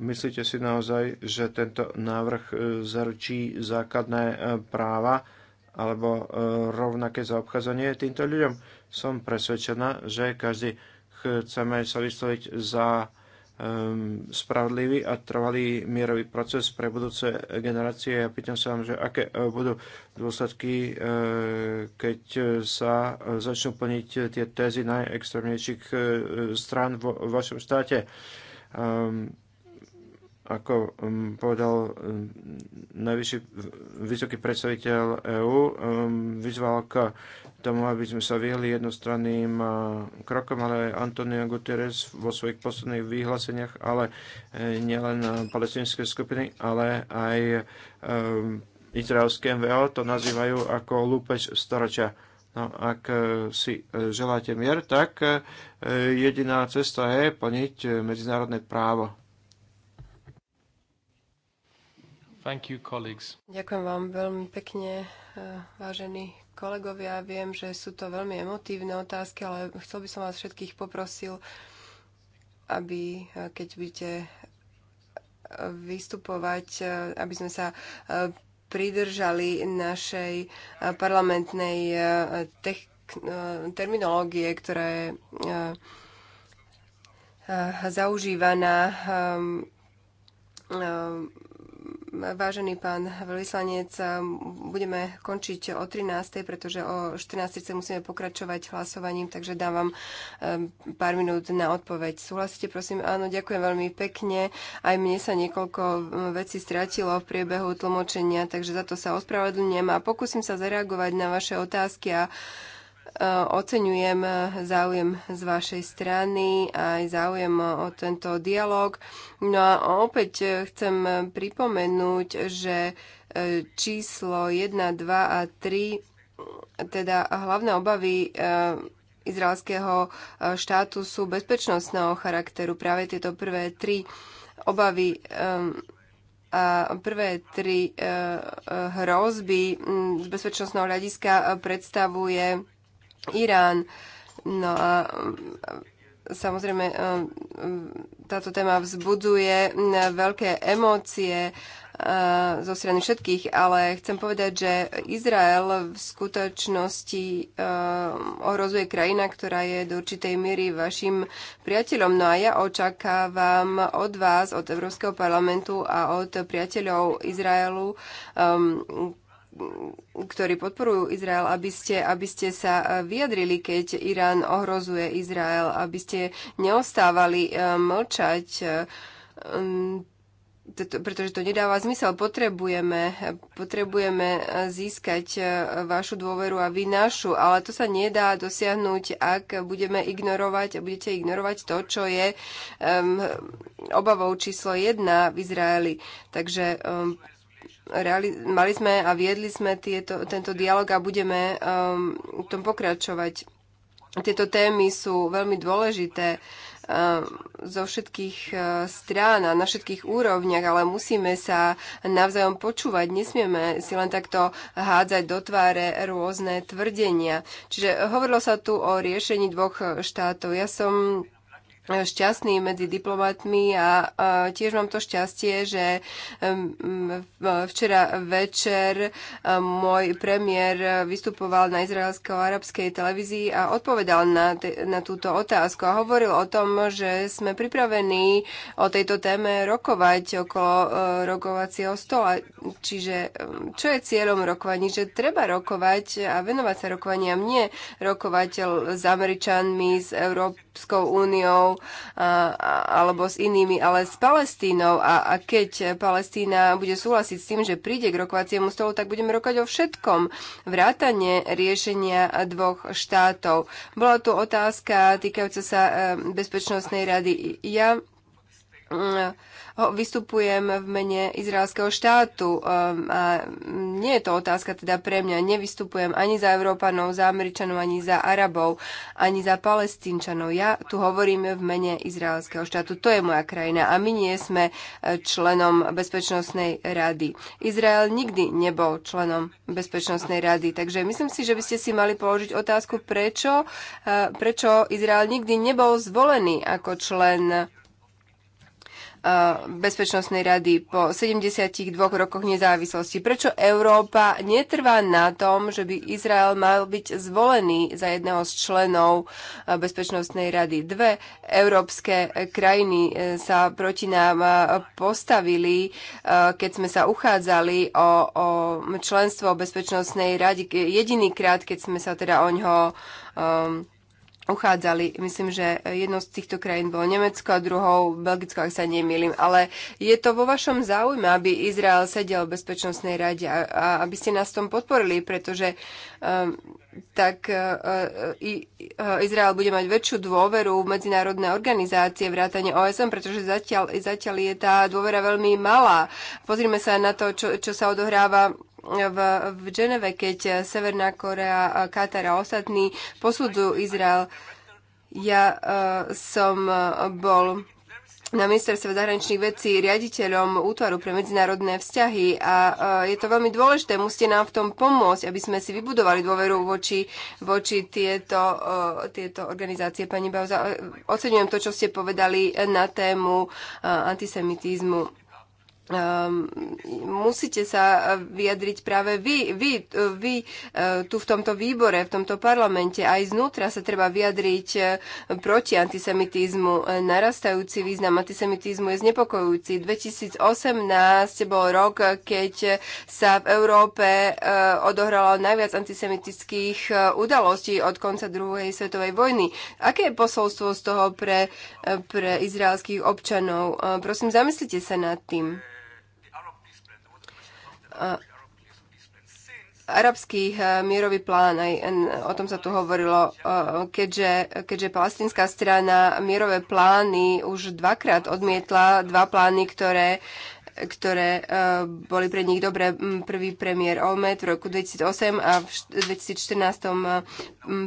myslíte si naozaj, že tento návrh e, zaručí základné e, práva alebo rovnaké zaobchádzanie týmto ľuďom? Som presvedčená, že každý chceme sa vysloviť za um, spravodlivý a trvalý mierový proces pre budúce generácie. Ja pýtam sa vám, že aké e, budú dôsledky, e, keď e, sa začnú plniť tie tézy najextrémnejších strán vo vašom štáte. Um, ako um, povedal um, najvyšší vysoký predstaviteľ EÚ, um, vyzval k tomu, aby sme sa vyhli jednostranným uh, krokom, ale Antonio Guterres vo svojich posledných vyhláseniach, ale eh, nielen uh, palestinské skupiny, ale aj izraelské MVO to nazývajú ako lúpež storočia. No, ak eh, si eh, želáte mier, tak jediná cesta je plniť medzinárodné právo. Thank you, colleagues. Ďakujem vám veľmi pekne, eh, vážení kolegovia. Viem, že sú to veľmi emotívne otázky, ale chcel by som vás všetkých poprosil, aby eh, keď budete eh, vystupovať, aby sme sa pridržali našej parlamentnej terminológie, ktorá je zaužívaná Vážený pán vyslanec, budeme končiť o 13.00, pretože o 14.00 musíme pokračovať hlasovaním, takže dávam eh, pár minút na odpoveď. Súhlasíte, prosím? Áno, ďakujem veľmi pekne. Aj mne sa niekoľko eh, vecí stratilo v priebehu tlmočenia, takže za to sa ospravedlňujem a pokúsim sa zareagovať na vaše otázky a Oceňujem záujem z vašej strany aj záujem o tento dialog. No a opäť chcem pripomenúť, že e, číslo 1, 2 a 3, teda hlavné obavy e, izraelského e, štátu sú bezpečnostného charakteru. Práve tieto prvé tri obavy a prvé tri hrozby z bezpečnostného hľadiska predstavuje Irán. No a samozrejme e, táto téma vzbudzuje e, veľké emócie e, zo strany všetkých, ale chcem povedať, že Izrael v skutočnosti ohrozuje krajina, ktorá je do určitej miery vašim priateľom. No a ja očakávam od vás, od Európskeho parlamentu a od priateľov Izraelu ktorí podporujú Izrael, aby ste, aby ste sa e, vyjadrili, keď Irán ohrozuje Izrael, aby ste neostávali e, mlčať, e, pretože to nedáva zmysel. Potrebujeme, potrebujeme získať vašu dôveru a vy našu, ale to sa nedá dosiahnuť, ak budeme ignorovať a budete ignorovať to, čo je obavou číslo jedna v Izraeli. Takže reali- mali sme a viedli sme tieto, tento dialog a budeme um, v tom pokračovať. Tieto témy sú veľmi dôležité um, zo všetkých uh, strán a na všetkých úrovniach, ale musíme sa navzájom počúvať. Nesmieme si len takto hádzať do tváre rôzne tvrdenia. Čiže hovorilo sa tu o riešení dvoch štátov. Ja som šťastný medzi diplomatmi a tiež mám to šťastie, že včera večer môj premiér vystupoval na izraelsko-arabskej televízii a odpovedal na, na túto otázku a hovoril o tom, že sme pripravení o tejto téme rokovať okolo e, rokovacieho stola. Čiže čo je cieľom rokovaní? Že treba rokovať a venovať sa rokovaniam, nie rokovať s Američanmi, s Európskou úniou, alebo s inými, ale s Palestínou. A, a keď Palestína bude súhlasiť s tým, že príde k rokovaciemu stolu, tak budeme rokovať o všetkom. Vrátane riešenia dvoch štátov. Bola tu otázka týkajúca sa e, Bezpečnostnej rady. Ja vystupujem v mene izraelského štátu um, a nie je to otázka teda pre mňa. Nevystupujem ani za Európanov, za Američanov, ani za Arabov, ani za Palestínčanov. Ja tu hovorím v mene izraelského štátu. To je moja krajina a my nie sme e, členom Bezpečnostnej rady. Izrael nikdy nebol členom Bezpečnostnej rady, takže myslím si, že by ste si mali položiť otázku, prečo, e, prečo Izrael nikdy nebol zvolený ako člen Eh, Bezpečnostnej rady po 72 rokoch nezávislosti. Prečo Európa netrvá na tom, že by Izrael mal byť zvolený za jedného z členov eh, Bezpečnostnej rady? Dve európske krajiny eh, sa proti nám postavili, keď sme sa uchádzali o, o členstvo Bezpečnostnej rady. Jedinýkrát, keď sme sa teda o ňo um, ehm, uchádzali. Myslím, že jednou z týchto krajín bolo Nemecko a druhou Belgicko, ak sa nemýlim. Ale je to vo vašom záujme, aby Izrael sedel v Bezpečnostnej rade a, a aby ste nás tom podporili, pretože um, tak uh, i, uh, Izrael bude mať väčšiu dôveru v medzinárodné organizácie, vrátane OSM, pretože zatiaľ, zatiaľ je tá dôvera veľmi malá. Pozrime sa na to, čo, čo sa odohráva v, v Ženeve, keď Severná Korea, Katar a ostatní posudzujú Izrael. Ja uh, som bol na ministerstve zahraničných vecí riaditeľom útvaru pre medzinárodné vzťahy a e, je to veľmi dôležité. Musíte nám v tom pomôcť, aby sme si vybudovali dôveru voči, voči tieto, e, tieto organizácie. Pani Bauza, ocenujem to, čo ste povedali na tému antisemitizmu Um, musíte sa vyjadriť práve vy, vy, vy e, tu v tomto výbore, v tomto parlamente. Aj znútra sa treba vyjadriť e, proti antisemitizmu. E, narastajúci význam antisemitizmu je znepokojujúci. 2018 bol rok, keď sa v Európe odohralo najviac antisemitických udalostí od konca druhej svetovej vojny. Aké je posolstvo z toho pre, pre izraelských občanov? Prosím, zamyslite sa nad tým arabský eh, mierový plán, aj o tom sa tu hovorilo, eh, keďže, keďže palestinská strana mierové plány už dvakrát odmietla, dva plány, ktoré ktoré eh, boli pre nich dobré. Prvý premiér Olmet v roku 2008 a v 2014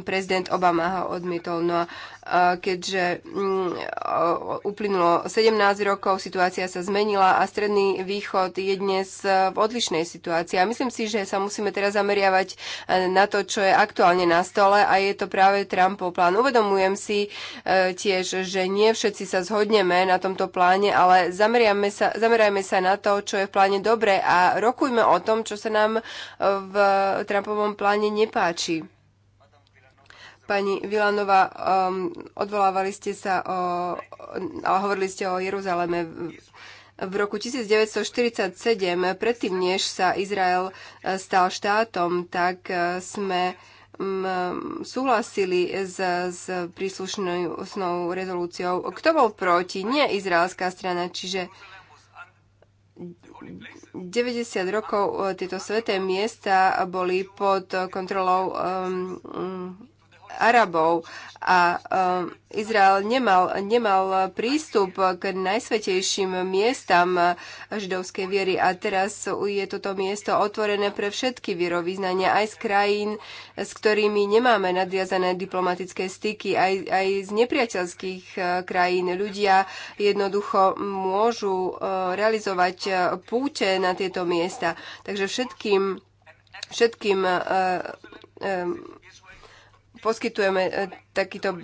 prezident Obama ho odmietol. No a Eh, keďže mm, uplynulo 17 rokov, situácia sa zmenila a Stredný východ je dnes eh, v odlišnej situácii. A myslím si, že sa musíme teraz zameriavať eh, na to, čo je aktuálne na stole a je to práve Trumpov plán. Uvedomujem si tiež, že nie všetci sa zhodneme na tomto pláne, ale zameriame sa, zamerajme sa na to, čo je v pláne dobre a rokujme o tom, čo sa nám v Trumpovom pláne nepáči. Pani Vilanova, um, odvolávali ste sa o, a hovorili ste o Jeruzaleme v roku 1947, predtým než sa Izrael e, stal štátom, tak e, sme súhlasili s, s príslušnou rezolúciou. Kto bol proti? Nie izraelská strana, čiže 90 rokov e, tieto sveté miesta boli pod kontrolou um, Arabov a um, Izrael nemal, nemal prístup k najsvetejším miestam židovskej viery a teraz je toto miesto otvorené pre všetky vierovýznania aj z krajín, s ktorými nemáme nadviazané diplomatické styky, aj, aj z nepriateľských eh, krajín. Ľudia jednoducho môžu eh, realizovať eh, púte na tieto miesta. Takže všetkým, všetkým poskytujeme e, takýto,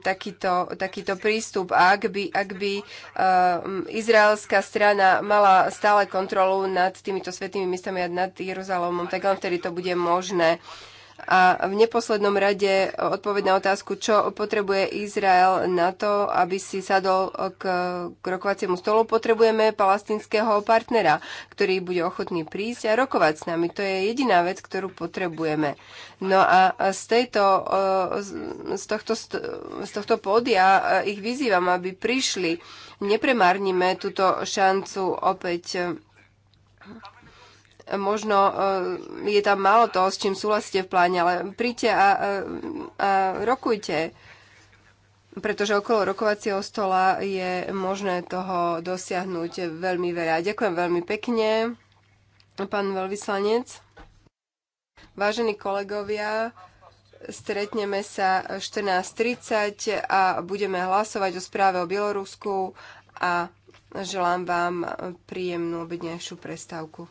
takýto, takýto prístup. A ak by, ak by e, izraelská strana mala stále kontrolu nad týmito svetými miestami a nad Jeruzalomom, tak len vtedy to bude možné. Uh, a v neposlednom rade odpoveď na otázku, čo potrebuje Izrael na to, aby si sadol k, rokovaciemu stolu, potrebujeme palestinského partnera, ktorý bude ochotný prísť a rokovať s nami. To je jediná vec, ktorú potrebujeme. No a z, tejto, eh, z, tohto, z tohto pódia eh, ich vyzývam, aby prišli. Nepremárnime túto šancu opäť eh, možno e, je tam málo toho, s čím súhlasíte v pláne, ale príďte a, e, a rokujte, pretože okolo rokovacieho stola je možné toho dosiahnuť veľmi veľa. Ďakujem veľmi pekne, pán veľvyslanec. Vážení kolegovia, stretneme sa 14.30 a budeme hlasovať o správe o Bielorusku a želám vám príjemnú obednejšiu prestávku.